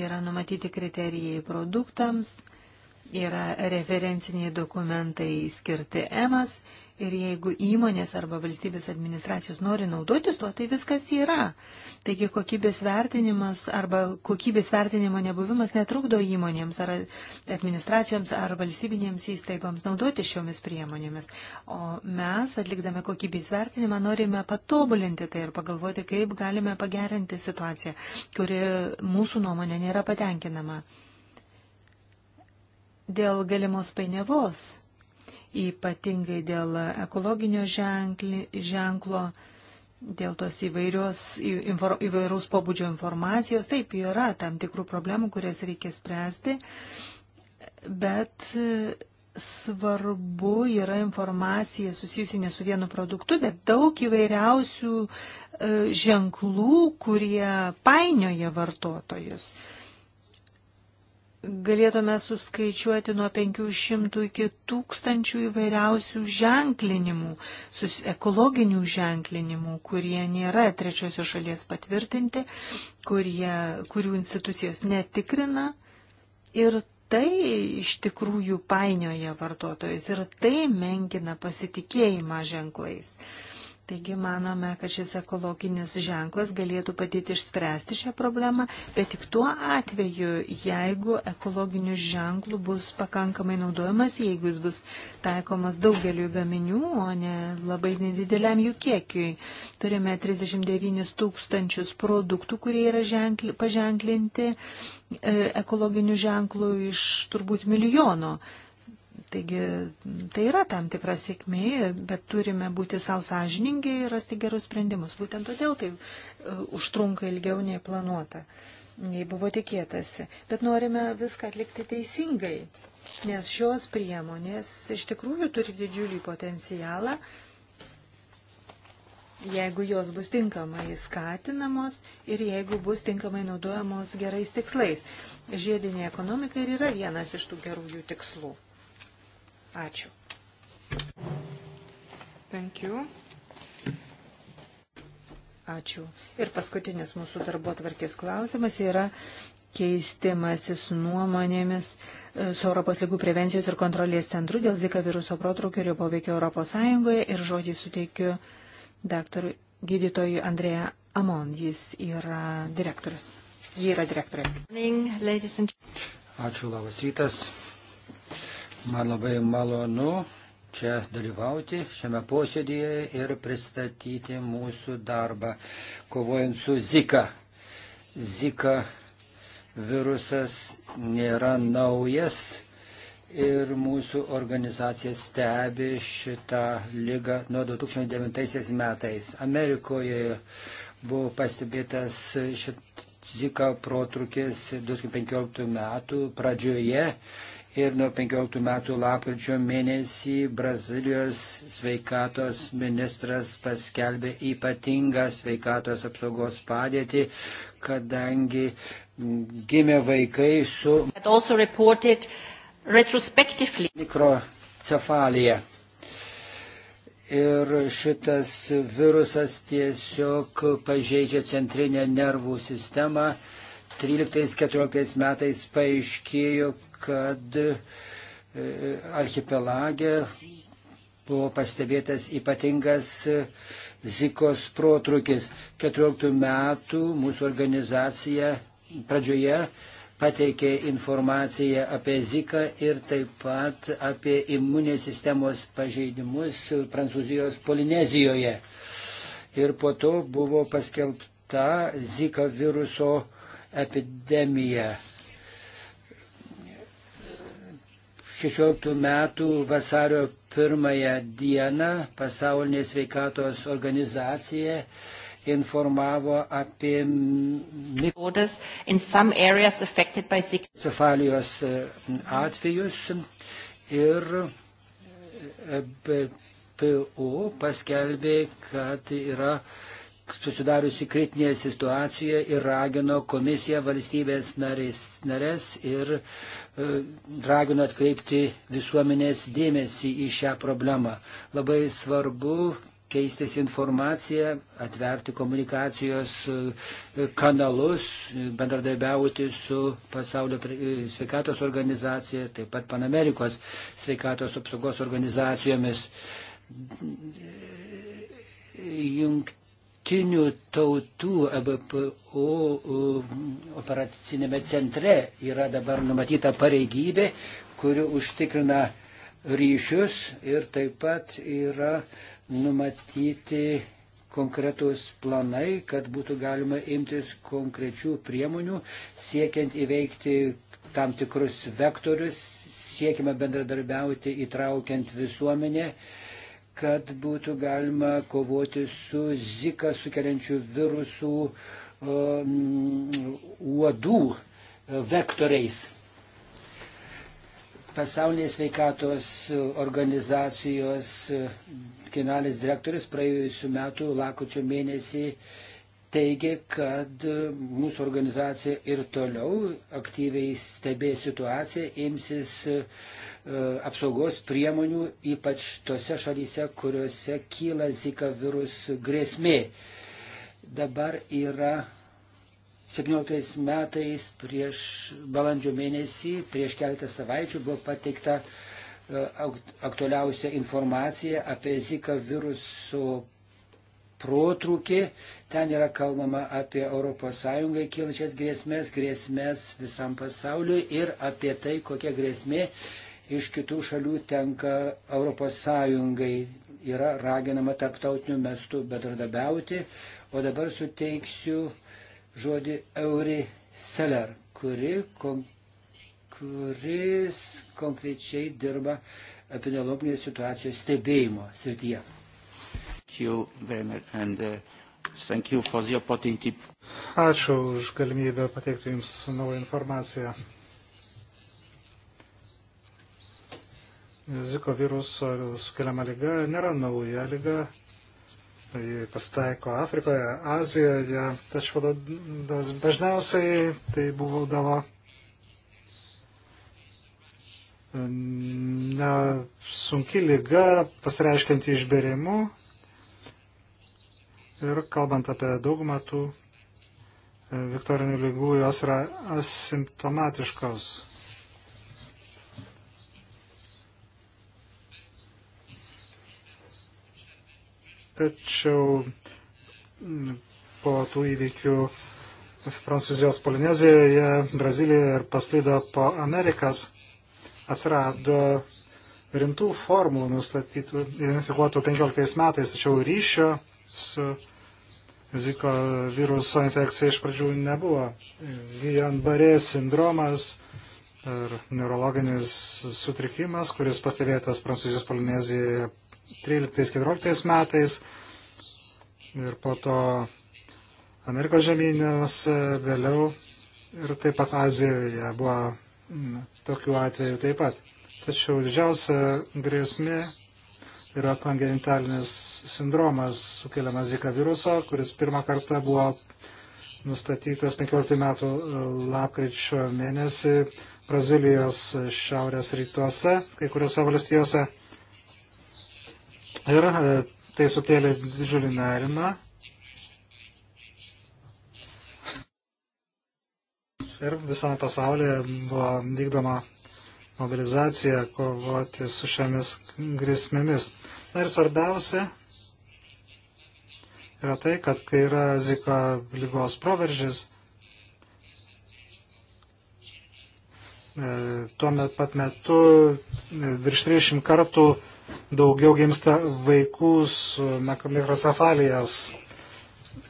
yra numatyti kriterijai produktams, yra referenciniai dokumentai skirti EMAS Ir jeigu įmonės arba valstybės administracijos nori naudotis tuo, tai viskas yra. Taigi kokybės vertinimas arba kokybės vertinimo nebuvimas netrukdo įmonėms ar administracijoms ar valstybinėms įstaigoms naudoti šiomis priemonėmis. O mes, atlikdami kokybės vertinimą, norime patobulinti tai ir pagalvoti, kaip galime pagerinti situaciją, kuri mūsų nuomonė nėra patenkinama dėl galimos painiavos ypatingai dėl ekologinio ženkli, ženklo, dėl tos įvairios, įvairaus pobūdžio informacijos. Taip yra tam tikrų problemų, kurias reikia spręsti, bet e, svarbu yra informacija susijusi ne su vienu produktu, bet daug įvairiausių e, ženklų, kurie painioja vartotojus. Uh, galėtume suskaičiuoti nuo 500 iki 1000 įvairiausių ženklinimų, ekologinių ženklinimų, kurie nėra trečiosios šalies patvirtinti, kurie, kurių institucijos netikrina. Ir tai iš tikrųjų painioja vartotojus ir tai menkina pasitikėjimą ženklais. Uh, Taigi manome, kad šis ekologinis ženklas galėtų padėti išspręsti šią problemą, bet tik tuo atveju, jeigu ekologinių ženklų bus pakankamai naudojamas, jeigu jis bus taikomas daugeliu gaminių, o ne labai nedideliam jų kiekiui. Turime 39 tūkstančius produktų, kurie yra ženkli, paženklinti e, ekologinių ženklų iš turbūt milijono. Taigi tai yra tam tikra sėkmė, bet turime būti savo sąžiningi ir rasti gerus sprendimus. Būtent todėl tai e, užtrunka ilgiau nei planuota, nei buvo tikėtasi. Bet norime viską atlikti teisingai, nes šios priemonės iš tikrųjų turi didžiulį potencialą, jeigu jos bus tinkamai skatinamos ir jeigu bus tinkamai naudojamos gerais tikslais. Žiedinė ekonomika ir yra vienas iš tų gerųjų tikslų. Ačiū. Thank you. Ačiū. Ir paskutinis mūsų darbo tvarkės klausimas yra keistimasis nuomonėmis e, su Europos lygų prevencijos ir kontrolės centru dėl Zika viruso protrukio ir jo poveikio Europos Sąjungoje. Ir žodį suteikiu daktarui gydytojui Andrėja Amon. Jis yra direktorius. Ji yra direktorė. Ačiū, labas rytas. Man labai malonu čia dalyvauti šiame posėdėje ir pristatyti mūsų darbą kovojant su Zika. Zika virusas nėra naujas ir mūsų organizacija stebi šitą lygą nuo 2009 metais. Amerikoje buvo pastebėtas šit, Zika protrukis 2015 metų pradžioje Ir nuo 15 metų lapkričio mėnesį Brazilijos sveikatos ministras paskelbė ypatingą sveikatos apsaugos padėtį, kadangi gimė vaikai su mikrocefalija. Ir šitas virusas tiesiog pažeidžia centrinę nervų sistemą. 13-14 metais paaiškėjo, kad e, archipelagė buvo pastebėtas ypatingas e, Zikos protrukis. 14 metų mūsų organizacija pradžioje pateikė informaciją apie Ziką ir taip pat apie imuninės sistemos pažeidimus Prancūzijos Polinezijoje. Ir po to buvo paskelbta Zika viruso epidemija. 16 metų vasario 1 dieną pasaulinė sveikatos organizacija informavo apie cefalijos e, atvejus ir BPU e, e, paskelbė, kad yra susidariusi kritinė situacija ir ragino komisiją valstybės narės, narės ir e, ragino atkreipti visuomenės dėmesį į šią problemą. Labai svarbu keistis informaciją, atverti komunikacijos e, kanalus, bendradarbiauti su pasaulio e, sveikatos organizacija, taip pat Panamerikos sveikatos apsaugos organizacijomis jungt jungtinių tautų ABPO e operacinėme centre yra dabar numatyta pareigybė, kuri užtikrina ryšius ir taip pat yra numatyti konkretus planai, kad būtų galima imtis konkrečių priemonių siekiant įveikti tam tikrus vektorius, siekime bendradarbiauti įtraukiant visuomenę kad būtų galima kovoti su zika sukeliančių virusų um, uodų uh, vektoriais. Pasaulinės sveikatos organizacijos uh, generalinis direktorius praėjusiu metu lakučio mėnesį teigia, kad uh, mūsų organizacija ir toliau aktyviai stebės situaciją, imsis uh, E, apsaugos priemonių, ypač tose šalyse, kuriuose kyla zika virus grėsmė. Dabar yra 17 metais prieš balandžio mėnesį, prieš keletą savaičių buvo pateikta e, aktualiausia informacija apie zika viruso protrūkį. Ten yra kalbama apie ES kylančias grėsmės, grėsmės visam pasauliu ir apie tai, kokia grėsmė iš kitų šalių tenka ES, yra raginama tarptautiniu mestu bedradabiauti. O dabar suteiksiu žodį Euri Seller, kuri, kon, kuris konkrečiai dirba epidemiologinės situacijos stebėjimo srityje. Uh, Ačiū už galimybę pateikti Jums naują informaciją. Ziko viruso sukeliama lyga nėra nauja lyga. Ji tai pasitaiko Afrikoje, Azijoje, tačiau dažniausiai tai buvo davo mm, ne sunki lyga, pasireiškinti išberimu. Ir kalbant apie daugumą tų e, viktorinių lygų, jos yra asimptomatiškos. Tačiau po tų įvykių Prancūzijos Polinezijoje, Brazilijoje ir pasklido po Amerikas atsirado rimtų formų nustatytų, identifikuotų 15 metais, tačiau ryšio su Ziko viruso infekcija iš pradžių nebuvo. Guillain-Barré sindromas ir neurologinis sutrikimas, kuris pastebėtas Prancūzijos Polinezijoje 13-14 metais ir po to Amerikos žemynas vėliau ir taip pat Azijoje buvo tokių atvejų taip pat. Tačiau didžiausia grėsmė yra kongenitalinis sindromas sukeliamas Zika viruso, kuris pirmą kartą buvo nustatytas 15 metų lapkričio mėnesį Brazilijos šiaurės rytuose, kai kuriuose valstijose. Ir e, tai sukėlė didžiulį nerimą. Ir visame pasaulyje buvo vykdoma mobilizacija kovoti su šiomis grėsmėmis. Na ir svarbiausia yra tai, kad kai yra Zika lygos proveržis, e, tuo met pat metu e, virš 300 kartų daugiau gimsta vaikų su mikrocefalijos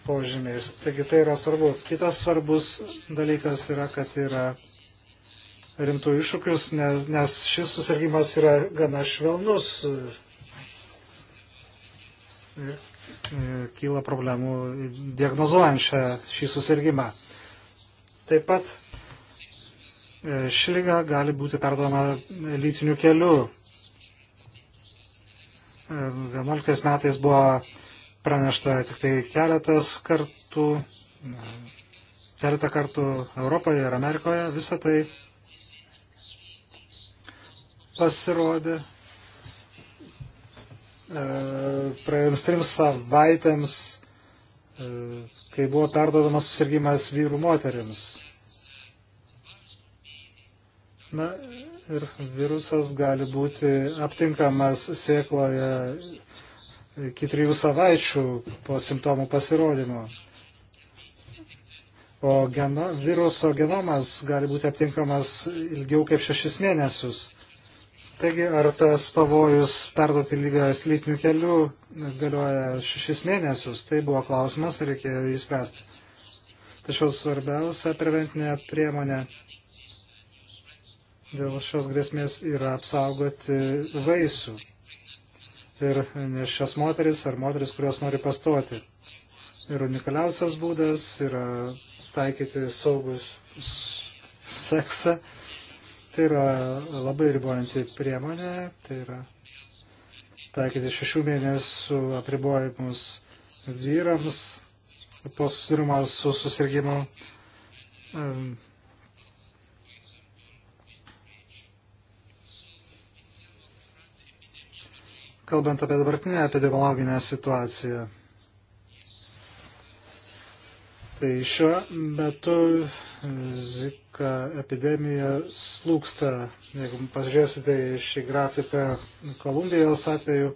požymiais. Taigi tai yra svarbu. Kitas svarbus dalykas yra, kad yra rimtų iššūkius, nes, nes šis susirgymas yra gana švelnus ir e, kyla problemų diagnozuojančią šį susirgymą. Taip pat e, ši lyga gali būti perdoma lytiniu keliu, 2011 metais buvo pranešta tik tai keletas kartų, keletą kartų Europoje ir Amerikoje. Visą tai pasirodė e, praėjus trims savaitėms, e, kai buvo perdodamas susirgymas vyrų moteriams. Na ir virusas gali būti aptinkamas sėkloje iki trijų savaičių po simptomų pasirodymo. O geno, viruso genomas gali būti aptinkamas ilgiau kaip šešis mėnesius. Taigi, ar tas pavojus perduoti lygą slypnių kelių galioja šešis mėnesius, tai buvo klausimas, reikėjo jį spręsti. Tačiau svarbiausia preventinė priemonė dėl šios grėsmės yra apsaugoti vaisių ir šias moteris ar moteris, kurios nori pastoti. Ir unikaliausias būdas yra taikyti saugus seksą. Tai yra labai ribojanti priemonė, tai yra taikyti šešių mėnesių apribojimus vyrams po susirimo su susirgymu Kalbant apie dabartinę epidemiologinę situaciją, tai šiuo metu e, Zika epidemija slūksta. Jeigu pažiūrėsite į šį grafiką Kolumbijos atveju,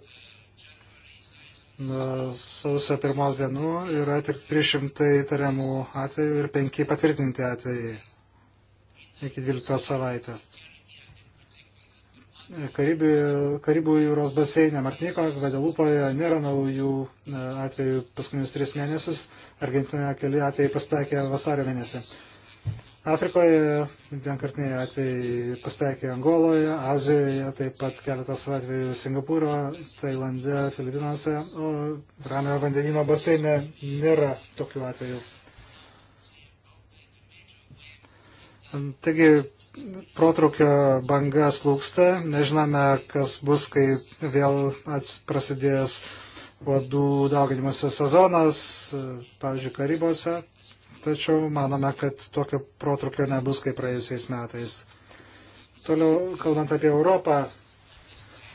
nuo sausio pirmos dienų yra tik 300 įtariamų atvejų ir 5 patvirtinti atvejai iki 12 savaitės. Karibų, Karibų jūros baseine, Martiniko, Gvadelupoje nėra naujų e, atvejų paskutinius tris mėnesius, Argentinoje keli atvejai pasitaikė vasario mėnesį. Afrikoje vienkartiniai atvejai pasitaikė Angoloje, Azijoje, taip pat keletas atvejų Singapūro, Tailande, Filipinuose, o Ramiojo vandenino baseine nėra tokių atvejų. Taigi protrukio banga slūksta, nežinome, kas bus, kai vėl prasidės uodų dauginimuose sezonas, pavyzdžiui, Karibose, tačiau manome, kad tokio protrukio nebus kaip praėjusiais metais. Toliau, kalbant apie Europą,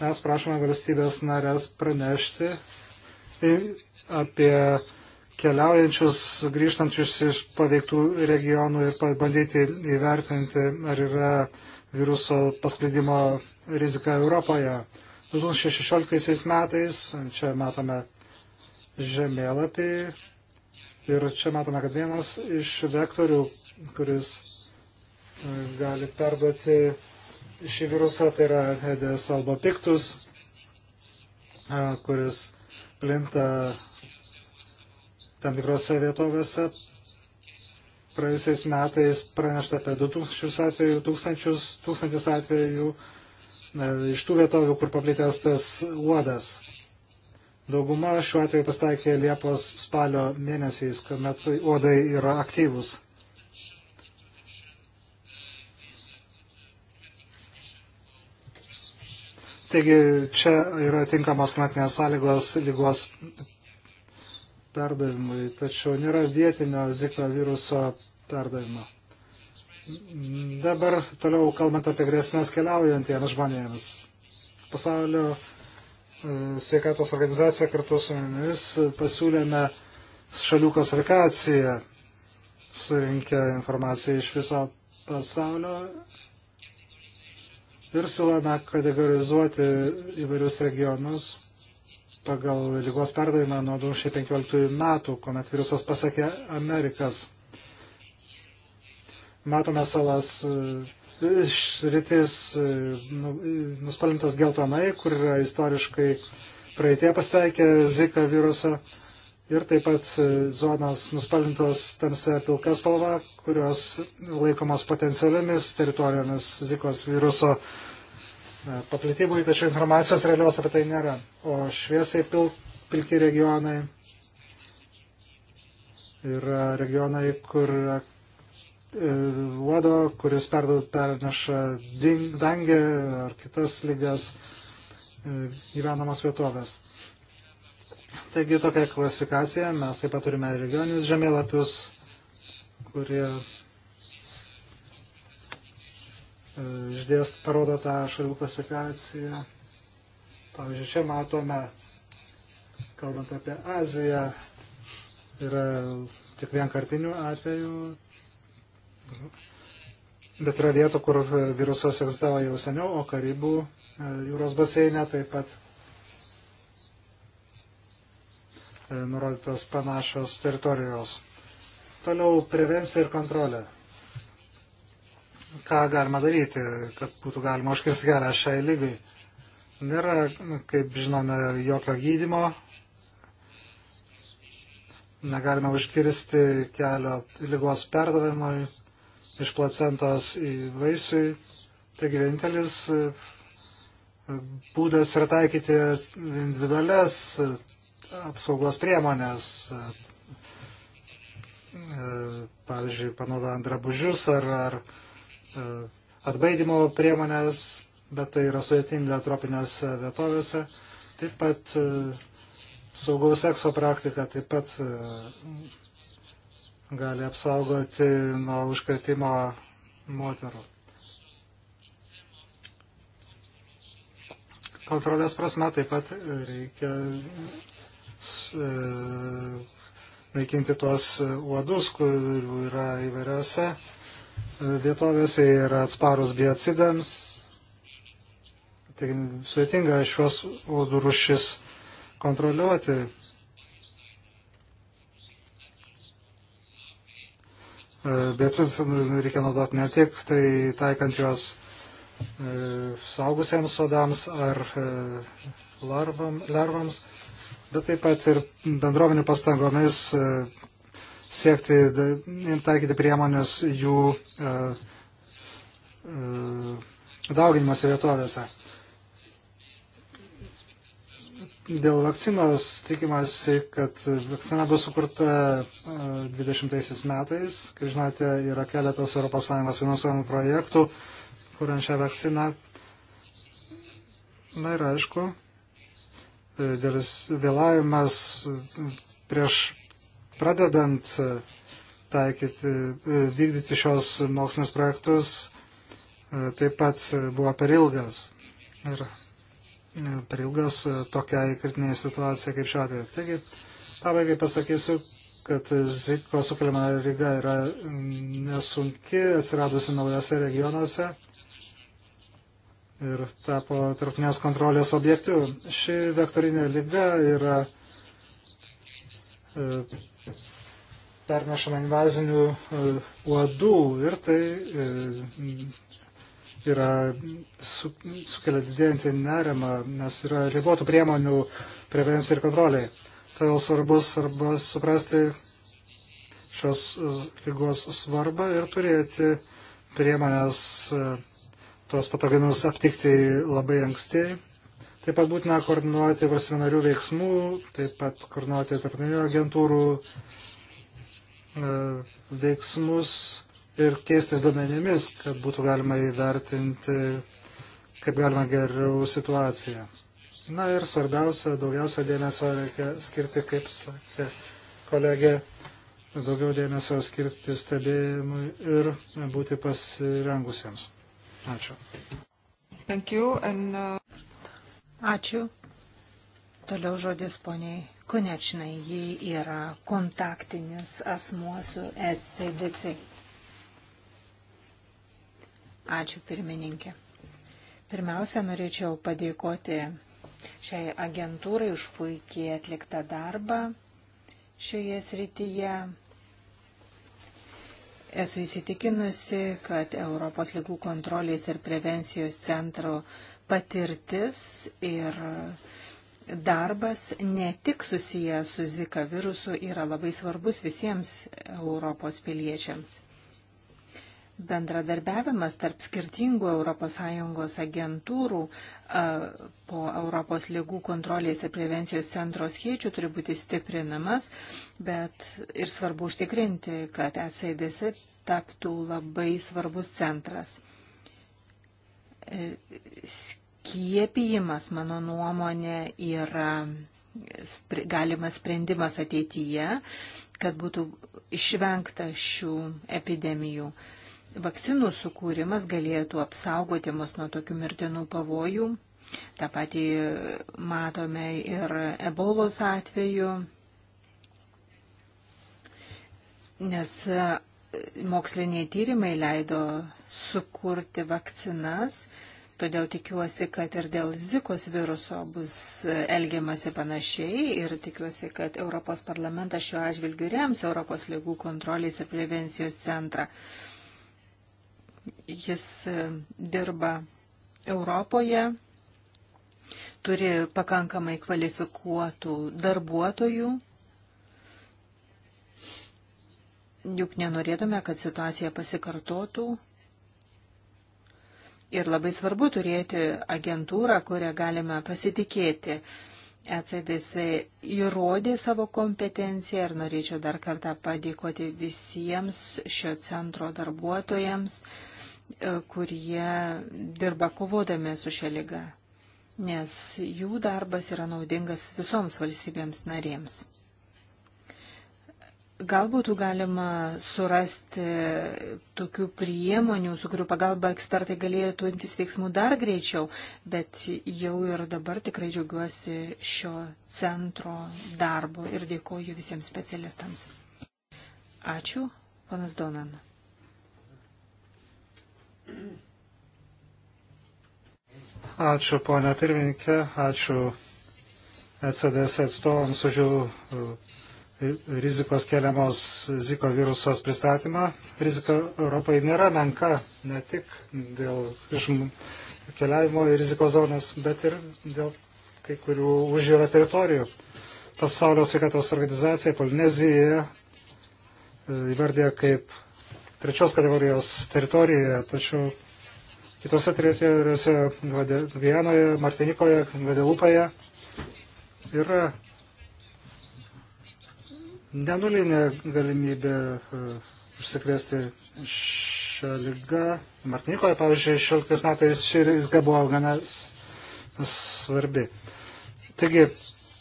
mes prašome valstybės narės pranešti apie keliaujančius, grįžtančius iš paveiktų regionų ir pabandyti įvertinti, ar yra viruso pasklidimo rizika Europoje. 2016 metais, čia matome žemėlapį ir čia matome, kad vienas iš vektorių, kuris e, gali perduoti šį virusą, tai yra Edes albopiktus, e, kuris plinta tam tikrose vietovėse. Praėjusiais metais pranešta apie 2000 atvejų, 1000, 1000 atvejų e, iš tų vietovių, kur paplitęs tas uodas. Dauguma šiuo atveju pastaikė Liepos spalio mėnesiais, kuomet uodai yra aktyvus. Taigi čia yra tinkamos klimatinės sąlygos lygos perdavimui, tačiau nėra vietinio Zika viruso perdavimo. Dabar toliau kalbant apie grėsmės keliaujantiems žmonėms. Pasaulio e, sveikatos organizacija kartu su mumis pasiūlėme šalių klasifikaciją, surinkę informaciją iš viso pasaulio ir siūlome kategorizuoti įvairius regionus pagal lygos perdavimą nuo 2015 metų, kuomet virusas pasakė Amerikas. Matome salas e, šritis e, nu, e, nuspalintas geltonai, kur yra istoriškai praeitie pasveikę Zika virusą ir taip pat zonos nuspalintos tamsia pilka spalva, kurios laikomas potencialiomis teritorijomis Zikos viruso paplitimui, tačiau informacijos realios apie tai nėra. O šviesiai pil, pilti regionai yra regionai, kur e, uodo, kuris perneša dangę ar kitas lygas e, gyvenamos vietovės. Taigi tokia klasifikacija, mes taip pat turime regioninius žemėlapius, kurie E, išdėst parodo tą šalių klasifikaciją. Pavyzdžiui, čia matome, kalbant apie Aziją, yra tik vienkartinių atvejų, bet yra vietų, kur virusas egzistavo jau seniau, o Karibų e, jūros baseine taip pat e, nurodytos panašios teritorijos. Toliau prevencija ir kontrolė ką galima daryti, kad būtų galima užkirsti kelią šiai lygai. Nėra, kaip žinome, jokio gydimo. Negalime užkirsti kelio lygos perdavimui iš placentos į vaisiui. Taigi vienintelis e, būdas yra taikyti individualias e, apsaugos priemonės, e, pavyzdžiui, panaudojant drabužius ar, ar E, atbaidimo priemonės, bet tai yra sudėtinga tropinėse vietovėse. Taip pat e, saugaus sekso praktika taip pat e, gali apsaugoti nuo užkretimo moterų. Kontrolės prasme taip pat reikia naikinti tuos uodus, kurių yra įvairiose vietovėse yra atsparus biocidams. Taigi sudėtinga šios uodų rušis kontroliuoti. E, biocidus reikia naudoti ne tik tai taikant juos e, saugusiems sodams ar e, larvam, larvams, bet taip pat ir bendrovinių pastangomis siekti taikyti priemonės jų uh, e, uh, e, dauginimas vietovėse. Dėl vakcinos tikimasi, kad vakcina bus sukurta 20 e, metais. Kaip žinote, yra keletas ES finansuojamų projektų, kuriant šią vakciną. Na ir aišku, dėlis vėlavimas prieš pradedant e, taikyti, e, vykdyti šios mokslinius projektus, e, taip pat buvo per ilgas. Ir per ilgas tokiai kritiniai situacijai kaip šiuo atveju. Taigi, pabaigai pasakysiu, kad Ziko sukeliama lyga yra nesunki, atsiradusi naujose regionuose ir tapo trukmės kontrolės objektų. Ši vektorinė lyga yra pernešama invazinių e, uodų ir tai e, yra su, sukelia didėjantį nerimą, nes yra ribotų priemonių prevencijai ir kontroliai. Todėl svarbu, svarbu suprasti šios e, lygos svarbą ir turėti priemonės tuos patogenus aptikti labai anksti Taip pat būtina koordinuoti valstybinarių veiksmų, taip pat koordinuoti tarptautinių agentūrų e, veiksmus ir keistis duomenimis, kad būtų galima įvertinti, kaip galima geriau situaciją. Na ir svarbiausia, daugiausia dėmesio reikia skirti, kaip sakė kolegė, daugiau dėmesio skirti stebėjimui ir būti pasirengusiems. Ačiū. Thank you and, uh... Ačiū. Toliau žodis poniai Konečnai, ji yra kontaktinis asmuo su SCDC. Ačiū pirmininkė. Pirmiausia, norėčiau padėkoti šiai agentūrai už puikiai atliktą darbą šioje srityje. Esu įsitikinusi, kad Europos lygų kontrolės ir prevencijos centro patirtis ir darbas ne tik susijęs su Zika virusu yra labai svarbus visiems Europos piliečiams. Bendradarbiavimas tarp skirtingų ES agentūrų po Europos lygų kontrolės ir prevencijos centro skiečių turi būti stiprinamas, bet ir svarbu užtikrinti, kad ECDC taptų labai svarbus centras e, Skiepijimas, mano nuomonė, yra galimas sprendimas ateityje, kad būtų išvengta šių epidemijų. Vakcinų sukūrimas galėtų apsaugoti mus nuo tokių mirtinų pavojų. Ta pati matome ir ebolos atveju, nes moksliniai tyrimai leido sukurti vakcinas, Todėl tikiuosi, kad ir dėl Zikos viruso bus e, elgiamasi panašiai ir tikiuosi, kad Europos parlamentas šiuo atžvilgiu rems Europos lygų kontrolės ir prevencijos centrą. Jis e, dirba Europoje, turi pakankamai kvalifikuotų darbuotojų juk nenorėtume, kad situacija pasikartotų Ir labai svarbu turėti agentūrą, kurią galime pasitikėti. ECDC įrodė savo kompetenciją ir norėčiau dar kartą padėkoti visiems šio centro darbuotojams, e, kurie dirba kovodami su šia lyga, nes jų darbas yra naudingas visoms valstybėms narėms. Gal būtų galima surasti tokių priemonių, su kurių pagalba ekspertai galėtų imtis veiksmų dar greičiau, bet jau ir dabar tikrai džiaugiuosi šio centro darbo ir dėkoju visiems specialistams. Ačiū, panas Donan. Ačiū, ponia pirmininkė, ačiū ECDS atstovams už jų rizikos keliamos Ziko virusos pristatymą. Rizika Europai nėra menka ne tik dėl keliavimo į rizikos zonas, bet ir dėl kai kurių užjūro teritorijų. Pasaulio sveikatos organizacija Polinezija e, įvardė kaip trečios kategorijos teritoriją, tačiau kitose teritorijose Gvadianoje, Martinikoje, Gvadelupoje yra Nenulinė galimybė e, užsikrėsti šią lygą. Martinikoje, pavyzdžiui, 16 metais ši rizika buvo gana svarbi. Taigi,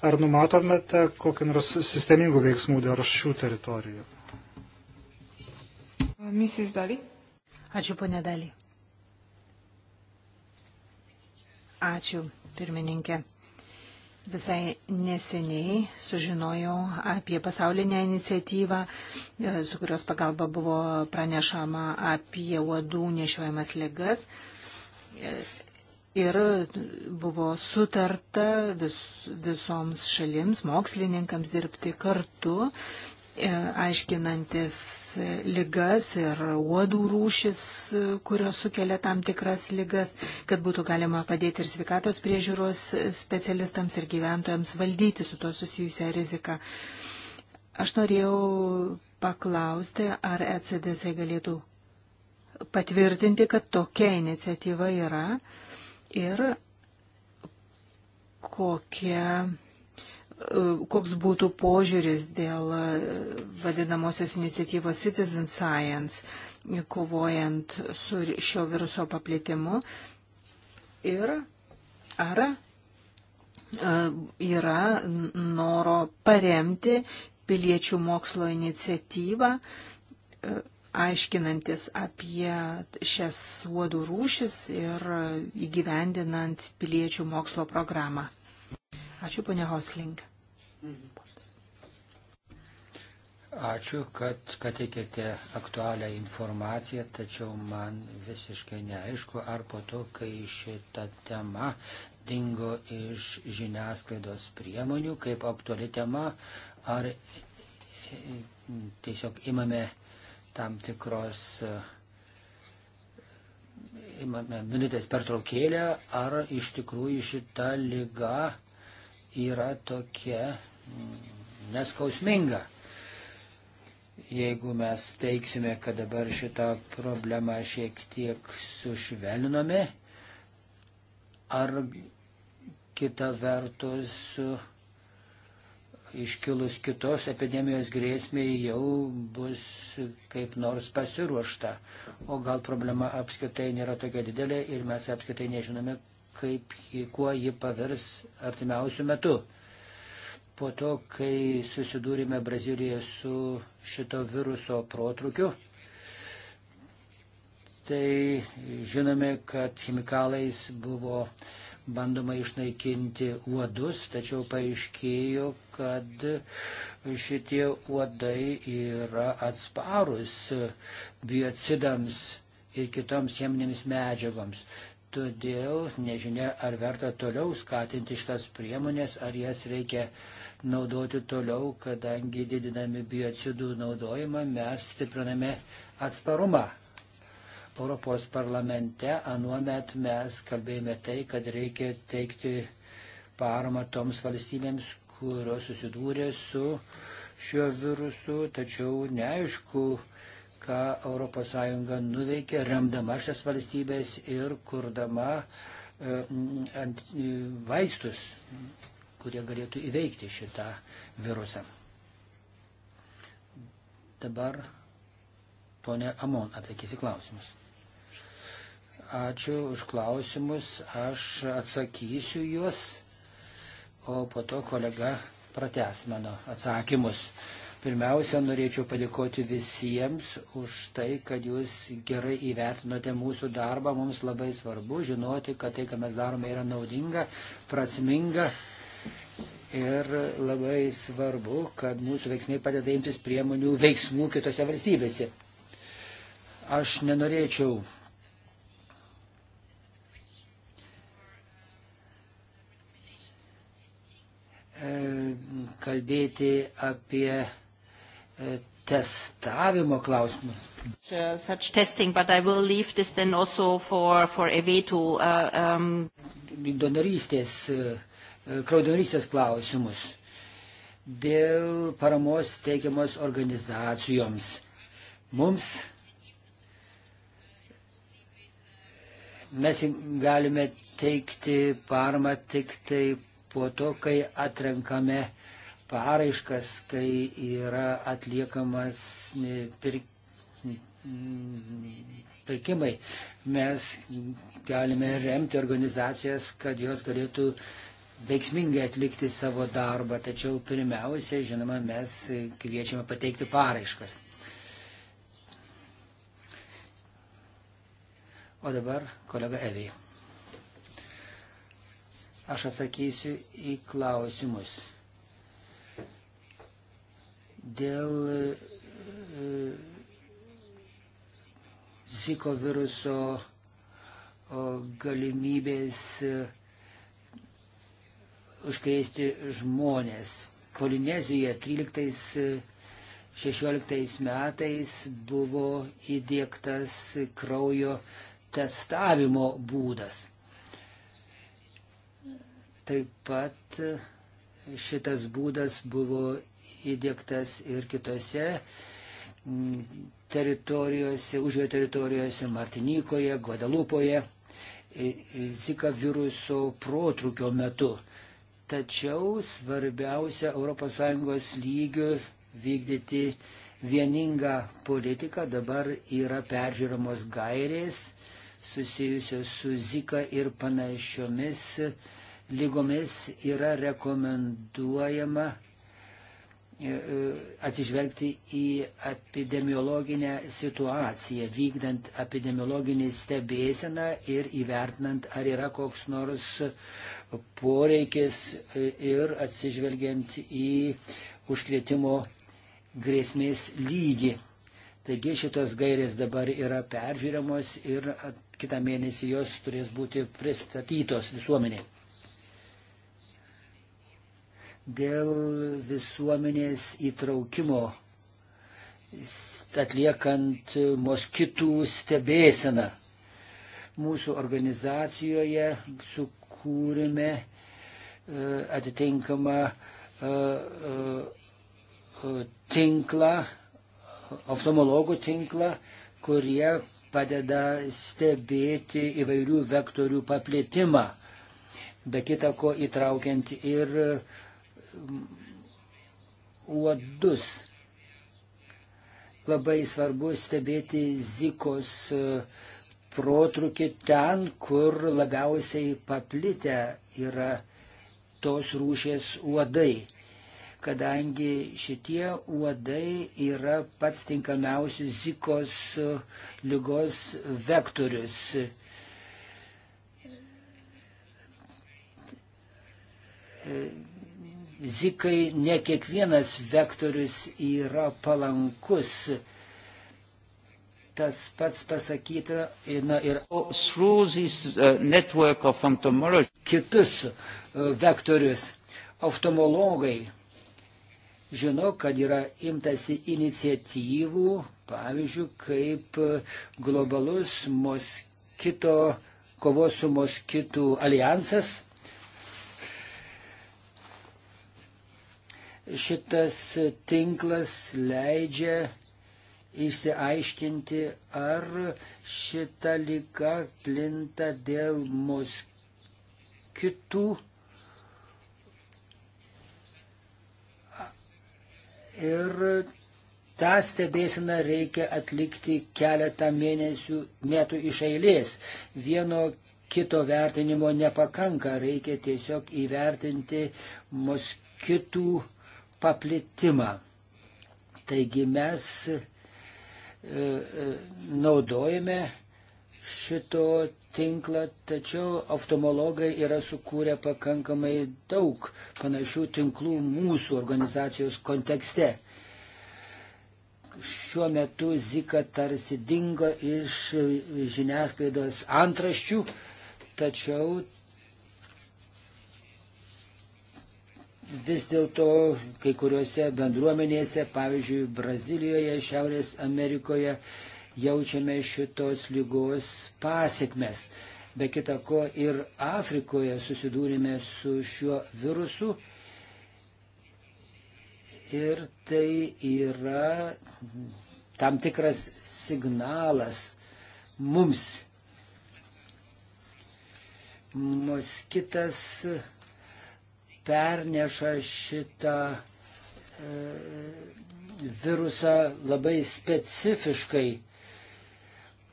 ar numatomete kokį nors sistemingų veiksmų dėl šių teritorijų? Mrs. Daly. Ačiū, ponė Daly. Ačiū, pirmininkė. Visai neseniai sužinojau apie pasaulinę iniciatyvą, e, su kurios pagalba buvo pranešama apie uodų nešiojamas ligas. E, ir buvo sutarta vis, visoms šalims, mokslininkams dirbti kartu E, aiškinantis lygas ir uodų rūšis, kurios sukelia tam tikras lygas, kad būtų galima padėti ir sveikatos priežiūros specialistams ir gyventojams valdyti su to susijusią riziką. Aš norėjau paklausti, ar ECDC galėtų patvirtinti, kad tokia iniciatyva yra ir kokia koks būtų požiūris dėl e, vadinamosios iniciatyvos Citizen Science, kovojant su šio viruso paplitimu. Ir ar e, yra noro paremti piliečių mokslo iniciatyvą, e, aiškinantis apie šias suodų rūšis ir įgyvendinant piliečių mokslo programą. Ačiū, ponia Hosling. Ačiū, kad pateikėte aktualią informaciją, tačiau man visiškai neaišku, ar po to, kai šita tema dingo iš žiniasklaidos priemonių kaip aktuali tema, ar tiesiog imame tam tikros, imame minutės pertraukėlę, ar iš tikrųjų šita lyga yra tokia neskausminga. Jeigu mes teiksime, kad dabar šitą problemą šiek tiek sušvelninome, ar kita vertus iškilus kitos epidemijos grėsmiai jau bus kaip nors pasiruošta. O gal problema apskritai nėra tokia didelė ir mes apskritai nežinome, kaip, kuo ji pavirs artimiausių metų po to, kai susidūrėme Brazilijoje su šito viruso protrukiu. Tai žinome, kad chemikalais buvo bandoma išnaikinti uodus, tačiau paaiškėjo, kad šitie uodai yra atsparus biocidams ir kitoms cheminėms medžiagoms. Todėl nežinia, ar verta toliau skatinti šitas priemonės, ar jas reikia uh, naudoti toliau, kadangi didinami biocidų naudojimą mes stipriname atsparumą. Europos parlamente anuomet mes kalbėjome tai, kad reikia teikti paramą toms valstybėms, kurios susidūrė su šiuo virusu, tačiau neaišku, ką ES nuveikė, remdama šias valstybės ir kurdama e, ant, e, vaistus kurie galėtų įveikti šitą virusą. Dabar ponė Amon atsakys į klausimus. Ačiū už klausimus, aš atsakysiu juos, o po to kolega prates mano atsakymus. Pirmiausia, norėčiau padėkoti visiems už tai, kad jūs gerai įvertinote mūsų darbą. Mums labai svarbu žinoti, kad tai, ką mes darome, yra naudinga, prasminga Ir labai svarbu, kad mūsų veiksmai padeda imtis priemonių veiksmų kitose valstybėse. Aš nenorėčiau e, kalbėti apie e, testavimo klausimus. Such testing, but I will leave this then also for, for EV to... Uh, um... Donorystės uh, E, kraudonorystės klausimus, dėl paramos teikiamos organizacijoms. Mums mes galime teikti paramą tik tai po to, kai atrenkame paraiškas, kai yra atliekamas e, pir... pirkimai. Mes galime remti organizacijas, kad jos galėtų veiksmingai atlikti savo darbą, tačiau pirmiausia, žinoma, mes kviečiame pateikti paraiškas. O dabar kolega Evija. Aš atsakysiu į klausimus. Dėl e, Ziko viruso galimybės e, užkrėsti žmonės. Polinezijoje 13-16 metais buvo įdėktas kraujo testavimo būdas. Taip pat šitas būdas buvo įdėktas ir kitose mm, teritorijose, užjo teritorijose, Martinikoje, Guadalupoje, Zika viruso protrukio metu. Tačiau svarbiausia ES lygių vykdyti vieningą politiką. Dabar yra peržiūramos gairės susijusios su Zika ir panašiomis lygomis. Yra rekomenduojama E, atsižvelgti į epidemiologinę situaciją, vykdant epidemiologinį stebėseną ir įvertinant, ar yra koks nors poreikis e, ir atsižvelgiant į užkrėtimo grėsmės lygį. Taigi šitos gairės dabar yra peržiūriamos ir kitą mėnesį jos turės būti pristatytos visuomeniai dėl visuomenės įtraukimo atliekant moskitų stebėseną. Mūsų organizacijoje sukūrėme e, atitinkamą e, e, tinklą, oftalmologų tinklą, kurie padeda stebėti įvairių vektorių paplitimą, be kita ko įtraukiant ir uh, uodus. Labai svarbu stebėti zikos e, protrukį ten, kur labiausiai paplitę yra tos rūšės uodai, kadangi šitie uodai yra pats tinkamiausias zikos e, lygos vektorius. E, zikai ne kiekvienas vektorius yra palankus. Tas pats pasakyta na, ir uh, kitus uh, vektorius. Oftalmologai žino, kad yra imtasi iniciatyvų, pavyzdžiui, kaip uh, globalus moskito, kovos su moskitų alijansas šitas tinklas leidžia išsiaiškinti, ar šita lyga plinta dėl moskitų. Ir tą stebėsiną reikia atlikti keletą mėnesių metų iš eilės. Vieno kito vertinimo nepakanka, reikia tiesiog įvertinti moskitų paplitimą. Taigi mes e, e, naudojame šito tinklą, tačiau oftalmologai yra sukūrę pakankamai daug panašių tinklų mūsų organizacijos kontekste. Šiuo metu Zika tarsi dingo iš žiniasklaidos antraščių, tačiau vis dėlto kai kuriuose bendruomenėse, pavyzdžiui, Brazilijoje, Šiaurės Amerikoje, jaučiame šitos lygos pasiekmes. Be kita ko ir Afrikoje susidūrėme su šiuo virusu. Ir tai yra tam tikras signalas mums. Moskitas kitas perneša šitą e, virusą labai specifiškai.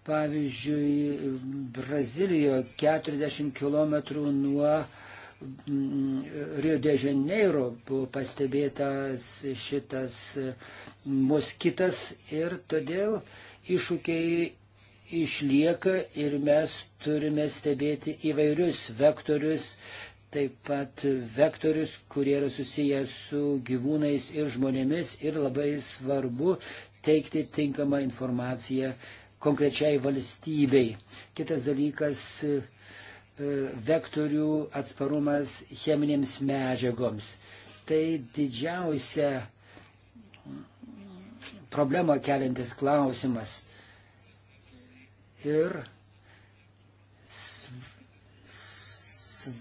Pavyzdžiui, Brazilijoje 40 km nuo mm, Rio de Janeiro buvo pastebėtas šitas e, moskitas ir todėl iššūkiai išlieka ir mes turime stebėti įvairius vektorius, taip pat vektorius, kurie yra susiję su gyvūnais ir žmonėmis ir labai svarbu teikti tinkamą informaciją konkrečiai valstybei. Kitas dalykas e, - vektorių atsparumas cheminėms medžiagoms. Tai didžiausia problema keliantis klausimas. Ir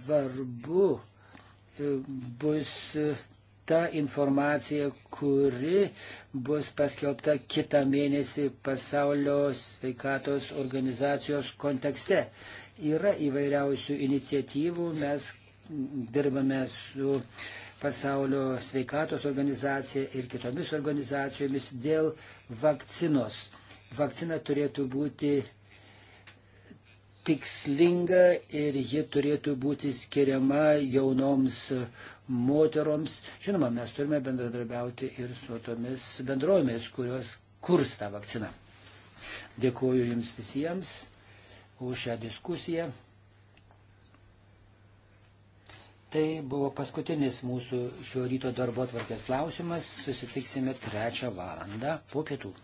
svarbu e, bus ta informacija, kuri bus paskelbta kitą mėnesį pasaulio sveikatos organizacijos kontekste. Yra įvairiausių iniciatyvų, mes dirbame su pasaulio sveikatos organizacija ir kitomis organizacijomis dėl vakcinos. Vakcina turėtų būti tikslinga ir ji turėtų būti skiriama jaunoms moteroms. Žinoma, mes turime bendradarbiauti ir su tomis bendrovėmis, kurios kurs tą vakciną. Dėkuoju Jums visiems už šią diskusiją. Tai buvo paskutinis mūsų šio ryto darbo tvarkės klausimas. Susitiksime trečią valandą po pietų.